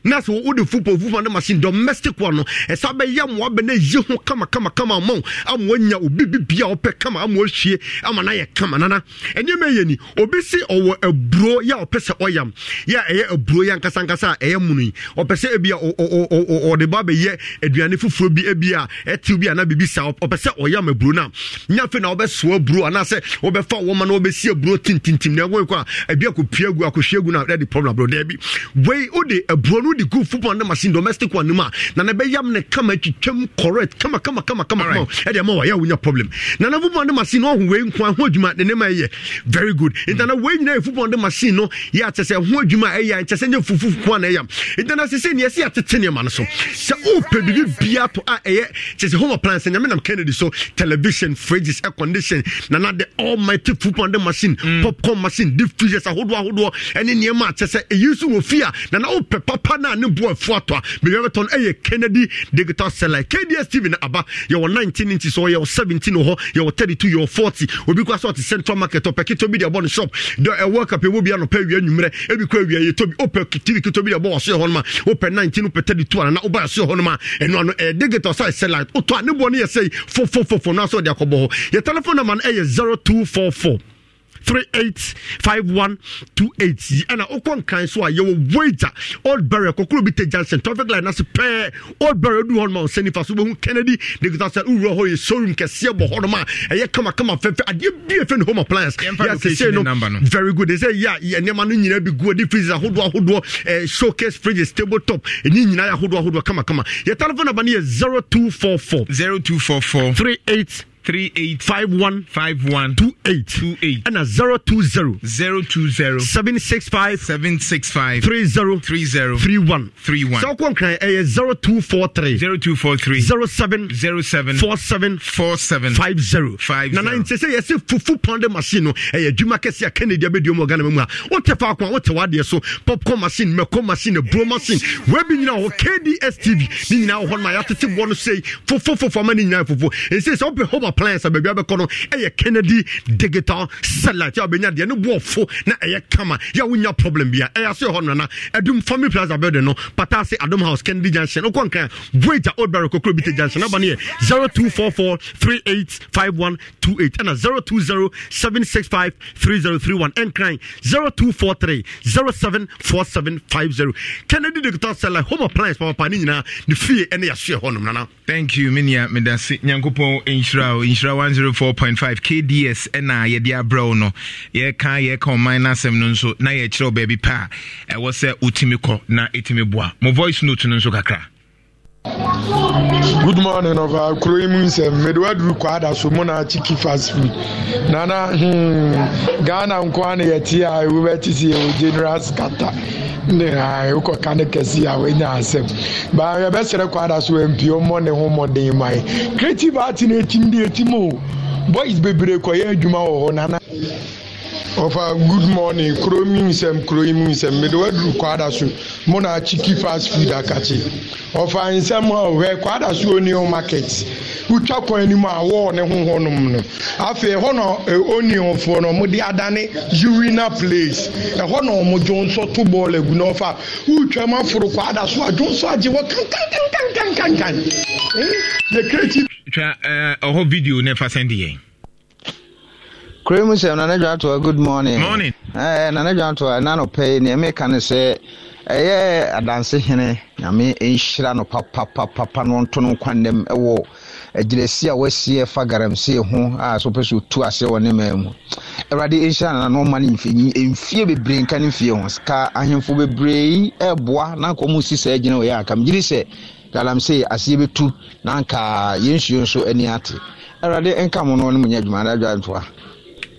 na sɛ wode football football ne machine domestic one no ɛsa bɛyɛ mmoa bɛna yi ho kamakamakama ama wo ama anya obi bibia wopɛ kama ama ɔhwie ama no ayɛ kama nana ɛnneɛma yɛ ni obi si ɔwɔ aburo o a ɔpɛ sɛ ɔyam yɛ a ɛyɛ aburo yɛ ankasankasa a o mono yi ɔpɛ o o o ɔde ba bɛyɛ aduane foforɔ bi ebi a ɛtew bi anaa biribi saa o sɛ ɔyam aburo no a nya afei na o aburo anaasɛ wɔbɛfa wɔma na wɔbɛsi aburo tintintim na ɛwɔ yi kɔ a ebi akɔpia agu akɔhwie agu no a ɛde problem aburo o wei wode aburo no through the group football machine domestic one ma na na bɛyam ne kama twitwam correct kama kama kama kama kama ɛde ama wɔyɛ wonya problem na na football ne machine ɔho wei nko ho adwuma ne ne ma yɛ very good nti na wei nyinaa yɛ football machine no yɛ akyɛ sɛ ho adwuma ɛyɛ akyɛ sɛ nyɛ fufu ko na ɛyam nti na ne yɛsi atete nneɛma no so sɛ wopɛ biribi biara to a ɛyɛ kyɛ sɛ home appliance nyame nam kennedy so television fridges air condition na na the almighty football ne machine hmm. popcorn machine deep freezers ahodoɔ ahodoɔ ɛne nneɛma akyɛ sɛ ɛyi nso wɔ na na wopɛ oh, papa na ne boɔ ɛfo atɔ a mewia bɛtɔ no ɛyɛ kennedy digital seller kds tv na aba yɛwɔ 19 nti so yɛwɔ 17 wɔ hɔ yɛwɔ 32 yɛwɔ 40 obi kora sɛ ɔte central market ɔpɛ ketɔ bi de ɛbɔ no shop dɛ ɛwɔ kapa ɛwɔ bi anɔpɛ awia nwummerɛ ɛbi kɔ awia yɛtɔ bi wopɛ tv ketɔ bi de ɛbɔ ɔsoɛ hɔ no ma wopɛ 19 wopɛ 32 ana na woba ɛsoɛ hɔ no ma ɛno ano ɛyɛ digital sɛ seller wotɔ a ne boɔ no yɛ sɛi fofofofo no asɛ ɔde akɔbɔ hɔ yɛ telephone number no ɛyɛ 0244 385128 ɛna wokɔ nkan so a yɛwɔ wager old barrier kɔkoro bi te johnson traffic line ase pɛɛ old barrier du hɔnom a ɔsɛ nifa so wobɛhu kennedy nekita sɛ wowura hɔ yɛ showroom kɛseɛ bɔ hɔnom a ɛyɛ kamakama fɛfɛ adeɛ bi ɛfɛ no home appliance yɛsesei no very good ɛsɛ yɛ a nneɛma no nyinaa bi guo de freezes ahodoɔ ahodoɔ eh, showcase fridges table top ɛne nyinaa yɛ ahodoɔ ahodoɔ kamakama yɛ telephone number no yɛ 0244 0244 38 3851 ɛna 020 020 765 765 30 30 31 31 sɛ wokɔ nkran ɛyɛ 0243 0243 07 07 47 47 50 50 nana nkyɛ sɛ yɛsɛ fufu pɔnde machine no ɛyɛ adwuma kesi a kennedy abɛdua mu ɔgana mu a wote faako a wote wadeɛ so popcorn machine mɛkɔ machine bro machine webi nyina wɔ kds tv ne nyinaa wɔ hɔ no ma yɛatete bɔ sei fufu fufu fofo ni ne fufu. fofo ɛsɛ sɛ be home appliance baabi abɛkɔ no ɛyɛ kennedy digital satellite yɛ wobɛnya deɛ ne boɔfo na ɛyɛ kama yɛ wonya problem bia ɛyɛ so yɛ hɔ adum family plaza building no eh, pata ase house kennedy junction wokɔ nkan boita old barrel kokoro bi junction naba no 0244 3851 28 ɛna 0207653031 ɛnkran 0243 074750 kennedy doctor sɛla home appliance papapa ne nyinaa ne fie ɛne yɛsoɛ hɔ nom nana thank you menia medase nyankopɔn nhyira o nhyira 104.5 kds ɛna yɛde abrɛ wo no yɛka yɛka ɔman no asɛm no nso na yɛkyerɛ wo baabi pɛ a ɛwɔ sɛ wotumi kɔ na ɛtumi boa mo voice note no nso kakra good morning of our kuroimu nsem medewaduru kwada so mu na chiki fast food na hmm, ghana nko a na yɛte a wobɛte sɛ iwu general scatter ne wokɔka ne kɛse a woanya asɛm ba yɛbɛsrɛ kwada so ampio mmɔ ne ho mmɔden ma creative art no akyim de atim o boys bebree kɔyɛ adwuma wɔ na nana Ofa good morning kuro minsɛm kuro yi minsɛm mede waduru kwada so mo na chiki fast food akati. Ofa nsɛm a ɔhwɛ uh, kwada so onion market wotwa kwan anim a wɔɔ ne ho hɔnom no afei ɛhɔ na onionfoɔ no ɔmo de adane urina place ɛhɔ e na ɔmo dwo nso to bɔɔl egu na ɔfa wotwa mu aforo kwada so adwo nso agye wɔ kankankankankankan ne kirikyi. twa ɛɛ ɔhɔ video ne fa sɛn de yɛn kuremu sɛ nana dwantoa good morning morning ɛɛ nana dwantoa nana pɛɛ nea meka ne sɛ ɛyɛ adansehene eh, nyame nhyira no papapapa no nto no nkwa nnam ɛwɔ agyirasi a wasiɛ eh, fa garamsey eh, ho a so pɛ sɛ ɔtu aseɛ wɔ ne maa mu awurade nhyira nana na ɔma no mfie bebree nka ne mfie ho sika ahemfo bebree ɛɛboa na nkɔ mu si saa gyina wɔ yɛ akam gyiri sɛ galamsey aseɛ bɛtu na anka yɛnsuo nso ani ate awurade nka mo no ne mu nyɛ adwuma adadwa ntoa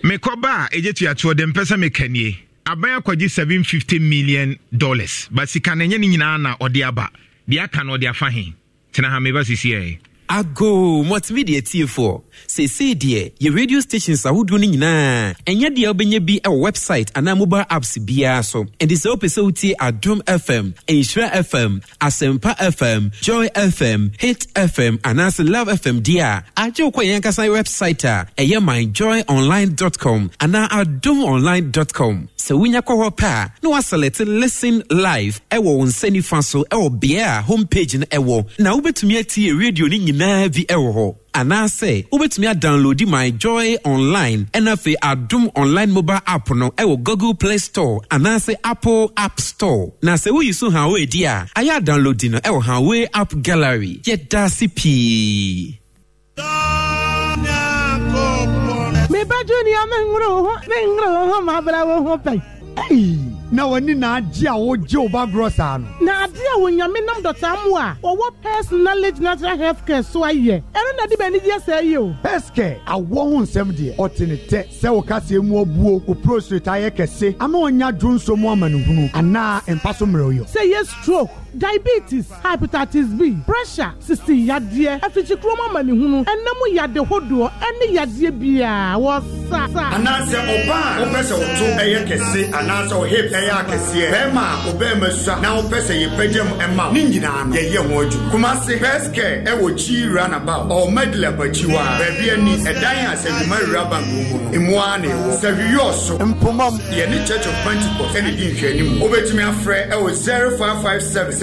mekɔba a ɛgye tuatoɔ de mpɛ sɛ mekanie aban akɔgye 750 million dollars ba sika no ɛnyɛ no nyinaa na ɔde aba deɛ aka no ɔde afa he tena ha meba sisiɛ ago mɔtumi deɛ tiefoɔ seesei deɛ yɛ radio stations ahodoɔ no nyinaa ɛnyɛ deɛ wobɛnya bi wɔ website anaa mobile apps biara so ɛnti sɛ wopɛ sɛ wotie adom fm nhyira fm asɛmpa fm joy fm hit fm anaasɛ love fm deɛ a agye wo kɔ yɛn ankasa website a ɛyɛ myjoyonline.com anaa adomonline.com sɛ wonya kɔ hɔ pɛ a na waselɛte listen live ɛwɔ wo nsa nifa so ɛwɔ beae a home page no ɛwɔ na wobɛtumi atie radio no nyinaa bi ɛwɔ hɔ anaasɛ wobɛtumi adownloadi my joy online ɛna afei adom online mobile app no ɛwɔ google play store anaasɛ apple app store na sɛ woyi so hawway di a ayɛ adownloadi no ɛwɔ hawway app gallery yɛda ase pii mebɛdwo nea menworo ho menworo ho mabrɛ wo ho pɛi na w'ani na agye a wogye wo bagorɔ saa no na ade a wɔnyame nam dɔtaa mu a wɔwɔ pers knowledge natural health care so ayɛ ɛno na de bɛani gyeɛ sɛ yi o pers care awoɔ ho nsɛm deɛ ɔte ne tɛ sɛ wo kaseɛ mu abuo wo prostate ayɛ kɛse ama ɔnya dwo nso mu amanehunu anaa mpa so mmerɛwyɔ sɛ yɛ stroke diabetes hepatitis b pressure sisi yadeɛ afikyikurom mani hunu ɛnam yade hodoɔ ɛne yadeɛ biara wɔsa. anaasɛ ɔba a wopɛ sɛ woto ɛyɛ kɛse anaasɛ ɔhip ɛyɛ akɛseɛ bɛrima a ɔbɛrima sua na wopɛ sɛ yɛpɛgya mu ɛma ne nyinaa no yɛyɛ ho adwuma kumase bɛskɛ ɛwɔ kyi runabout ɔwɔ madila bakyi hɔ a baabi ani ɛdan a sɛdwuma rura banko mu no mmoa na ɛwɔ sɛ wiyɔ so mpomam yɛne church of pentecost ɛne di nhwɛanim wobɛtumi afrɛ ɛwɔ 0557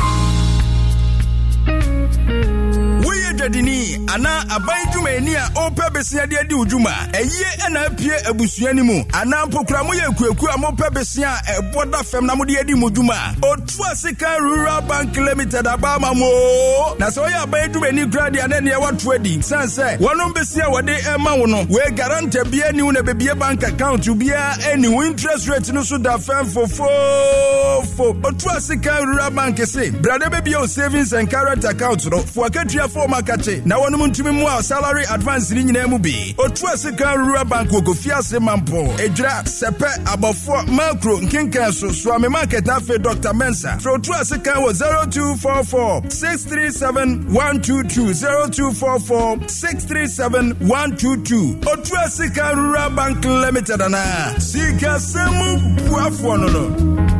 dwadini anaa aban dwumayɛni a ɔrepɛ besia de adi wo dwuma ɛyie ɛna apue abusua no mu anaa mpokura moyɛ akuaku a mopɛ besia a ɛbɔ da fam na mode adi mo dwuma ɔtu asika rural bank limited abaama moo na sɛ woyɛ aban dwumani kora deɛ na neɛ woato adi siane sɛ wɔnom besia wɔde ɛma wo no wei garanta bia ni wo na bebie bank account biara ɛni wo interest rate no so da fam fofoofo ɔtu asika rural bank se brade bɛbia o savings and current account no foakatua fɔm kakye na wɔnom ntumi mu a salary advance ne nyinaa mu bi otua sika rural bank wɔkɔfie ase mampo adwira sɛpɛ abɔfoɔ makro nkenkan so soame market na afei dr mensa frɛ otua sika wɔ 0244 637122 122 0244 637 122 otua sika rural bank limited anaa sikasɛmu buafoɔ no no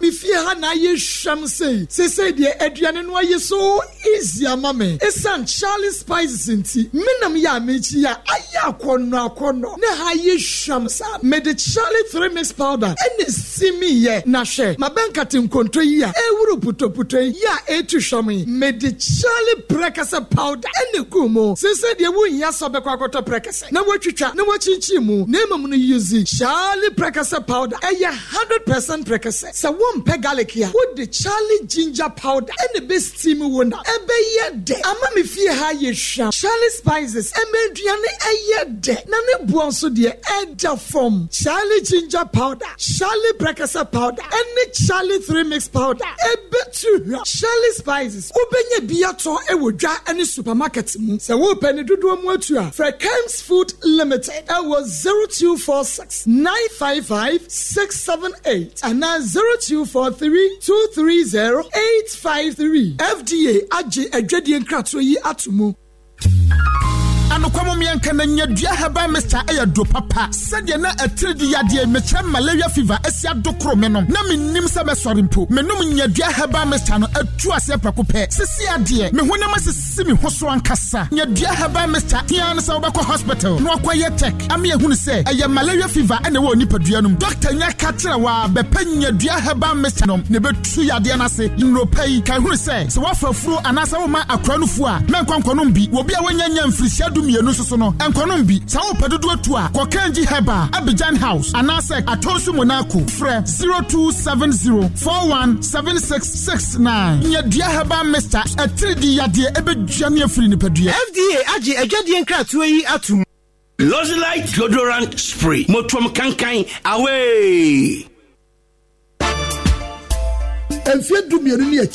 me fie ha na ayɛ hwɛm sei sesei deɛ aduane no ayɛ so easy ama me ɛsiane charlie spices nti menam yɛ a mekyi a ayɛ akɔnnɔ akɔnnɔ na ha ayɛ hwɛm saa mede charlie three mix powder ɛne simiyɛ na hwɛ mabɛnkate nkonto yi a ɛwuru putoputo yi a ɛtu hwɛm yi mede charlie prɛkɛsɛ powder ɛne kum mu sesei deɛ wonhia sɛ bɛkɔ akɔtɔ prɛkɛsɛ na woatwitwa na woakyinkyin mu na mmom no yusi charlie prɛkɛsɛ powder ɛyɛ hundred percent prɛkɛsɛ sɛ wo wompɛ garlic a wode charlie ginger powder ɛne bɛsteam wo na ɛbɛyɛ dɛ ama me fie ha yɛ hwam charlie spices ɛmɛduane ɛyɛ dɛ na ne boɔ nso deɛ ɛda fam charlie ginger powder charlie brekasa powder ɛne charlie three mix powder ɛbɛtu hwa charlie spices wobɛnya bi atɔ ɛwɔ dwa ne supermarket mu sɛ wopɛ ne dodoɔ mu atu a frɛ Kem's food limited ɛwɔ 0246 955 678 zero two. two four three two three zero eight five three fda 853. FDA, AJ, yi ato Atumu. anokwamom yɛnka na nyadua haba mista ɛyɛ do papa sɛdeɛ na atiridi yadeɛ mekyerɛ malaria fever asi ado me nom na mennim sɛ mɛsɔre mpo menom nyadua haba mista no atu aseɛ prɛko pɛ sisi adeɛ me honam asisi me ho so ankasa nyadua haba mista tia no sɛ wobɛkɔ hospital na wakɔyɛ tek ama yɛhunu sɛ ɛyɛ malaria fever ɛna ɛwɔ nipadua no mu dɔkta nya ka kyerɛ wɔ a bɛpɛ nyadua haba mista nom na ɛbɛtu yadeɛ no ase nnurɔpa yi ka hunu sɛ sɛ woafa furo anaasɛ woma akora no fuo a mɛnkɔnkɔnom bi wɔbi a wɔnyanya mfirihyia dumienu soso no nkɔnom bi saa wopɛ dodoɔ tu a kɔkangi heba abijan house anaasɛ atonso monaco frɛ 0270417669 417669 nyɛ dua heba mista di yadeɛ ɛbɛdua ne afiri nipadua fda agye adwadeɛ nkratoa yi atom Lozilite deodorant spray. Motum kankai away mfie du ni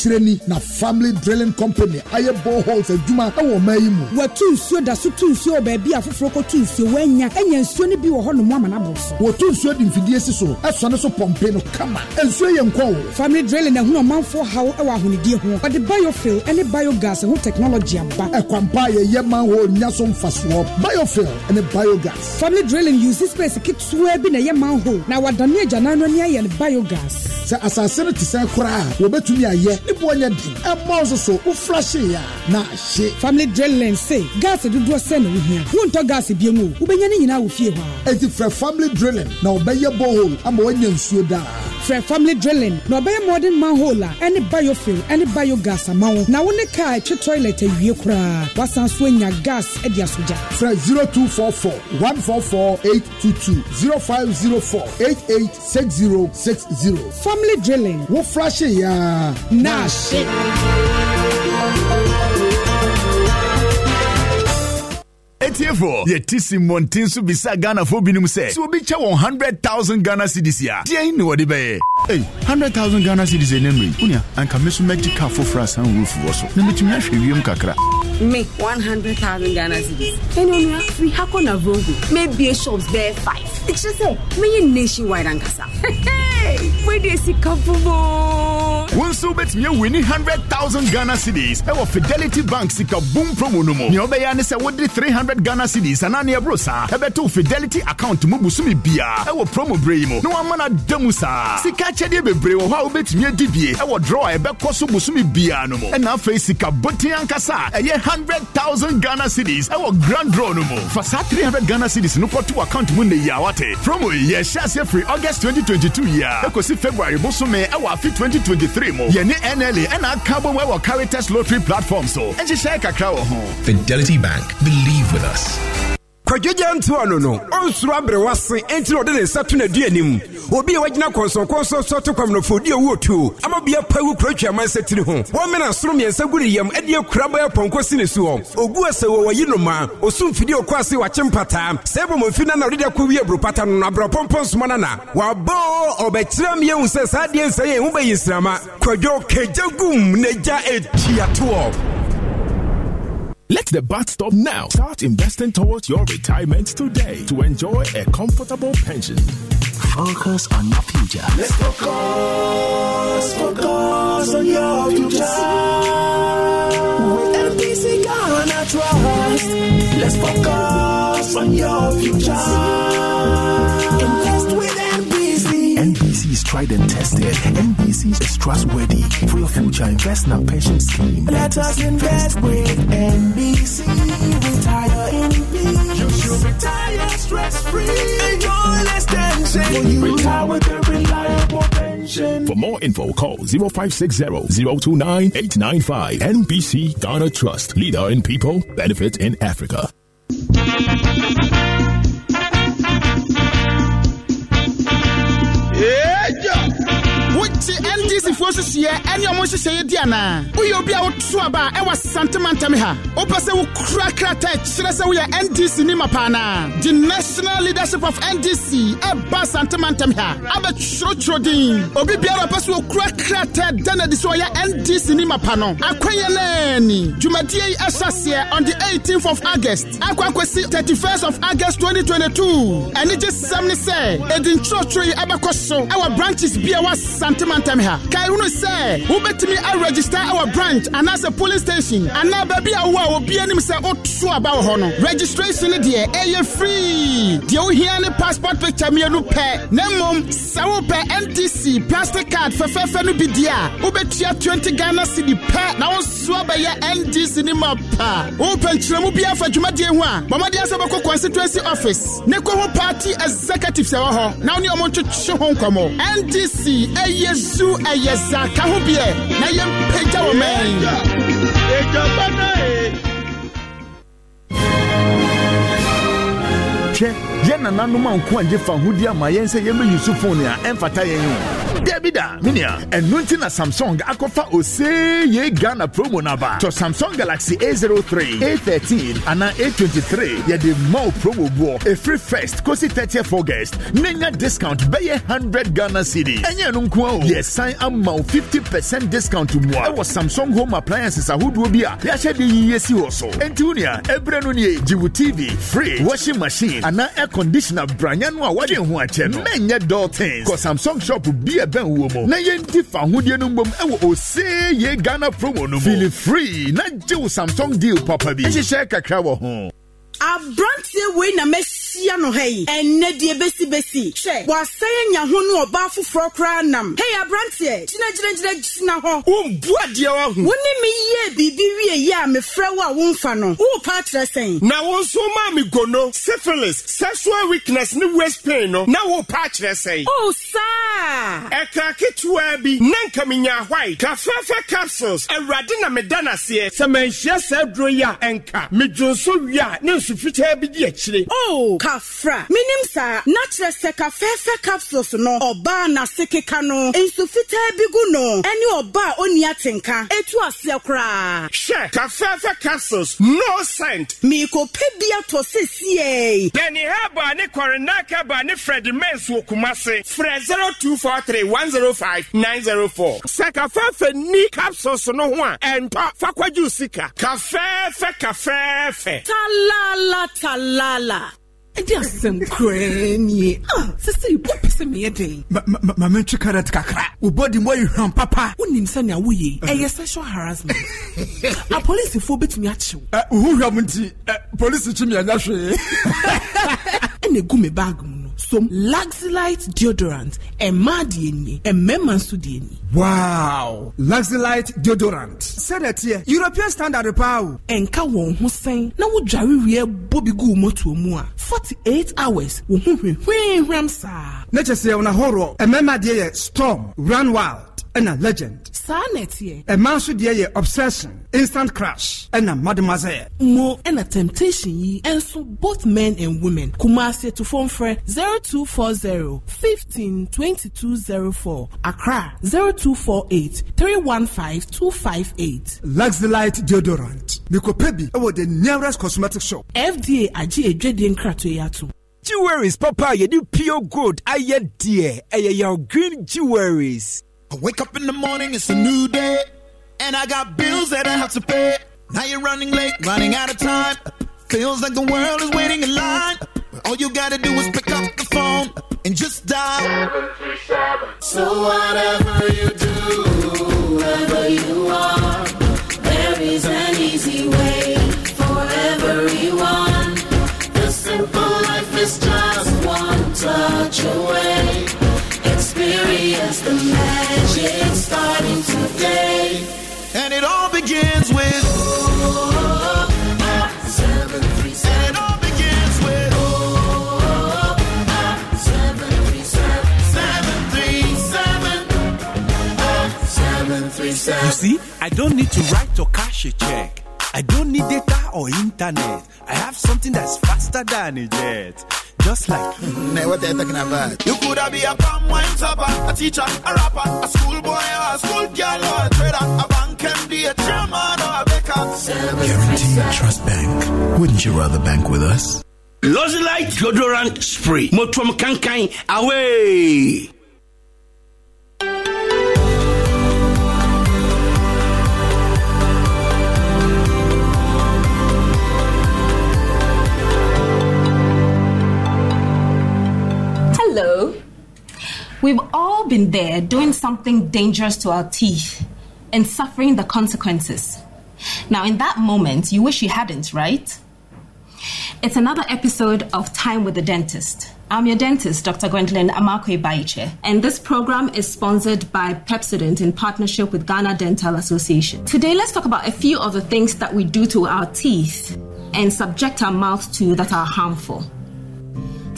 ne ni na family drilling company ayɛ boreholes adwuma wɔ ɔman yi mu. wɔtu nsuo da so tu nsuo wɔ baabi a foforɔ nsuo wɔanya anya nsuo no bi wɔ hɔ nom ama n'aboro so. wɔtu nsuo de mfidie si so ɛsɔne so pɔmpe no kama nsuo yɛ nkɔw. family drilling ɛhunu ɔmanfoɔ haw wɔ ahonidie ho wɔde biofuel ne biogas ho technology aba. ɛkwampa a yɛyɛ manhole nya so mfasoɔ biofuel ne biogas. family drilling uses space ketewa bi na ɛyɛ manhole na wɔadane agyanan no ani ayɛ no biogas. sɛ asase no te sɛ koraa a wɔbɛtumi ayɛ ne boɔ nyɛ den ɛbɔ nso so wofra hyee a na ahye family drilling se gas dodoɔ sɛ na wohia wontɔ gas bie mu o wobɛnya ne nyinaa wɔ fie hɔ a ɛnti frɛ family drilling na wɔbɛyɛ borehole ama woanya nsuo daa frɛ family drilling na ɔbɛyɛ modern manhole a ɛne biofuel ɛne biogas ama wo na wo ne kaa ɛtwe toilet awie koraa wasan so anya gas ɛde asogya frɛ 0244 144 822 0504 886060 family drilling wo flashe yaa na ahye atiefoɔ yɛte simmɔnten so bisa ghanafoɔ binom sɛ sɛ obi 100,000 ghana cedis a deɛn ne wɔde bɛyɛ Hey, 100,000 Ghana cedis ɛnɛ mmere wonia anka me so mɛgye ka foforɔ asan wurufoɔ so na mɛtumi ahwɛ wiem kakra me 100,000 Ghana cedis ɛne onua firi hako na vongo mɛbie shops bɛyɛ 5 ɛkyerɛ sɛ mɛyɛ nationwide ankasa wede sika bobo wo nso wobɛtumi winning 100,000 Ghana cedis ɛwɔ Fidelity Bank sika boom promo no mu nea wobɛyɛ ne sɛ wode 300 Ghana cedis anani ɛboro saa ɛbɛto fidelity account mu busumi bia ɛwɔ promo bere No amana demusa. wɔn mana dɛmu saa sika kyɛdeɛ bebree wɔ hɔ a wobɛtumi adi bie ɛwɔ draw a ɛbɛkɔ so busumi bia no mu ɛna afei sika boten ankasa ɛyɛ hundred thousand Ghana cedis ɛwɔ grand draw no mu fa three hundred Ghana cedis no kɔto account munde yawate. promo yi yɛhyɛ aseɛ firi August twenty twenty two year. a ɛkɔsi February bosome ɛwɔ fit twenty twenty three mu yɛne NLA ɛna aka bɔ mu ɛwɔ Caritas lottery platform so ɛnhyehyɛ kakra wɔ ho. Fidelity Bank believe with us. kwadwagya ntoa no no ɔnsoro abrɛ wase enti na ɔde ne nsa to n'adu anim obi a wagyina kɔnsɔnkɔnsɔ so to kwamnɔfodi a wɔtuo ama bia pa wu kuro twama nsa tiri ho wɔmena soro mmiɛnsa gu ne yam ade akura bɛyɛ pɔnkɔ si ne so hɔ ogu asɛ wɔ wayi noma ɔso mfidi ɔkɔ ase wakye mpataa sɛ ɛbɔ no na ɔde de akɔ wie aburo pata no no abrɛpɔmpɔ nsoma no na wabɔ ɔbɛkyerɛ m yɛhu sɛ saa deɛ nsa yɛ ɛho bɛyi nsrama kagya gum na gya atuatoɔ Let the bat stop now. Start investing towards your retirement today to enjoy a comfortable pension. Focus on your future. Let's focus, focus on your future. With NPC Ghana Trust. Let's focus on your future. Invest with is tried and tested. NBC is trustworthy for your future investment pension scheme. Let us invest with NBC. Retire in peace. You should retire stress free. Enjoy less you retire with a reliable pension. For more info, call 0560 029 895. NBC Ghana Trust, leader in people, benefit in Africa. ndc fo hyehyɛ ɛne ɔmo nhyehyɛeɛ di anaa woyɛ obi a woto aba a ɛwɔ santemantam ha wopɛ sɛ wokura krataa kyerɛ sɛ woyɛ ndc ni ma paa naa the national leadership of ndc ɛba santemantam ha abɛtwerɛtwerɛ din obi biara ɔpɛ sɛ wokura krataa da no adi sɛ ɔyɛ ndc ni ma pa no akwanyɛ naani dwumadie yi ɛhyɛ aseɛ on the 18th of august akɔ akɔsi 31st of august 2022 ɛnigye sɛm ne sɛ ɛdi nkyerɛkyerɛ yi ɛbɛkɔ so ɛwɔ branches bi a ɛwɔ santemantam ha kaihunu sɛ wobɛtumi aregister ɛwɔ branch anaasɛ polling station anaa baabi a wowɔ a obi anim sɛ woto aba wɔ hɔ no registration no deɛ ɛyɛ e free deɛ wohia ne passport picture mmienu pɛ na mmom sɛ wopɛ ntc plastic card fɛfɛɛfɛ no bi deɛ a wobɛtua 20 ghana cedi pɛ na wo nso abɛyɛ ndc ne ma pa wowopɛ nkyerɛmu bi afa dwumadeɛ ho a bɔmmɔdeɛ sɛ wobɛkɔ constituency office ne kɔ ho party executives ɛwɔ hɔ na wo ne ɔmo ntwetwe ho nkɔmmɔ ndc ɛyɛ e zu ɛyɛ sa ho biɛ na yɛmpagya wɔ mɛn hwɛ yɛn nananom a nko angye fa hodi ama yɛn sɛ yɛmɛyi so phone a ɛmfata yɛn o dabida menea ɛno nti na samsung akɔfa osee yei ghana promo naba. aba samsung galaxy a03 a13 ana a23 yɛde de wo promo boɔ ɛfiri first kosi 30th august na discount bɛyɛ 100 ghana city ɛnyɛ no nko a o yɛsan ama wo fifty percent discount mmoa ɛwɔ samsung home appliances ahodoɔ bi a yɛahyɛ de yiyɛ si hɔ so enti wo nea ɛberɛ no tv free washing machine anaa conditioner branya no a wɔde ho akyɛ no mɛnyɛ dɔɔtins kɔ samsung shop bi a bɛn wɔ mu na yɛnti fa ahodeɛ no mbom ɛwɔ osee yɛ ghana promo no mu feel free na gye wo samsung deal papa bi nhyehyɛ kakra wɔ ho aberanteɛ wei na mɛsi wɔahyia no ha yi ɛnɛ deɛ bɛsi hwɛ wɔasɛn anya ho no ɔbaa foforɔ koraa nam hei aberanteɛ gyinagyinagyina gyina hɔ wombu adeɛ wahu wo ne meyɛɛ biribi wie yɛ a mefrɛ wo a womfa no worepa akyerɛ sɛn na wo nso maa me gono syphilis sexual weakness ne waist pain no na worepa akyerɛ sɛn o oh, saa ɛkra ketewa bi na nka menya hwae kafɛfɛ capsules awurade na meda naseɛ sɛ manhyia saa duro yi a ɛnka medwonso wie a ne nsufitaa bi di akyire o oh, kafra minim sa na kyerɛ sɛ kafɛɛfɛ capsules no ɔbaa n'ase keka no nsu fitaa bi gu no ɛne ɔbaa onni atenka etu aseɛ koraa. hyɛ kafɛɛfɛ capsules no scent. miikope bi atɔ sisiɛ. na ni haba ne kɔrinaka ba ne fred mens wɔ kumase frɛ zero two four three one zero five nine zero four. sɛ kafɛɛfɛ ni capsules no ho a ɛntɔ fakɔju sika kafɛɛfɛ kafɛɛfɛ. talala talala. ɛdi asɛm koraa nie sɛsɛ ah, yi bɔ pɛsɛ meyɛ den mama ntwi carrot kakra wo body mu ayɛ hwam papa wonim sɛnea woyɛ ɛyɛ eh. sexual harassment apolisifoɔ bɛtumi akyew eh, wohohwam nti eh, polisi kyi mianya hwee *laughs* ɛna ɛgu me bag mu som laxilite deodorant ɛmaa deɛ nie ɛmɛɛma nso deɛ nie. wow laxilite deodorant sɛdeɛ teɛ european standard paa o. ɛnka wɔn ho sɛn na wodware wie bɔ bi gu mɔtoɔ mu a forty eight hours wo ho hwehwee hwam saa. ne kyɛ sɛ wɔn ahorow ɛmɛɛma deɛ yɛ storm runwild ɛna legend. saa na ɛteɛ. ɛmaa nso deɛ yɛ obsession instant crash ɛna mademoiselle. mo ɛna temptation yi ɛnso both men and women kumasi etufo nfrɛ zero two four zero fifteen twenty two zero four accra zero two four eight three one five two five eight. luxelite deodorant mikope bi ɛwɔ the nearest cosmetic shop. fda agye edwadie nkratoe ato. jewelries papa yɛde pure gold ayɛ deɛ ɛyɛ your green jewelries. I wake up in the morning, it's a new day. And I got bills that I have to pay. Now you're running late, running out of time. Feels like the world is waiting in line. All you gotta do is pick up the phone and just dial 737. So whatever you do, whoever you are, there is an easy way for everyone. The simple life is just one touch away. Experience the magic starting today. And it all begins with. And all begins with. You see, I don't need to write or cash a check. I don't need data or internet. I have something that's faster than a jet just like me. Now what they talking about? You could have be a palm wine topper, a teacher, a rapper, a schoolboy, or a schoolgirl, or a trader, a bank MD, a chairman, or a baker. Guaranteed Trust Bank. Wouldn't you rather bank with us? Lozilite deodorant spray. Motrom kankai away. Hello. We've all been there doing something dangerous to our teeth and suffering the consequences. Now, in that moment, you wish you hadn't, right? It's another episode of Time with the Dentist. I'm your dentist, Dr. Gwendolyn Amakwe Baiche, and this program is sponsored by Pepsodent in partnership with Ghana Dental Association. Today, let's talk about a few of the things that we do to our teeth and subject our mouth to that are harmful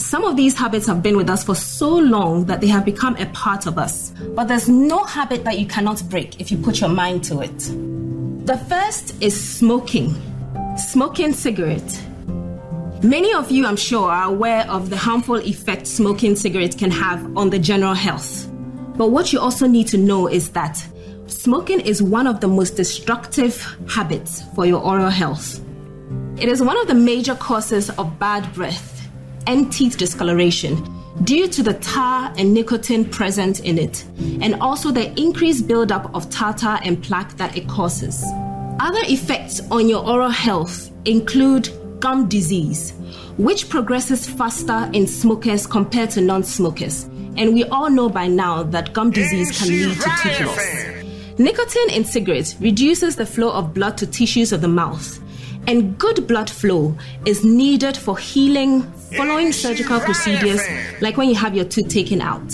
some of these habits have been with us for so long that they have become a part of us. But there's no habit that you cannot break if you put your mind to it. The first is smoking, smoking cigarette. Many of you, I'm sure, are aware of the harmful effect smoking cigarettes can have on the general health. But what you also need to know is that smoking is one of the most destructive habits for your oral health. It is one of the major causes of bad breath and teeth discoloration due to the tar and nicotine present in it, and also the increased buildup of tartar and plaque that it causes. Other effects on your oral health include gum disease, which progresses faster in smokers compared to non smokers. And we all know by now that gum disease can lead to tooth loss. Nicotine in cigarettes reduces the flow of blood to tissues of the mouth, and good blood flow is needed for healing following surgical procedures like when you have your tooth taken out.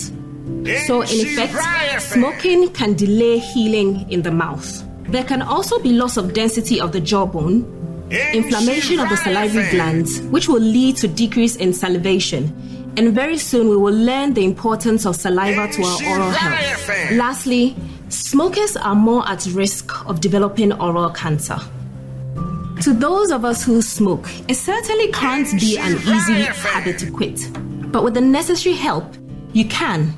So, in effect, smoking can delay healing in the mouth. There can also be loss of density of the jawbone, inflammation of the salivary glands, which will lead to decrease in salivation and very soon we will learn the importance of saliva to our oral health. Lastly, smokers are more at risk of developing oral cancer. To those of us who smoke, it certainly can't be an easy habit to quit. But with the necessary help, you can.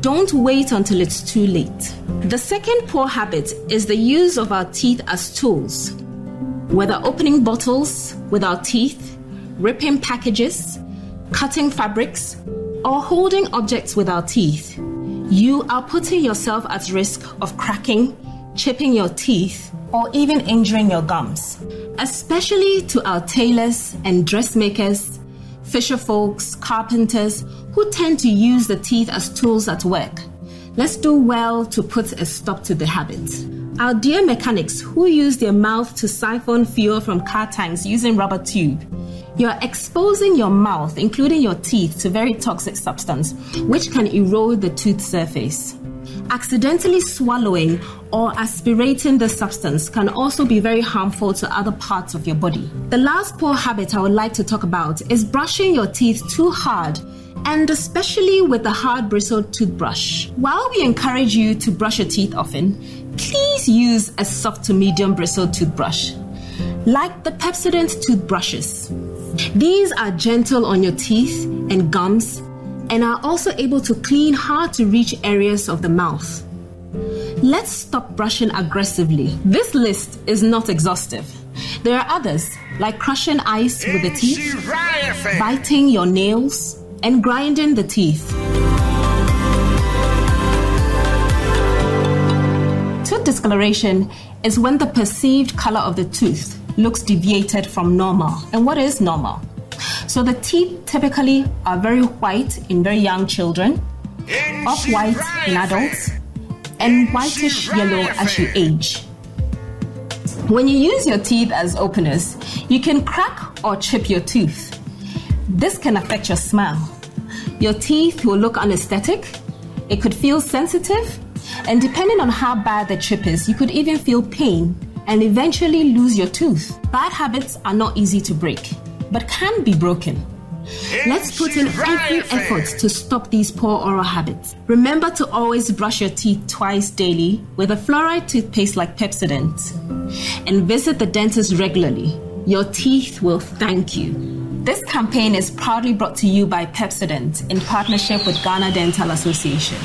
Don't wait until it's too late. The second poor habit is the use of our teeth as tools. Whether opening bottles with our teeth, ripping packages, cutting fabrics, or holding objects with our teeth, you are putting yourself at risk of cracking chipping your teeth, or even injuring your gums. Especially to our tailors and dressmakers, fisher folks, carpenters who tend to use the teeth as tools at work. Let's do well to put a stop to the habit. Our dear mechanics who use their mouth to siphon fuel from car tanks using rubber tube. You're exposing your mouth, including your teeth, to very toxic substance, which can erode the tooth surface. Accidentally swallowing or aspirating this substance can also be very harmful to other parts of your body. The last poor habit I would like to talk about is brushing your teeth too hard and especially with a hard bristled toothbrush. While we encourage you to brush your teeth often, please use a soft to medium bristled toothbrush, like the Pepsodent toothbrushes. These are gentle on your teeth and gums and are also able to clean hard to reach areas of the mouth. Let's stop brushing aggressively. This list is not exhaustive. There are others, like crushing ice with the teeth, biting your nails, and grinding the teeth. Tooth discoloration is when the perceived color of the tooth looks deviated from normal. And what is normal? So the teeth typically are very white in very young children, off white in adults, and whitish yellow as you age. When you use your teeth as openers, you can crack or chip your tooth. This can affect your smile. Your teeth will look unesthetic, it could feel sensitive, and depending on how bad the chip is, you could even feel pain and eventually lose your tooth. Bad habits are not easy to break but can be broken. Let's put in every effort to stop these poor oral habits. Remember to always brush your teeth twice daily with a fluoride toothpaste like Pepsodent. And visit the dentist regularly. Your teeth will thank you. This campaign is proudly brought to you by Pepsodent in partnership with Ghana Dental Association.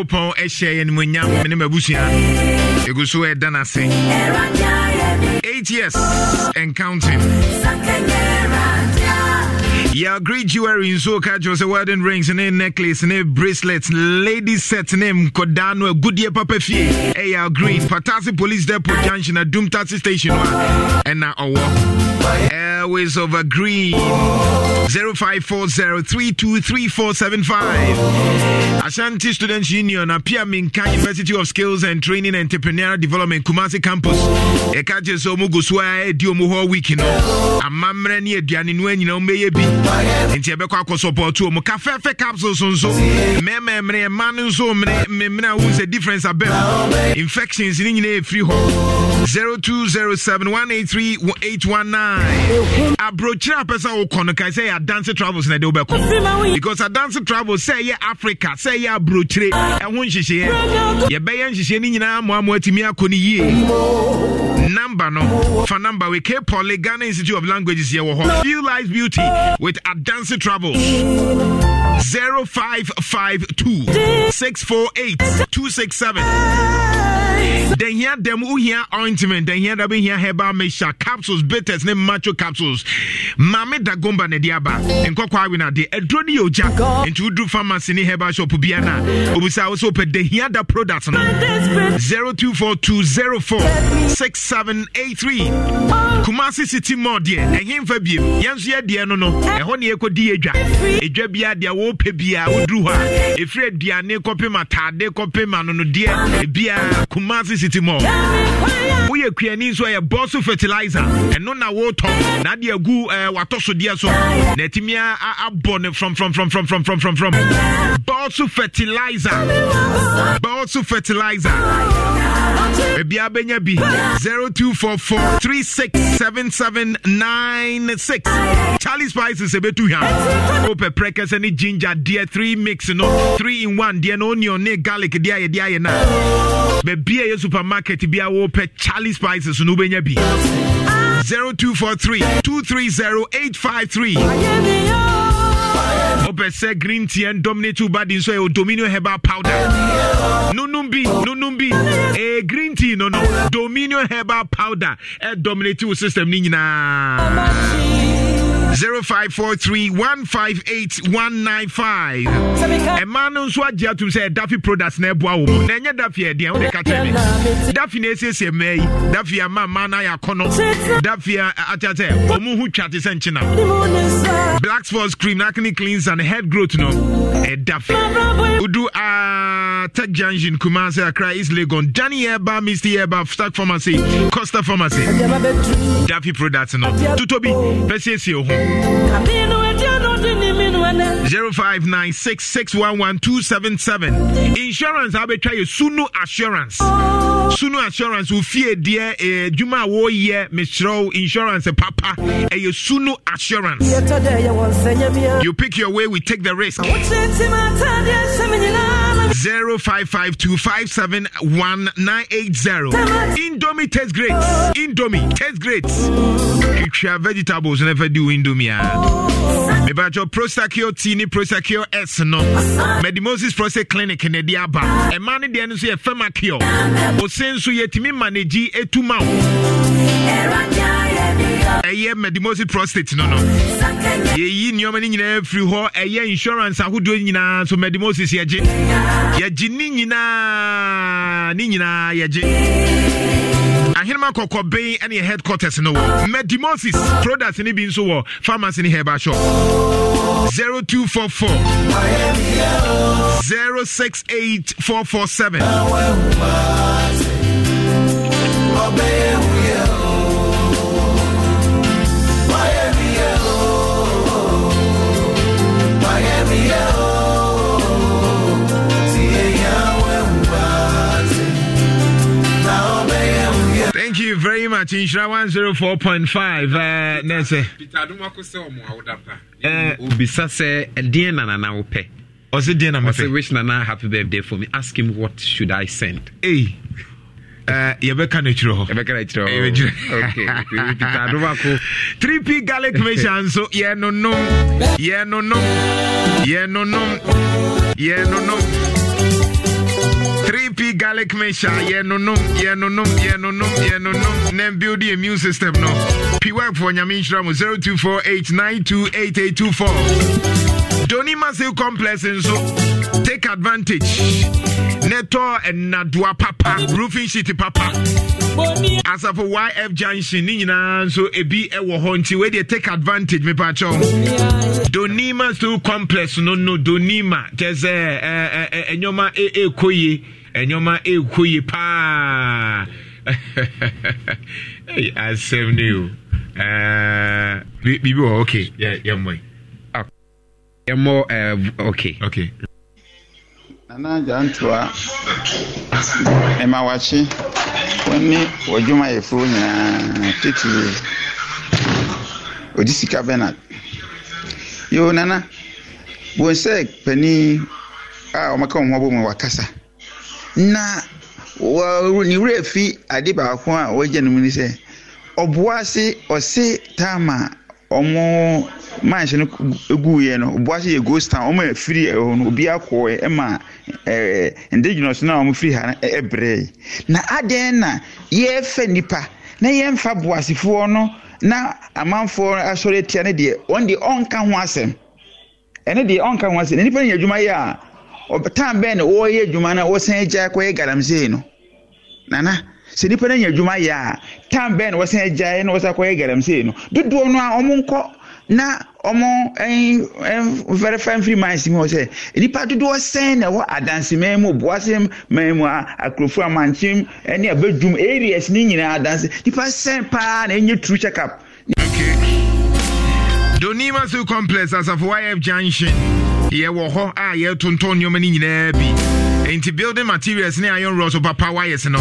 nyankopɔn ɛhyɛ yɛ nimonyam mene mabusua ɛgu so ɛda no ase 8 years and counting Yeah, great jewelry in so catch us a wedding rings and a necklace and a bracelets, lady set name Kodano, a good year papa fee. Hey, our green Patasi Police Depot Junction at Doom Taxi Station and now our ways of a green. 0540323475. Ashanti Students Union, Apia Minka University of Skills and Training Entrepreneurial Development, Kumasi Campus. Eka je so mu gusua e di omu ho week no. Amamre ni aduane no anyina o meye bi. Nti ebekwa akọ support omu kafefe capsules nso. Meme mre man nso mre memre a wo difference abem. Infections ni nyina e free ho. 0207183819 aburokyerɛ apɛ sɛ wokɔ no kae sɛ yɛ adanse travels na ɛde wobɛkɔ because adanse travels sɛ ɛyɛ africa sɛ ɛyɛ aburokyire ɛho nhyehyɛeɛ yɛbɛyɛ nhyehyɛe no nyinaa mmoamoa atumi akɔ no yie namba no fa namba we k poly ghana institute of languages yɛwɔ hɔ few life beauty with adanse travels 0552 648 267 They hear them who hear ointment, They hear that hear herbal mixture, capsules, bitters, ne macho capsules. Mame da gumba ne diaba. Enko kwa wina de edro ni oja. Into udu pharmacy ni herbal shop biana. Ubusa also pe the here da products no. 0242046783. Kumasi City Mall de. Ehim fa biem. Yenso ye de no no. Eho ne ekodi edwa. Edwa bia de wo pe bia udruha. ha. Efre ne kope tade kopema no no de. Bia kuma kumasi city mall woyɛ kuani nso ɛyɛ bɔso fertilizer ɛno na wotɔ na ade agu eh, watɔ so deɛ so na atumi abɔ ne frɔmfrɔmfrɔmfrɔmfrɔmfrɔm bɔso fertilizer bɔso fertilizer baabi abɛnya bi 0244 367796 charlie spices ɛbɛtu hwa wopɛ prɛkɛsɛ ne ginger deɛ three mix no three in one. deɛ no onion ne garlic deɛ ayɛde ayɛ no baabi a yɛ supermarket bi a wɔpɛ charlie spices no wobɛnya bi 0243 230853 wopɛ sɛ green tea and dominate wobadi nso yɛ dominion herbal powder nonum bi no bi eh, green tea no no dominion herbal powder eh, dominate wo system ne nyinaa 0543158195 ɛma no nso agye atom sɛ dafi products na ɛboa wo mu na ɛnyɛ dafi ɛdeɛ wode ka kyerɛ me dafi na ɛsiesie mmaa yi dafi ama mmaa no ayɛ akɔnɔ dafi akyɛ sɛ ɔmo ho twa te sɛ nkyena black sports cream acne cleans and head growth no ɛdafi wodu atag junction kumase akra Accra, East Legon, Danny Eba, Mr. Eba, Stack Pharmacy, Costa Pharmacy, Daffy Products, no, Tutobi, Pesesio, 0596611277 insurance abɛtwa yɛ Suno assurance Suno assurance wofie deɛ adwuma eh, a wɔyɛ mekyerɛw insurance eh, papa ɛyɛ eh, Suno assurance you pick your way we take the risk 0552571980. Indomie tastes great. Indomie tastes great. Twitwa vegetables na fɛ di indomie a. Ah. Mebatwɛ Prosecure T ne Prosecure S no. Medimosis Prostate Clinic na ɛde aba. Ɛmaa ne deɛ no nso yɛ Femacure. Ose nso yetimi manage etu ma wo ɛyɛ medimosi prostate no no yɛyi nneɔma no nyinaa firi hɔ ɛyɛ insurance ahodoɔ nyinaa so medimosis yɛgye yɛgye ne nyinaa ne nyinaa yɛgye ahenema kɔkɔben ɛne yɛ headquarters no wɔ medimosis product no bi nso wɔ pharmacy ne herba shop 0244 068447 very much nhyira 104.5 uh, na sɛ obisa sɛ ɛdeɛn na nana wopɛ ɔsɛ deɛ na mepɛ wish nana happy birthday for me ask him what should i send hey. Uh, yɛbɛka *laughs* no akyirɛ hɔ 3p garlic masia nso yɛnonom yɛnonom yɛnonom yɛnonom garlic mixture no yeah no no na build the immune system no pwap for nyame nhyira mu 0248928824 doni massive complex nso take advantage Neto and nadua papa roofing city papa asafo yf junction ne nyinaa nso ebi ɛwɔ hɔ nti they take advantage me mepakyɛw donima stool complex no no donima kyɛ sɛ ɛɛ ɛɛ ɛnyɔma ɛɛkɔ yie nneɛma ɛrekɔ yie paa *laughs* hey, asɛm ne o biribi wɔ okay yɛmmɔ yɛmmɔ oh. uh, okay nana gyantoa mmawakye wɔne wɔdwumayɛfoɔ nyinaa tetire ɔdi sika bernard yo nana wɔn sɛ panin a ah, wɔmaka wɔn ho abɔ mu wakasa na ne werɛ fi ade baako a w'agya no mu ne sɛ ɔboa ase ɔse tama ɔmo manhyɛ no guiɛ no ɔboa yɛ ghost town ɔmo afiri ɛhɔ no obi akɔɛ ɛma ɛɛ indigenous no a ɔmo firi ha ɛbrɛ na adeɛ na yɛfɛ nipa na yɛmfa boasefoɔ no na amanfoɔ asɔre tia ne deɛ ɔn deɛ ɔnka ho asɛm ɛne deɛ ɔnka ho asɛm na nipa no yɛ adwuma yɛ a. ɔbɛtan bɛn na wɔreyɛ adwuma na wɔsan agya kɔyɛ galamsey no nana sɛ nipa no nya adwuma yɛ a tan bɛn na wɔsan agya na wɔsan kɔyɛ galamsey no dodoɔ no a wɔn nkɔ na wɔn ɛn ɛn fɛrɛfɛ mfiri maa si mu hɔ sɛ nipa dodoɔ sɛn na ɛwɔ adanseman mu buasem man mu a akurofo amankyem ɛne abadwum areas ne nyinaa adanse nipa sɛn paa na ɛnyɛ true check up. donima zoo complex asafo yf junction yɛwɔ hɔ a yɛtontɔn nneɔma no nyinaa bi enti building materials ne iron rods papa wayɛs no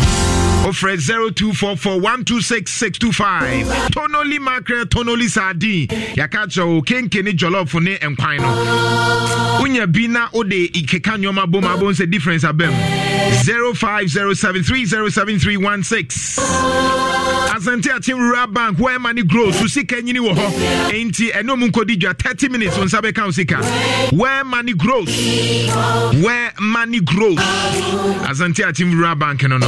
ofrɛ 0244126625 tonoli makrɛ tonoli sardin yɛka kyerɛ wo kenkene jɔlɔf ne nkwan no wonya bi na wode keka nneɔma bom abom sɛ difference abam 0507307316 asante akyem rural bank wɔ ɛma ne grow so sika nyini wɔ hɔ enti ɛne ɔmu nkɔdi dwa minutes wo nsa bɛka sika where money grows where money grows asante akyem rural bank no no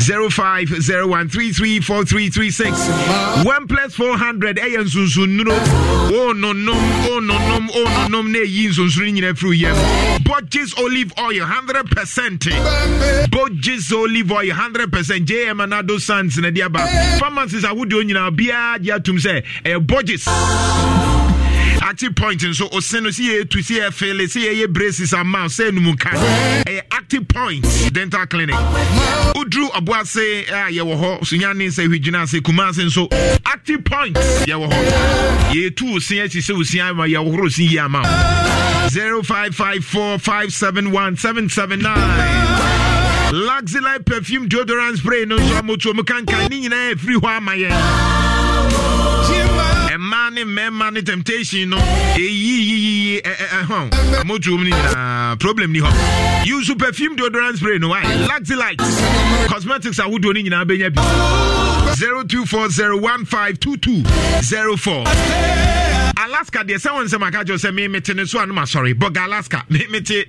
0 0501334336 1 plus 400 ɛyɛ eh, nsonsunnuro ononom ononom ononom na ɛyi nsonsuno nyina firi yam Borges olive oil hundred percent. Borges olive oil hundred 100% JM Anado Sands na de aba pharmacies ahodoɔ nyinaa biara de atom sɛ ɛyɛ eh, Borges active point nso ose no si yɛ etu si yɛ fele si yɛ yɛ braces ama ose enum ka ɛyɛ active point dental clinic uduru ɔboase a yɛwɔ hɔ sunyane nsa ehwi gyina ase kumase nso active point yɛwɔ hɔ yɛ etu ose ɛsisi ose ama yɛwɔhoro ose yie ama zero five five four five seven one seven seven nine. Luxury perfume deodorant spray no so amotuo mu kankan ne nyinaa ɛfiri hɔ ama mmaa ne mmarima ne temptation no ɛyiyiyiyi ɛhɔn eh, eh, eh, amotuom no nyinaa problem ni hɔ use perfume deodorant spray no why light. cosmetics ahodoɔ no nyinaa bɛnya bi four alaska deɛ sɛ eh, eh, wo nsɛm aka kyerɛ sɛ me mete ne so a no masɔre bɔga alaska mete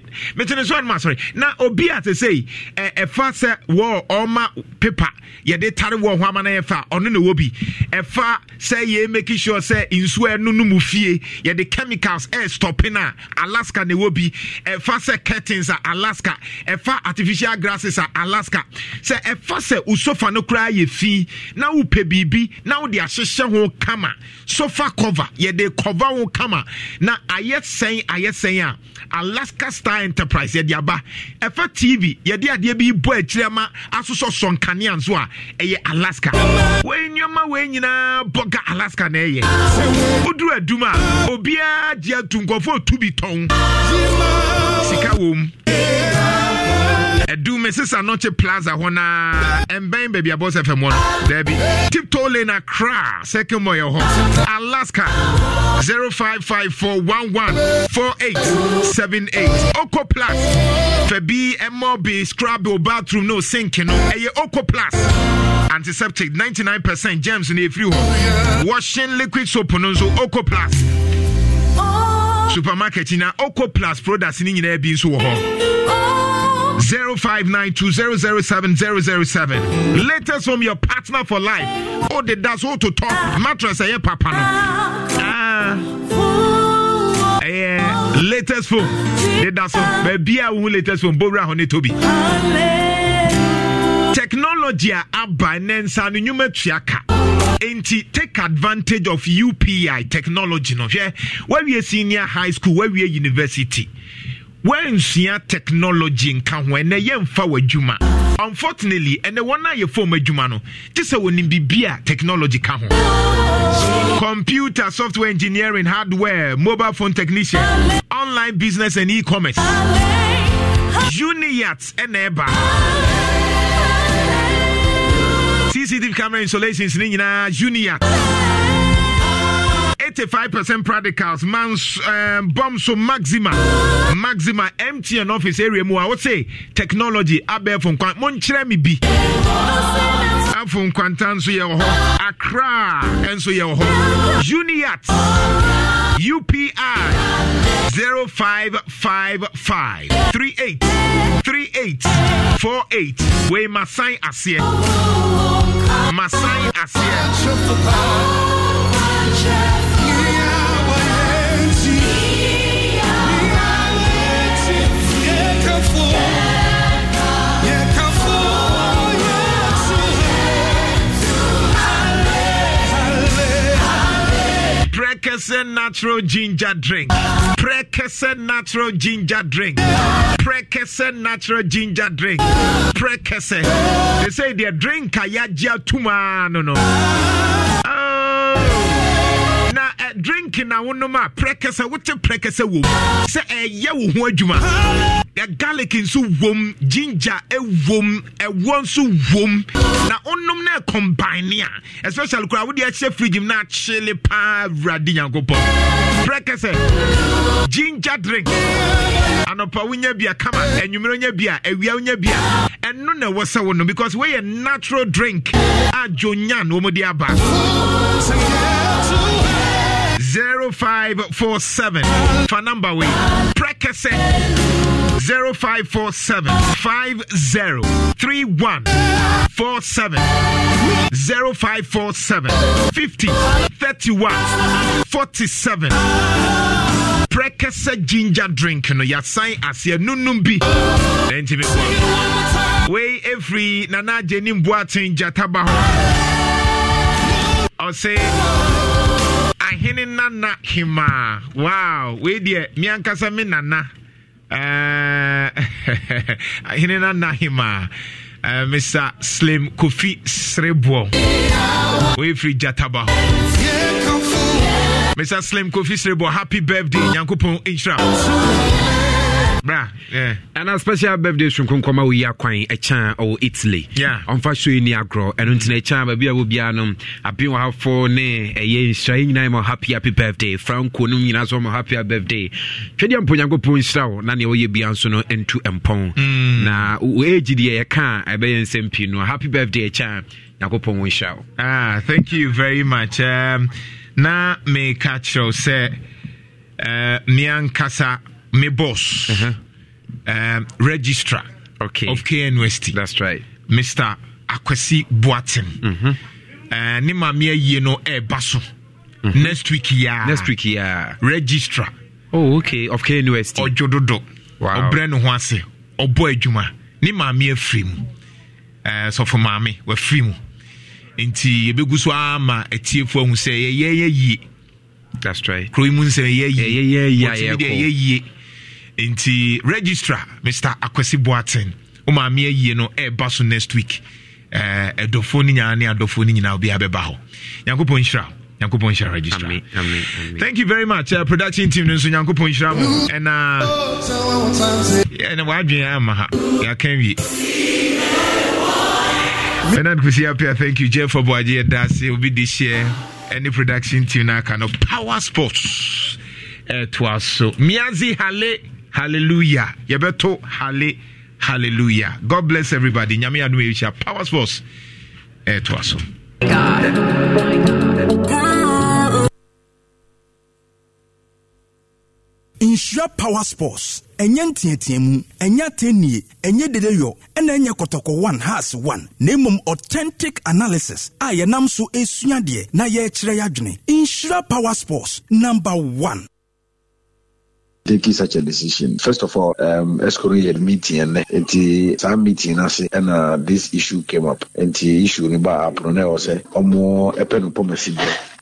ne so a no masɔre na obi a te sei ɛfa sɛ wɔ ɔma pepa yɛde tare wɔ ho ama no yɛfa ɔno ne wɔ bi ɛfa eh, sɛ yɛ meki sure sɛ nsuo ɛno no mu fie yɛde chemicals ɛɛ stɔpe no a alaska ne wɔ bi ɛfa sɛ curtains a ah, alaska ɛfa artificial grasses a ah, alaska sɛ ɛfa sɛ wo sofa no koraa yɛ fi na wopɛ biribi na wode ahyehyɛ ho kama sofa cover yɛde kɔva wo kama na ayɛ sɛn ayɛ sɛn a alaska star enterprise yɛde aba ɛfa tv yɛde adeɛ bi bɔ akyirɛ ma asosɔ sɔnkanea nso a ɛyɛ alaska wei nneɔma wei nyinaa bɔga alaska na ɛyɛ woduru adum a obiara gye ato nkɔfoɔ tu bi tɔn sika wɔ mu ɛdu me sesa nɔkye plaza hɔ na ɛmbɛn baabi abɔ sɛ fam hɔ no daabi tiptoe lane akra second mɔ yɛ hɔ alaska 0554114878 oko plus fabi mlb scrub o bathroom no sink no ɛyɛ oko plus antiseptic 99% germs na ɛfiri hɔ washing liquid soap no nso oko plus supermarket na oko plus products no nyinaa bi nso wɔ hɔ 0592007007. Letters from your partner for life. Oh, they that's all to talk. Mattress, eh, papa. Ah. Eh, latest phone. The that's all. Baby, I will latest phone. Bobra, honey, Toby. technology a aba ne nsa no nti take advantage of upi technology no hwɛ wawie senior high school wawie university wɔansua technology nka ho ɛnɛ yɛmfa w'adwuma unfortunately ɛnɛ wɔn a yɛfɔ ɔmo adwuma no te sɛ wɔnim biribi a technology ka ho computer software engineering hardware mobile phone technician online business and e-commerce uniat ɛna ɛba cctv camera installations ne nyinaa uniat 85% practicals mans um, bomb so maxima maxima mtn office area mu I would say technology Abel from Kwan. monkyerɛ me bi afo nkwanta nso yɛ wɔ hɔ akra nso yɛ wɔ hɔ uniat upi 0555 38 38 48 wei masan aseɛ masan aseɛ Prekese natural ginger drink. Prekese natural ginger drink. Prekese natural ginger drink. Prekese. They say their drink kayajia tuma no no. Drinking drink na wonom a prɛkɛsɛ wote prɛkɛsɛ wom sɛ ɛyɛ wo ho adwuma garlic nso wom ginger ɛwom ɛwɔ nso wom na wonom no ɛkɔmbine a especially koraa wode ahyɛ fridge mu no akyele paa awurade nyankopɔn prɛkɛsɛ ginger drink anɔpa wonya bia kama anwummerɛ wonya bia awia wonya bia ɛno na ɛwɔ sɛ wo no because woyɛ natural drink a dwonya na wɔmde aba 0547 for number wei prɛkɛ sɛ 0547 5031 47 0547 50 31 47 prɛkɛsɛ ginger drink no yɛasan aseɛ nonum bi ɛnti meboa wei every nanaagye ne mboaten gyata ba ho ɔse ahene nana hemaa wow wei deɛ miankasa me nana eh, ahene *laughs* nana hemaa uh, eh, Mr. Slim Kofi Srebo. We free Jataba. Mr. Slim Kofi Srebo, happy birthday, Yankupon Inshra. bra yeah. ana special birthday sonkonkɔm a woyi akwan ɛkyɛn ɔwɔ italy yeah. ɔmfa so ni agorɔ ɛno ntina ɛkyɛn baabi a wɔbia no abenwahafo ne ɛyɛ nhyirae nyinaa ma happy happy birthday franco oh, nom nyinaa so ma happy birthday twɛdeɛ mpo nyankopɔn nhyira wo na neɛ wɔyɛ bia nso no ɛntu mpɔn na wɔɛgyi deɛ yɛka a ɛbɛyɛ nsɛm pii no happy birthday ɛkyɛn nyankopɔn wo nhyira wo ah, thank you very much um, na meka kyerɛw sɛ uh, meankasa My boss, uh-huh. um, registrar okay. of KNUST. That's right. Mr. Akwesi Boatin. Mm-hmm. Uh, ne maame ayi no ɛɛba so mm-hmm. next week yeah. next week yeah. registrar oh okay of KNUST jododo. wow ɔbrɛ ne ho ase ɔbɔ adwuma ne maame afiri mu ɛɛ eh, sɔfo maame wafiri mu nti yɛbɛgu so ama atiefo ahu sɛ yɛyɛ yɛ yie that's right kuro yi mu nsɛm yɛ yie yɛ yɛ yie a yɛ nti registrar mr Akwesi boaten wo maame ayie no ɛreba eh, so next week ɛdɔfoɔ eh, no nyinaa ne adɔfoɔ no nyinaa obiaa bɛba hɔ nyankopɔn nhyira wo nyankopɔn nhyira registrar amen, amen, amen. thank you very much uh, production team no nso nyankopɔn nhyira mo ɛna uh, ɛna waadwene ama ha yɛaka wie Bernard Kusiapia, thank you. Jeff Obuaji Dasi, will be this year. Any production team now kind of power sports. Uh, to us, so Miazi Hale. Hallelujah. Yebeto Hale Hallelujah. God bless everybody. Nyame adum eyicha Power Sports. Eto aso. nhyira power sports ɛnyɛ nteɛteɛmu ɛnyɛ atɛnnie ɛnyɛ dedeyɔ ɛna ɛnyɛ kɔtɔkɔ one has one na mmom authentic analysis a yɛnam so esua na yɛrekyerɛ yɛ adwene nhyira power sports number one taking such a decision. First of all, um, Escoro had meeting and the same meeting I say and uh, this issue came up and the issue about Aprone or say or more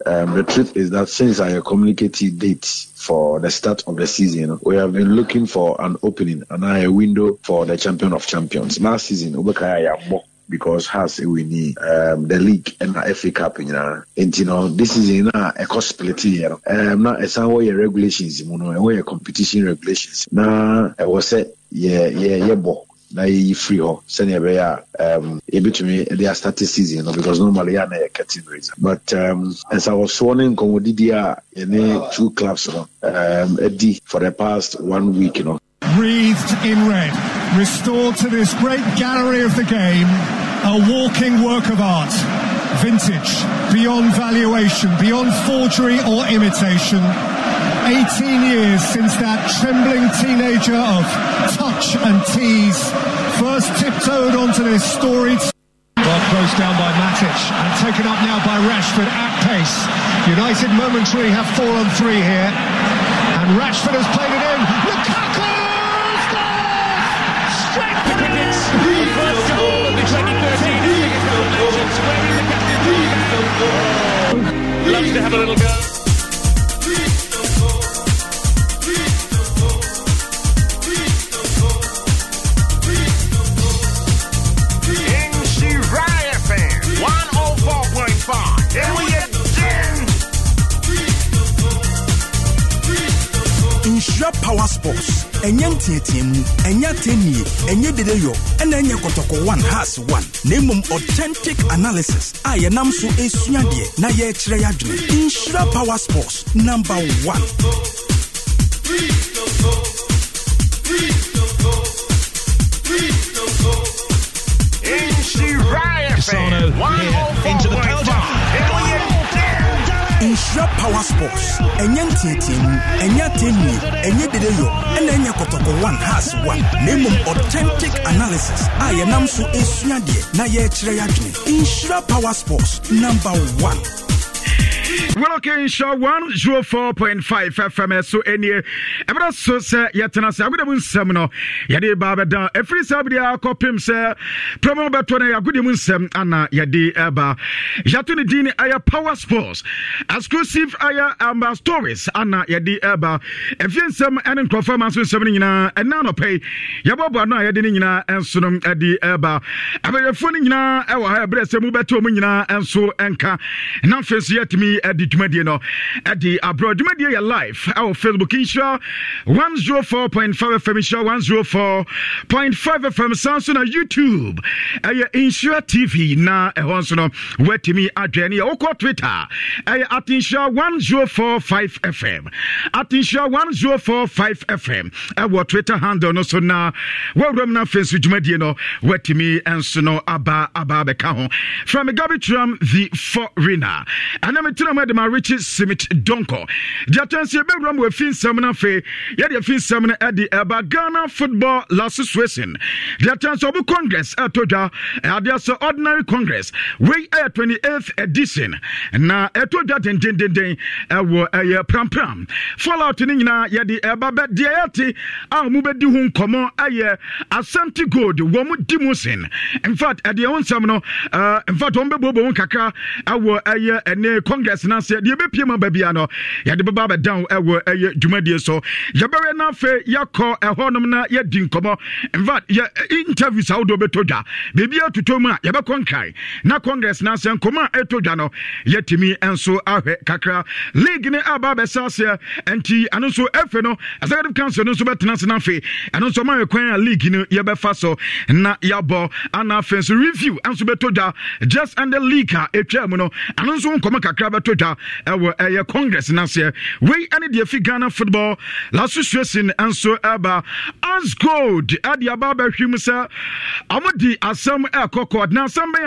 um, the truth is that since I communicated date for the start of the season, we have been looking for an opening and a window for the champion of champions. Last season, a Yabo because has a winning um, the league and the FA Cup, you know. And you know, this is in a, a cost split, you know. Um, now, it's not your regulations, you know, and your competition regulations. Now, I was said, yeah, yeah, yeah, boy. na yɛyi free, hɔ sɛnea ɛbɛyɛ a um, yɛbɛtumi de astarte season no because normally yɛ na yɛ curtain raiser but um, nsawɔsoɔ ne nkɔmmɔdidi a yɛne two clubs no um, adi for the past one week no breathed in red restored to this great gallery of the game a walking work of art. Vintage, beyond valuation, beyond forgery or imitation. 18 years since that trembling teenager of touch and tease first tiptoed onto this storied. Well, down by Matic and taken up now by Rashford at pace. United momentarily have four three here. And Rashford has played it in. loves to have a little FM, 104.5. we Power Sports ɛnyɛ nteateamu ɛnyɛ atɛnnie ɛnyɛ dedeyɔ ɛna ɛnyɛ kɔtɔkɔ 1 has 1 na mmom authentic analysis a yɛnam so ɛsua deɛ na yɛrekyerɛ yɛ adwene nhyira power sports number 1 Please don't go. Please don't go. Please don't go. Please do nhyira power sports ɛnyɛ nteateamu ɛnyɛ atɛnnie ɛnyɛ dedeyɔ ɛna ɛnyɛ kɔtɔkɔ one has one na mmom authentic analysis a yɛnam so esua deɛ na yɛrekyerɛ yɛ adwene nhyira power sports number one Woloke Insha 104.5 FM ɛso ɛnie ɛbɛrɛ so sɛ yɛtena sɛ agodeɛ mu nsɛm no yɛde ba bɛda ɛfiri saa bide akɔpem sɛ prɛma bɛtɔ no yɛagodeɛ mu nsɛm ana yadi eba yɛto ne din ɛyɛ power sports exclusive ɛyɛ amba stories ana yadi eba ɛfie nsɛm ɛne nkurɔfoɔ ma so nsɛm no nyinaa ɛna nɔpɛ yi yɛbɔboa no a yɛde no nyinaa ɛnso nom ɛde ɛba abɛyɛfoɔ no nyinaa ɛwɔ ha ɛberɛ sɛ mubɛte ɔ mu nyinaa ɛnso ɛnka na mfei so the dwumadie no the abroad dwumadie your life. Our facebook nhyira 104.5 fm nhyira 104.5 fm san so youtube ɛyɛ nhyira tv na ɛhɔ Where to me adwɛ no yɛwokɔ twitter ɛyɛ at 104.5 fm at 104.5 fm ɛwɔ twitter handle no so na wawuram no afei nso dwumadie no woatumi nso no aba Abba bɛka from gabi tram the foreigner na mo de ma richi simit donko deɛ atansi ebɛwura mu efi nsɛm na afei yɛde efi nsɛm na ɛde ɛba ghana football association deɛ atansi ɔbu congress ɛto dwa adeɛ sɛ ordinary congress wei ɛyɛ eh, twenty eighth edition na ɛto eh, dwa dendendenden ɛwɔ eh, ɛyɛ prampram fallout ne nyinaa yɛde ɛba bɛ deɛ yɛte a mo bɛ di ho nkɔmɔ ɛyɛ asante gold wɔn mo di mo sen in fact ɛdeɛ ho nsɛm no ɛɛ in fact wɔn bɛ bobo ho kakra ɛwɔ ɛyɛ ɛne congress years na sɛ deɛ ɛbɛpie ma baabia no yɛde bɛba bɛdan ɛwɔ ɛyɛ dwumadie so yɛbɛwɛ no afei yɛkɔ ɛhɔnom na yɛdi nkɔmmɔ infact yɛ interview saa wodeɛ wobɛtɔ dwa biribia totɔ mu a yɛbɛkɔ nkae na congress e no asɛ nkɔmmɔ a ɛtɔ dwa no yɛtumi nso ahwɛ kakra league ne aba bɛsa aseɛ enti ɛno nso ɛfɛ no executive council no nso bɛtena ase no afei ɛno nso ɔma yɛ a league no yɛbɛfa so na yɛabɔ ana afei nso review nso bɛtɔ dwa just under league a ɛtwa mu no ɛno nso nkɔmmɔ kakra bɛtɔ ato dwa ɛwɔ ɛyɛ congress no aseɛ wei ɛne deɛ fi ghana football l'association nso ɛba ans gold ɛde aba abɛhwim sɛ ɔmode asɛm ɛkɔ e court na asɛm bɛn e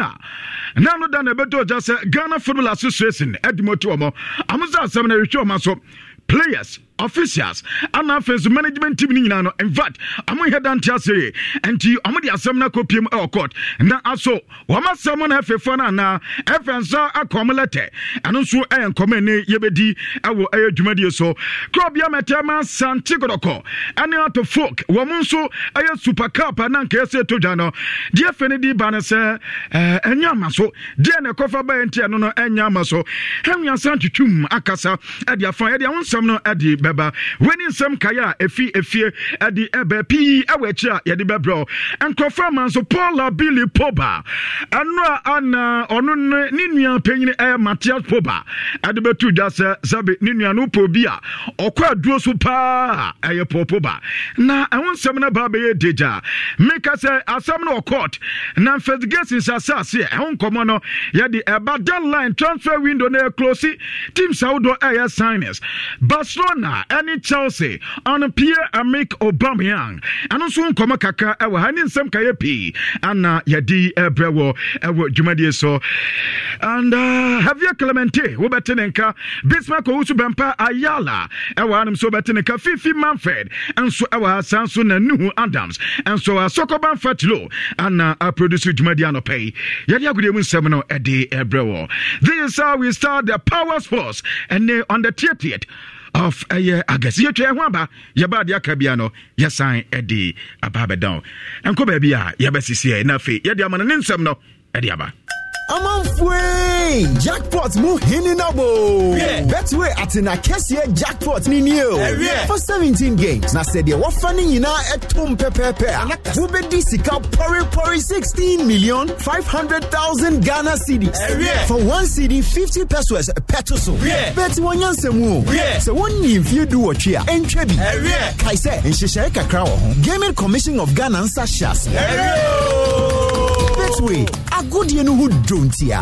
a na no da na ɛbɛtɔ gya sɛ ghana football association ɛde mɔti wɔ mɔ ɔmo sɛ asɛm no ɛhwehwɛ ɔma so players officials ana afei management team no nyinaa no infact ɔmo nhɛ dante asere nti ɔmo de asɛm no akɔ piem ɛwɔ eh, court na aso wɔn asɛm no afefoɔ no anaa ɛfɛ nsa akɔ ɔmo lɛtɛ ɛno nso ɛyɛ eh, nkɔmɔ ne yɛbɛdi ɛwɔ ɛyɛ eh, dwumadie so kuro bia mɛtɛɛma sante kɔdɔkɔ ɛne ato folk wɔn nso ɛyɛ super cup na nkɛyɛ sɛ ɛtɔ dwa no deɛ fɛ ne di ba no sɛ ɛɛ ɛnyɛ ama so deɛ na ɛkɔfa bɛyɛ nti ɛno no ɛnyɛ ama so ɛnwia san tutum akasa ɛde afa ɛde ahosɛm ɛde bɛba w'ani nsɛm kaeɛ a ɛfi efie ɛde ɛbɛ pii ɛwɔ akyi a yɛde bɛbrɛ nkurɔfoɔ ma nso paula billy poba ɛno a ana ɔno ne ne nua panyini ɛyɛ matias poba ɛde bɛtu dwa sɛ sɛbe ne nua no wopɛ obi a ɔkɔ aduro so paa ɛyɛ paul poba na ɛho nsɛm no baa bɛyɛ dagya meka sɛ asɛm no ɔcort na investigation sɛ asase ɛho nkɔmmɔ no yɛde ɛba deadline transfer window no ɛklosi team sawodoɔ ɛyɛ sinus barcelona Salah ɛne Chelsea ɔno Pierre Emerick Aubameyang ɛno nso nkɔmɔ kakra ɛwɔ ha ne nsɛm kayɛ pii ana yɛde ɛbrɛ wɔ ɛwɔ dwumadie so and uh, Javier Clemente wobɛte ne nka Bismarck Owusu Bɛmpa Ayala ɛwɔ ha nom so wobɛte ne nka Fifi Manfred nso ɛwɔ ha saa nso na Nuhu Adams nso Sokoban Fatilo ana aproduce uh, dwumadie anɔpɛ yi yɛde agodie mu nsɛm no ɛde ɛbrɛ wɔ this is how we start the power sports and on the 30th of ɛyɛ eh, august yɛtwa ɛho aba yɛba adeɛ aka bia no yɛsan ɛde eh, eh, aba abɛda o ɛnkɔ baabi a yɛbɛsisi ɛ na afei yɛde ama no ne nsɛm no ɛde aba amanfue jackpot mu hini nabo yeah. betway at na jackpot ni ni o for seventeen games na sɛ deɛ wɔfa ne nyinaa ɛtom pɛpɛɛpɛ a wobɛdi sika pɔrepɔre sixteen million five hundred thousand ghana cedis for one cd fifty pesos pɛto so bɛti wɔnyɛ nsɛm o sɛ wɔnni mfie du wɔtwe a ɛntwɛ bi kae sɛ kakra wɔ ho gaming commission of ghana nsa hyɛ ase expressway agodie no ho dwontia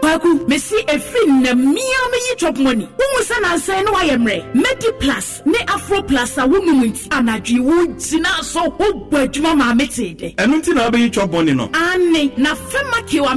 kwaku mesi efiri nnam mmea meyi chop money wohu sɛ nansan no wayɛ mmerɛ medi plus ne afro plus a wonum nti anadwe wo gyina so wobɔ adwuma maa mete de ɛno nti na wabɛyi chop money no Ani na fema kewa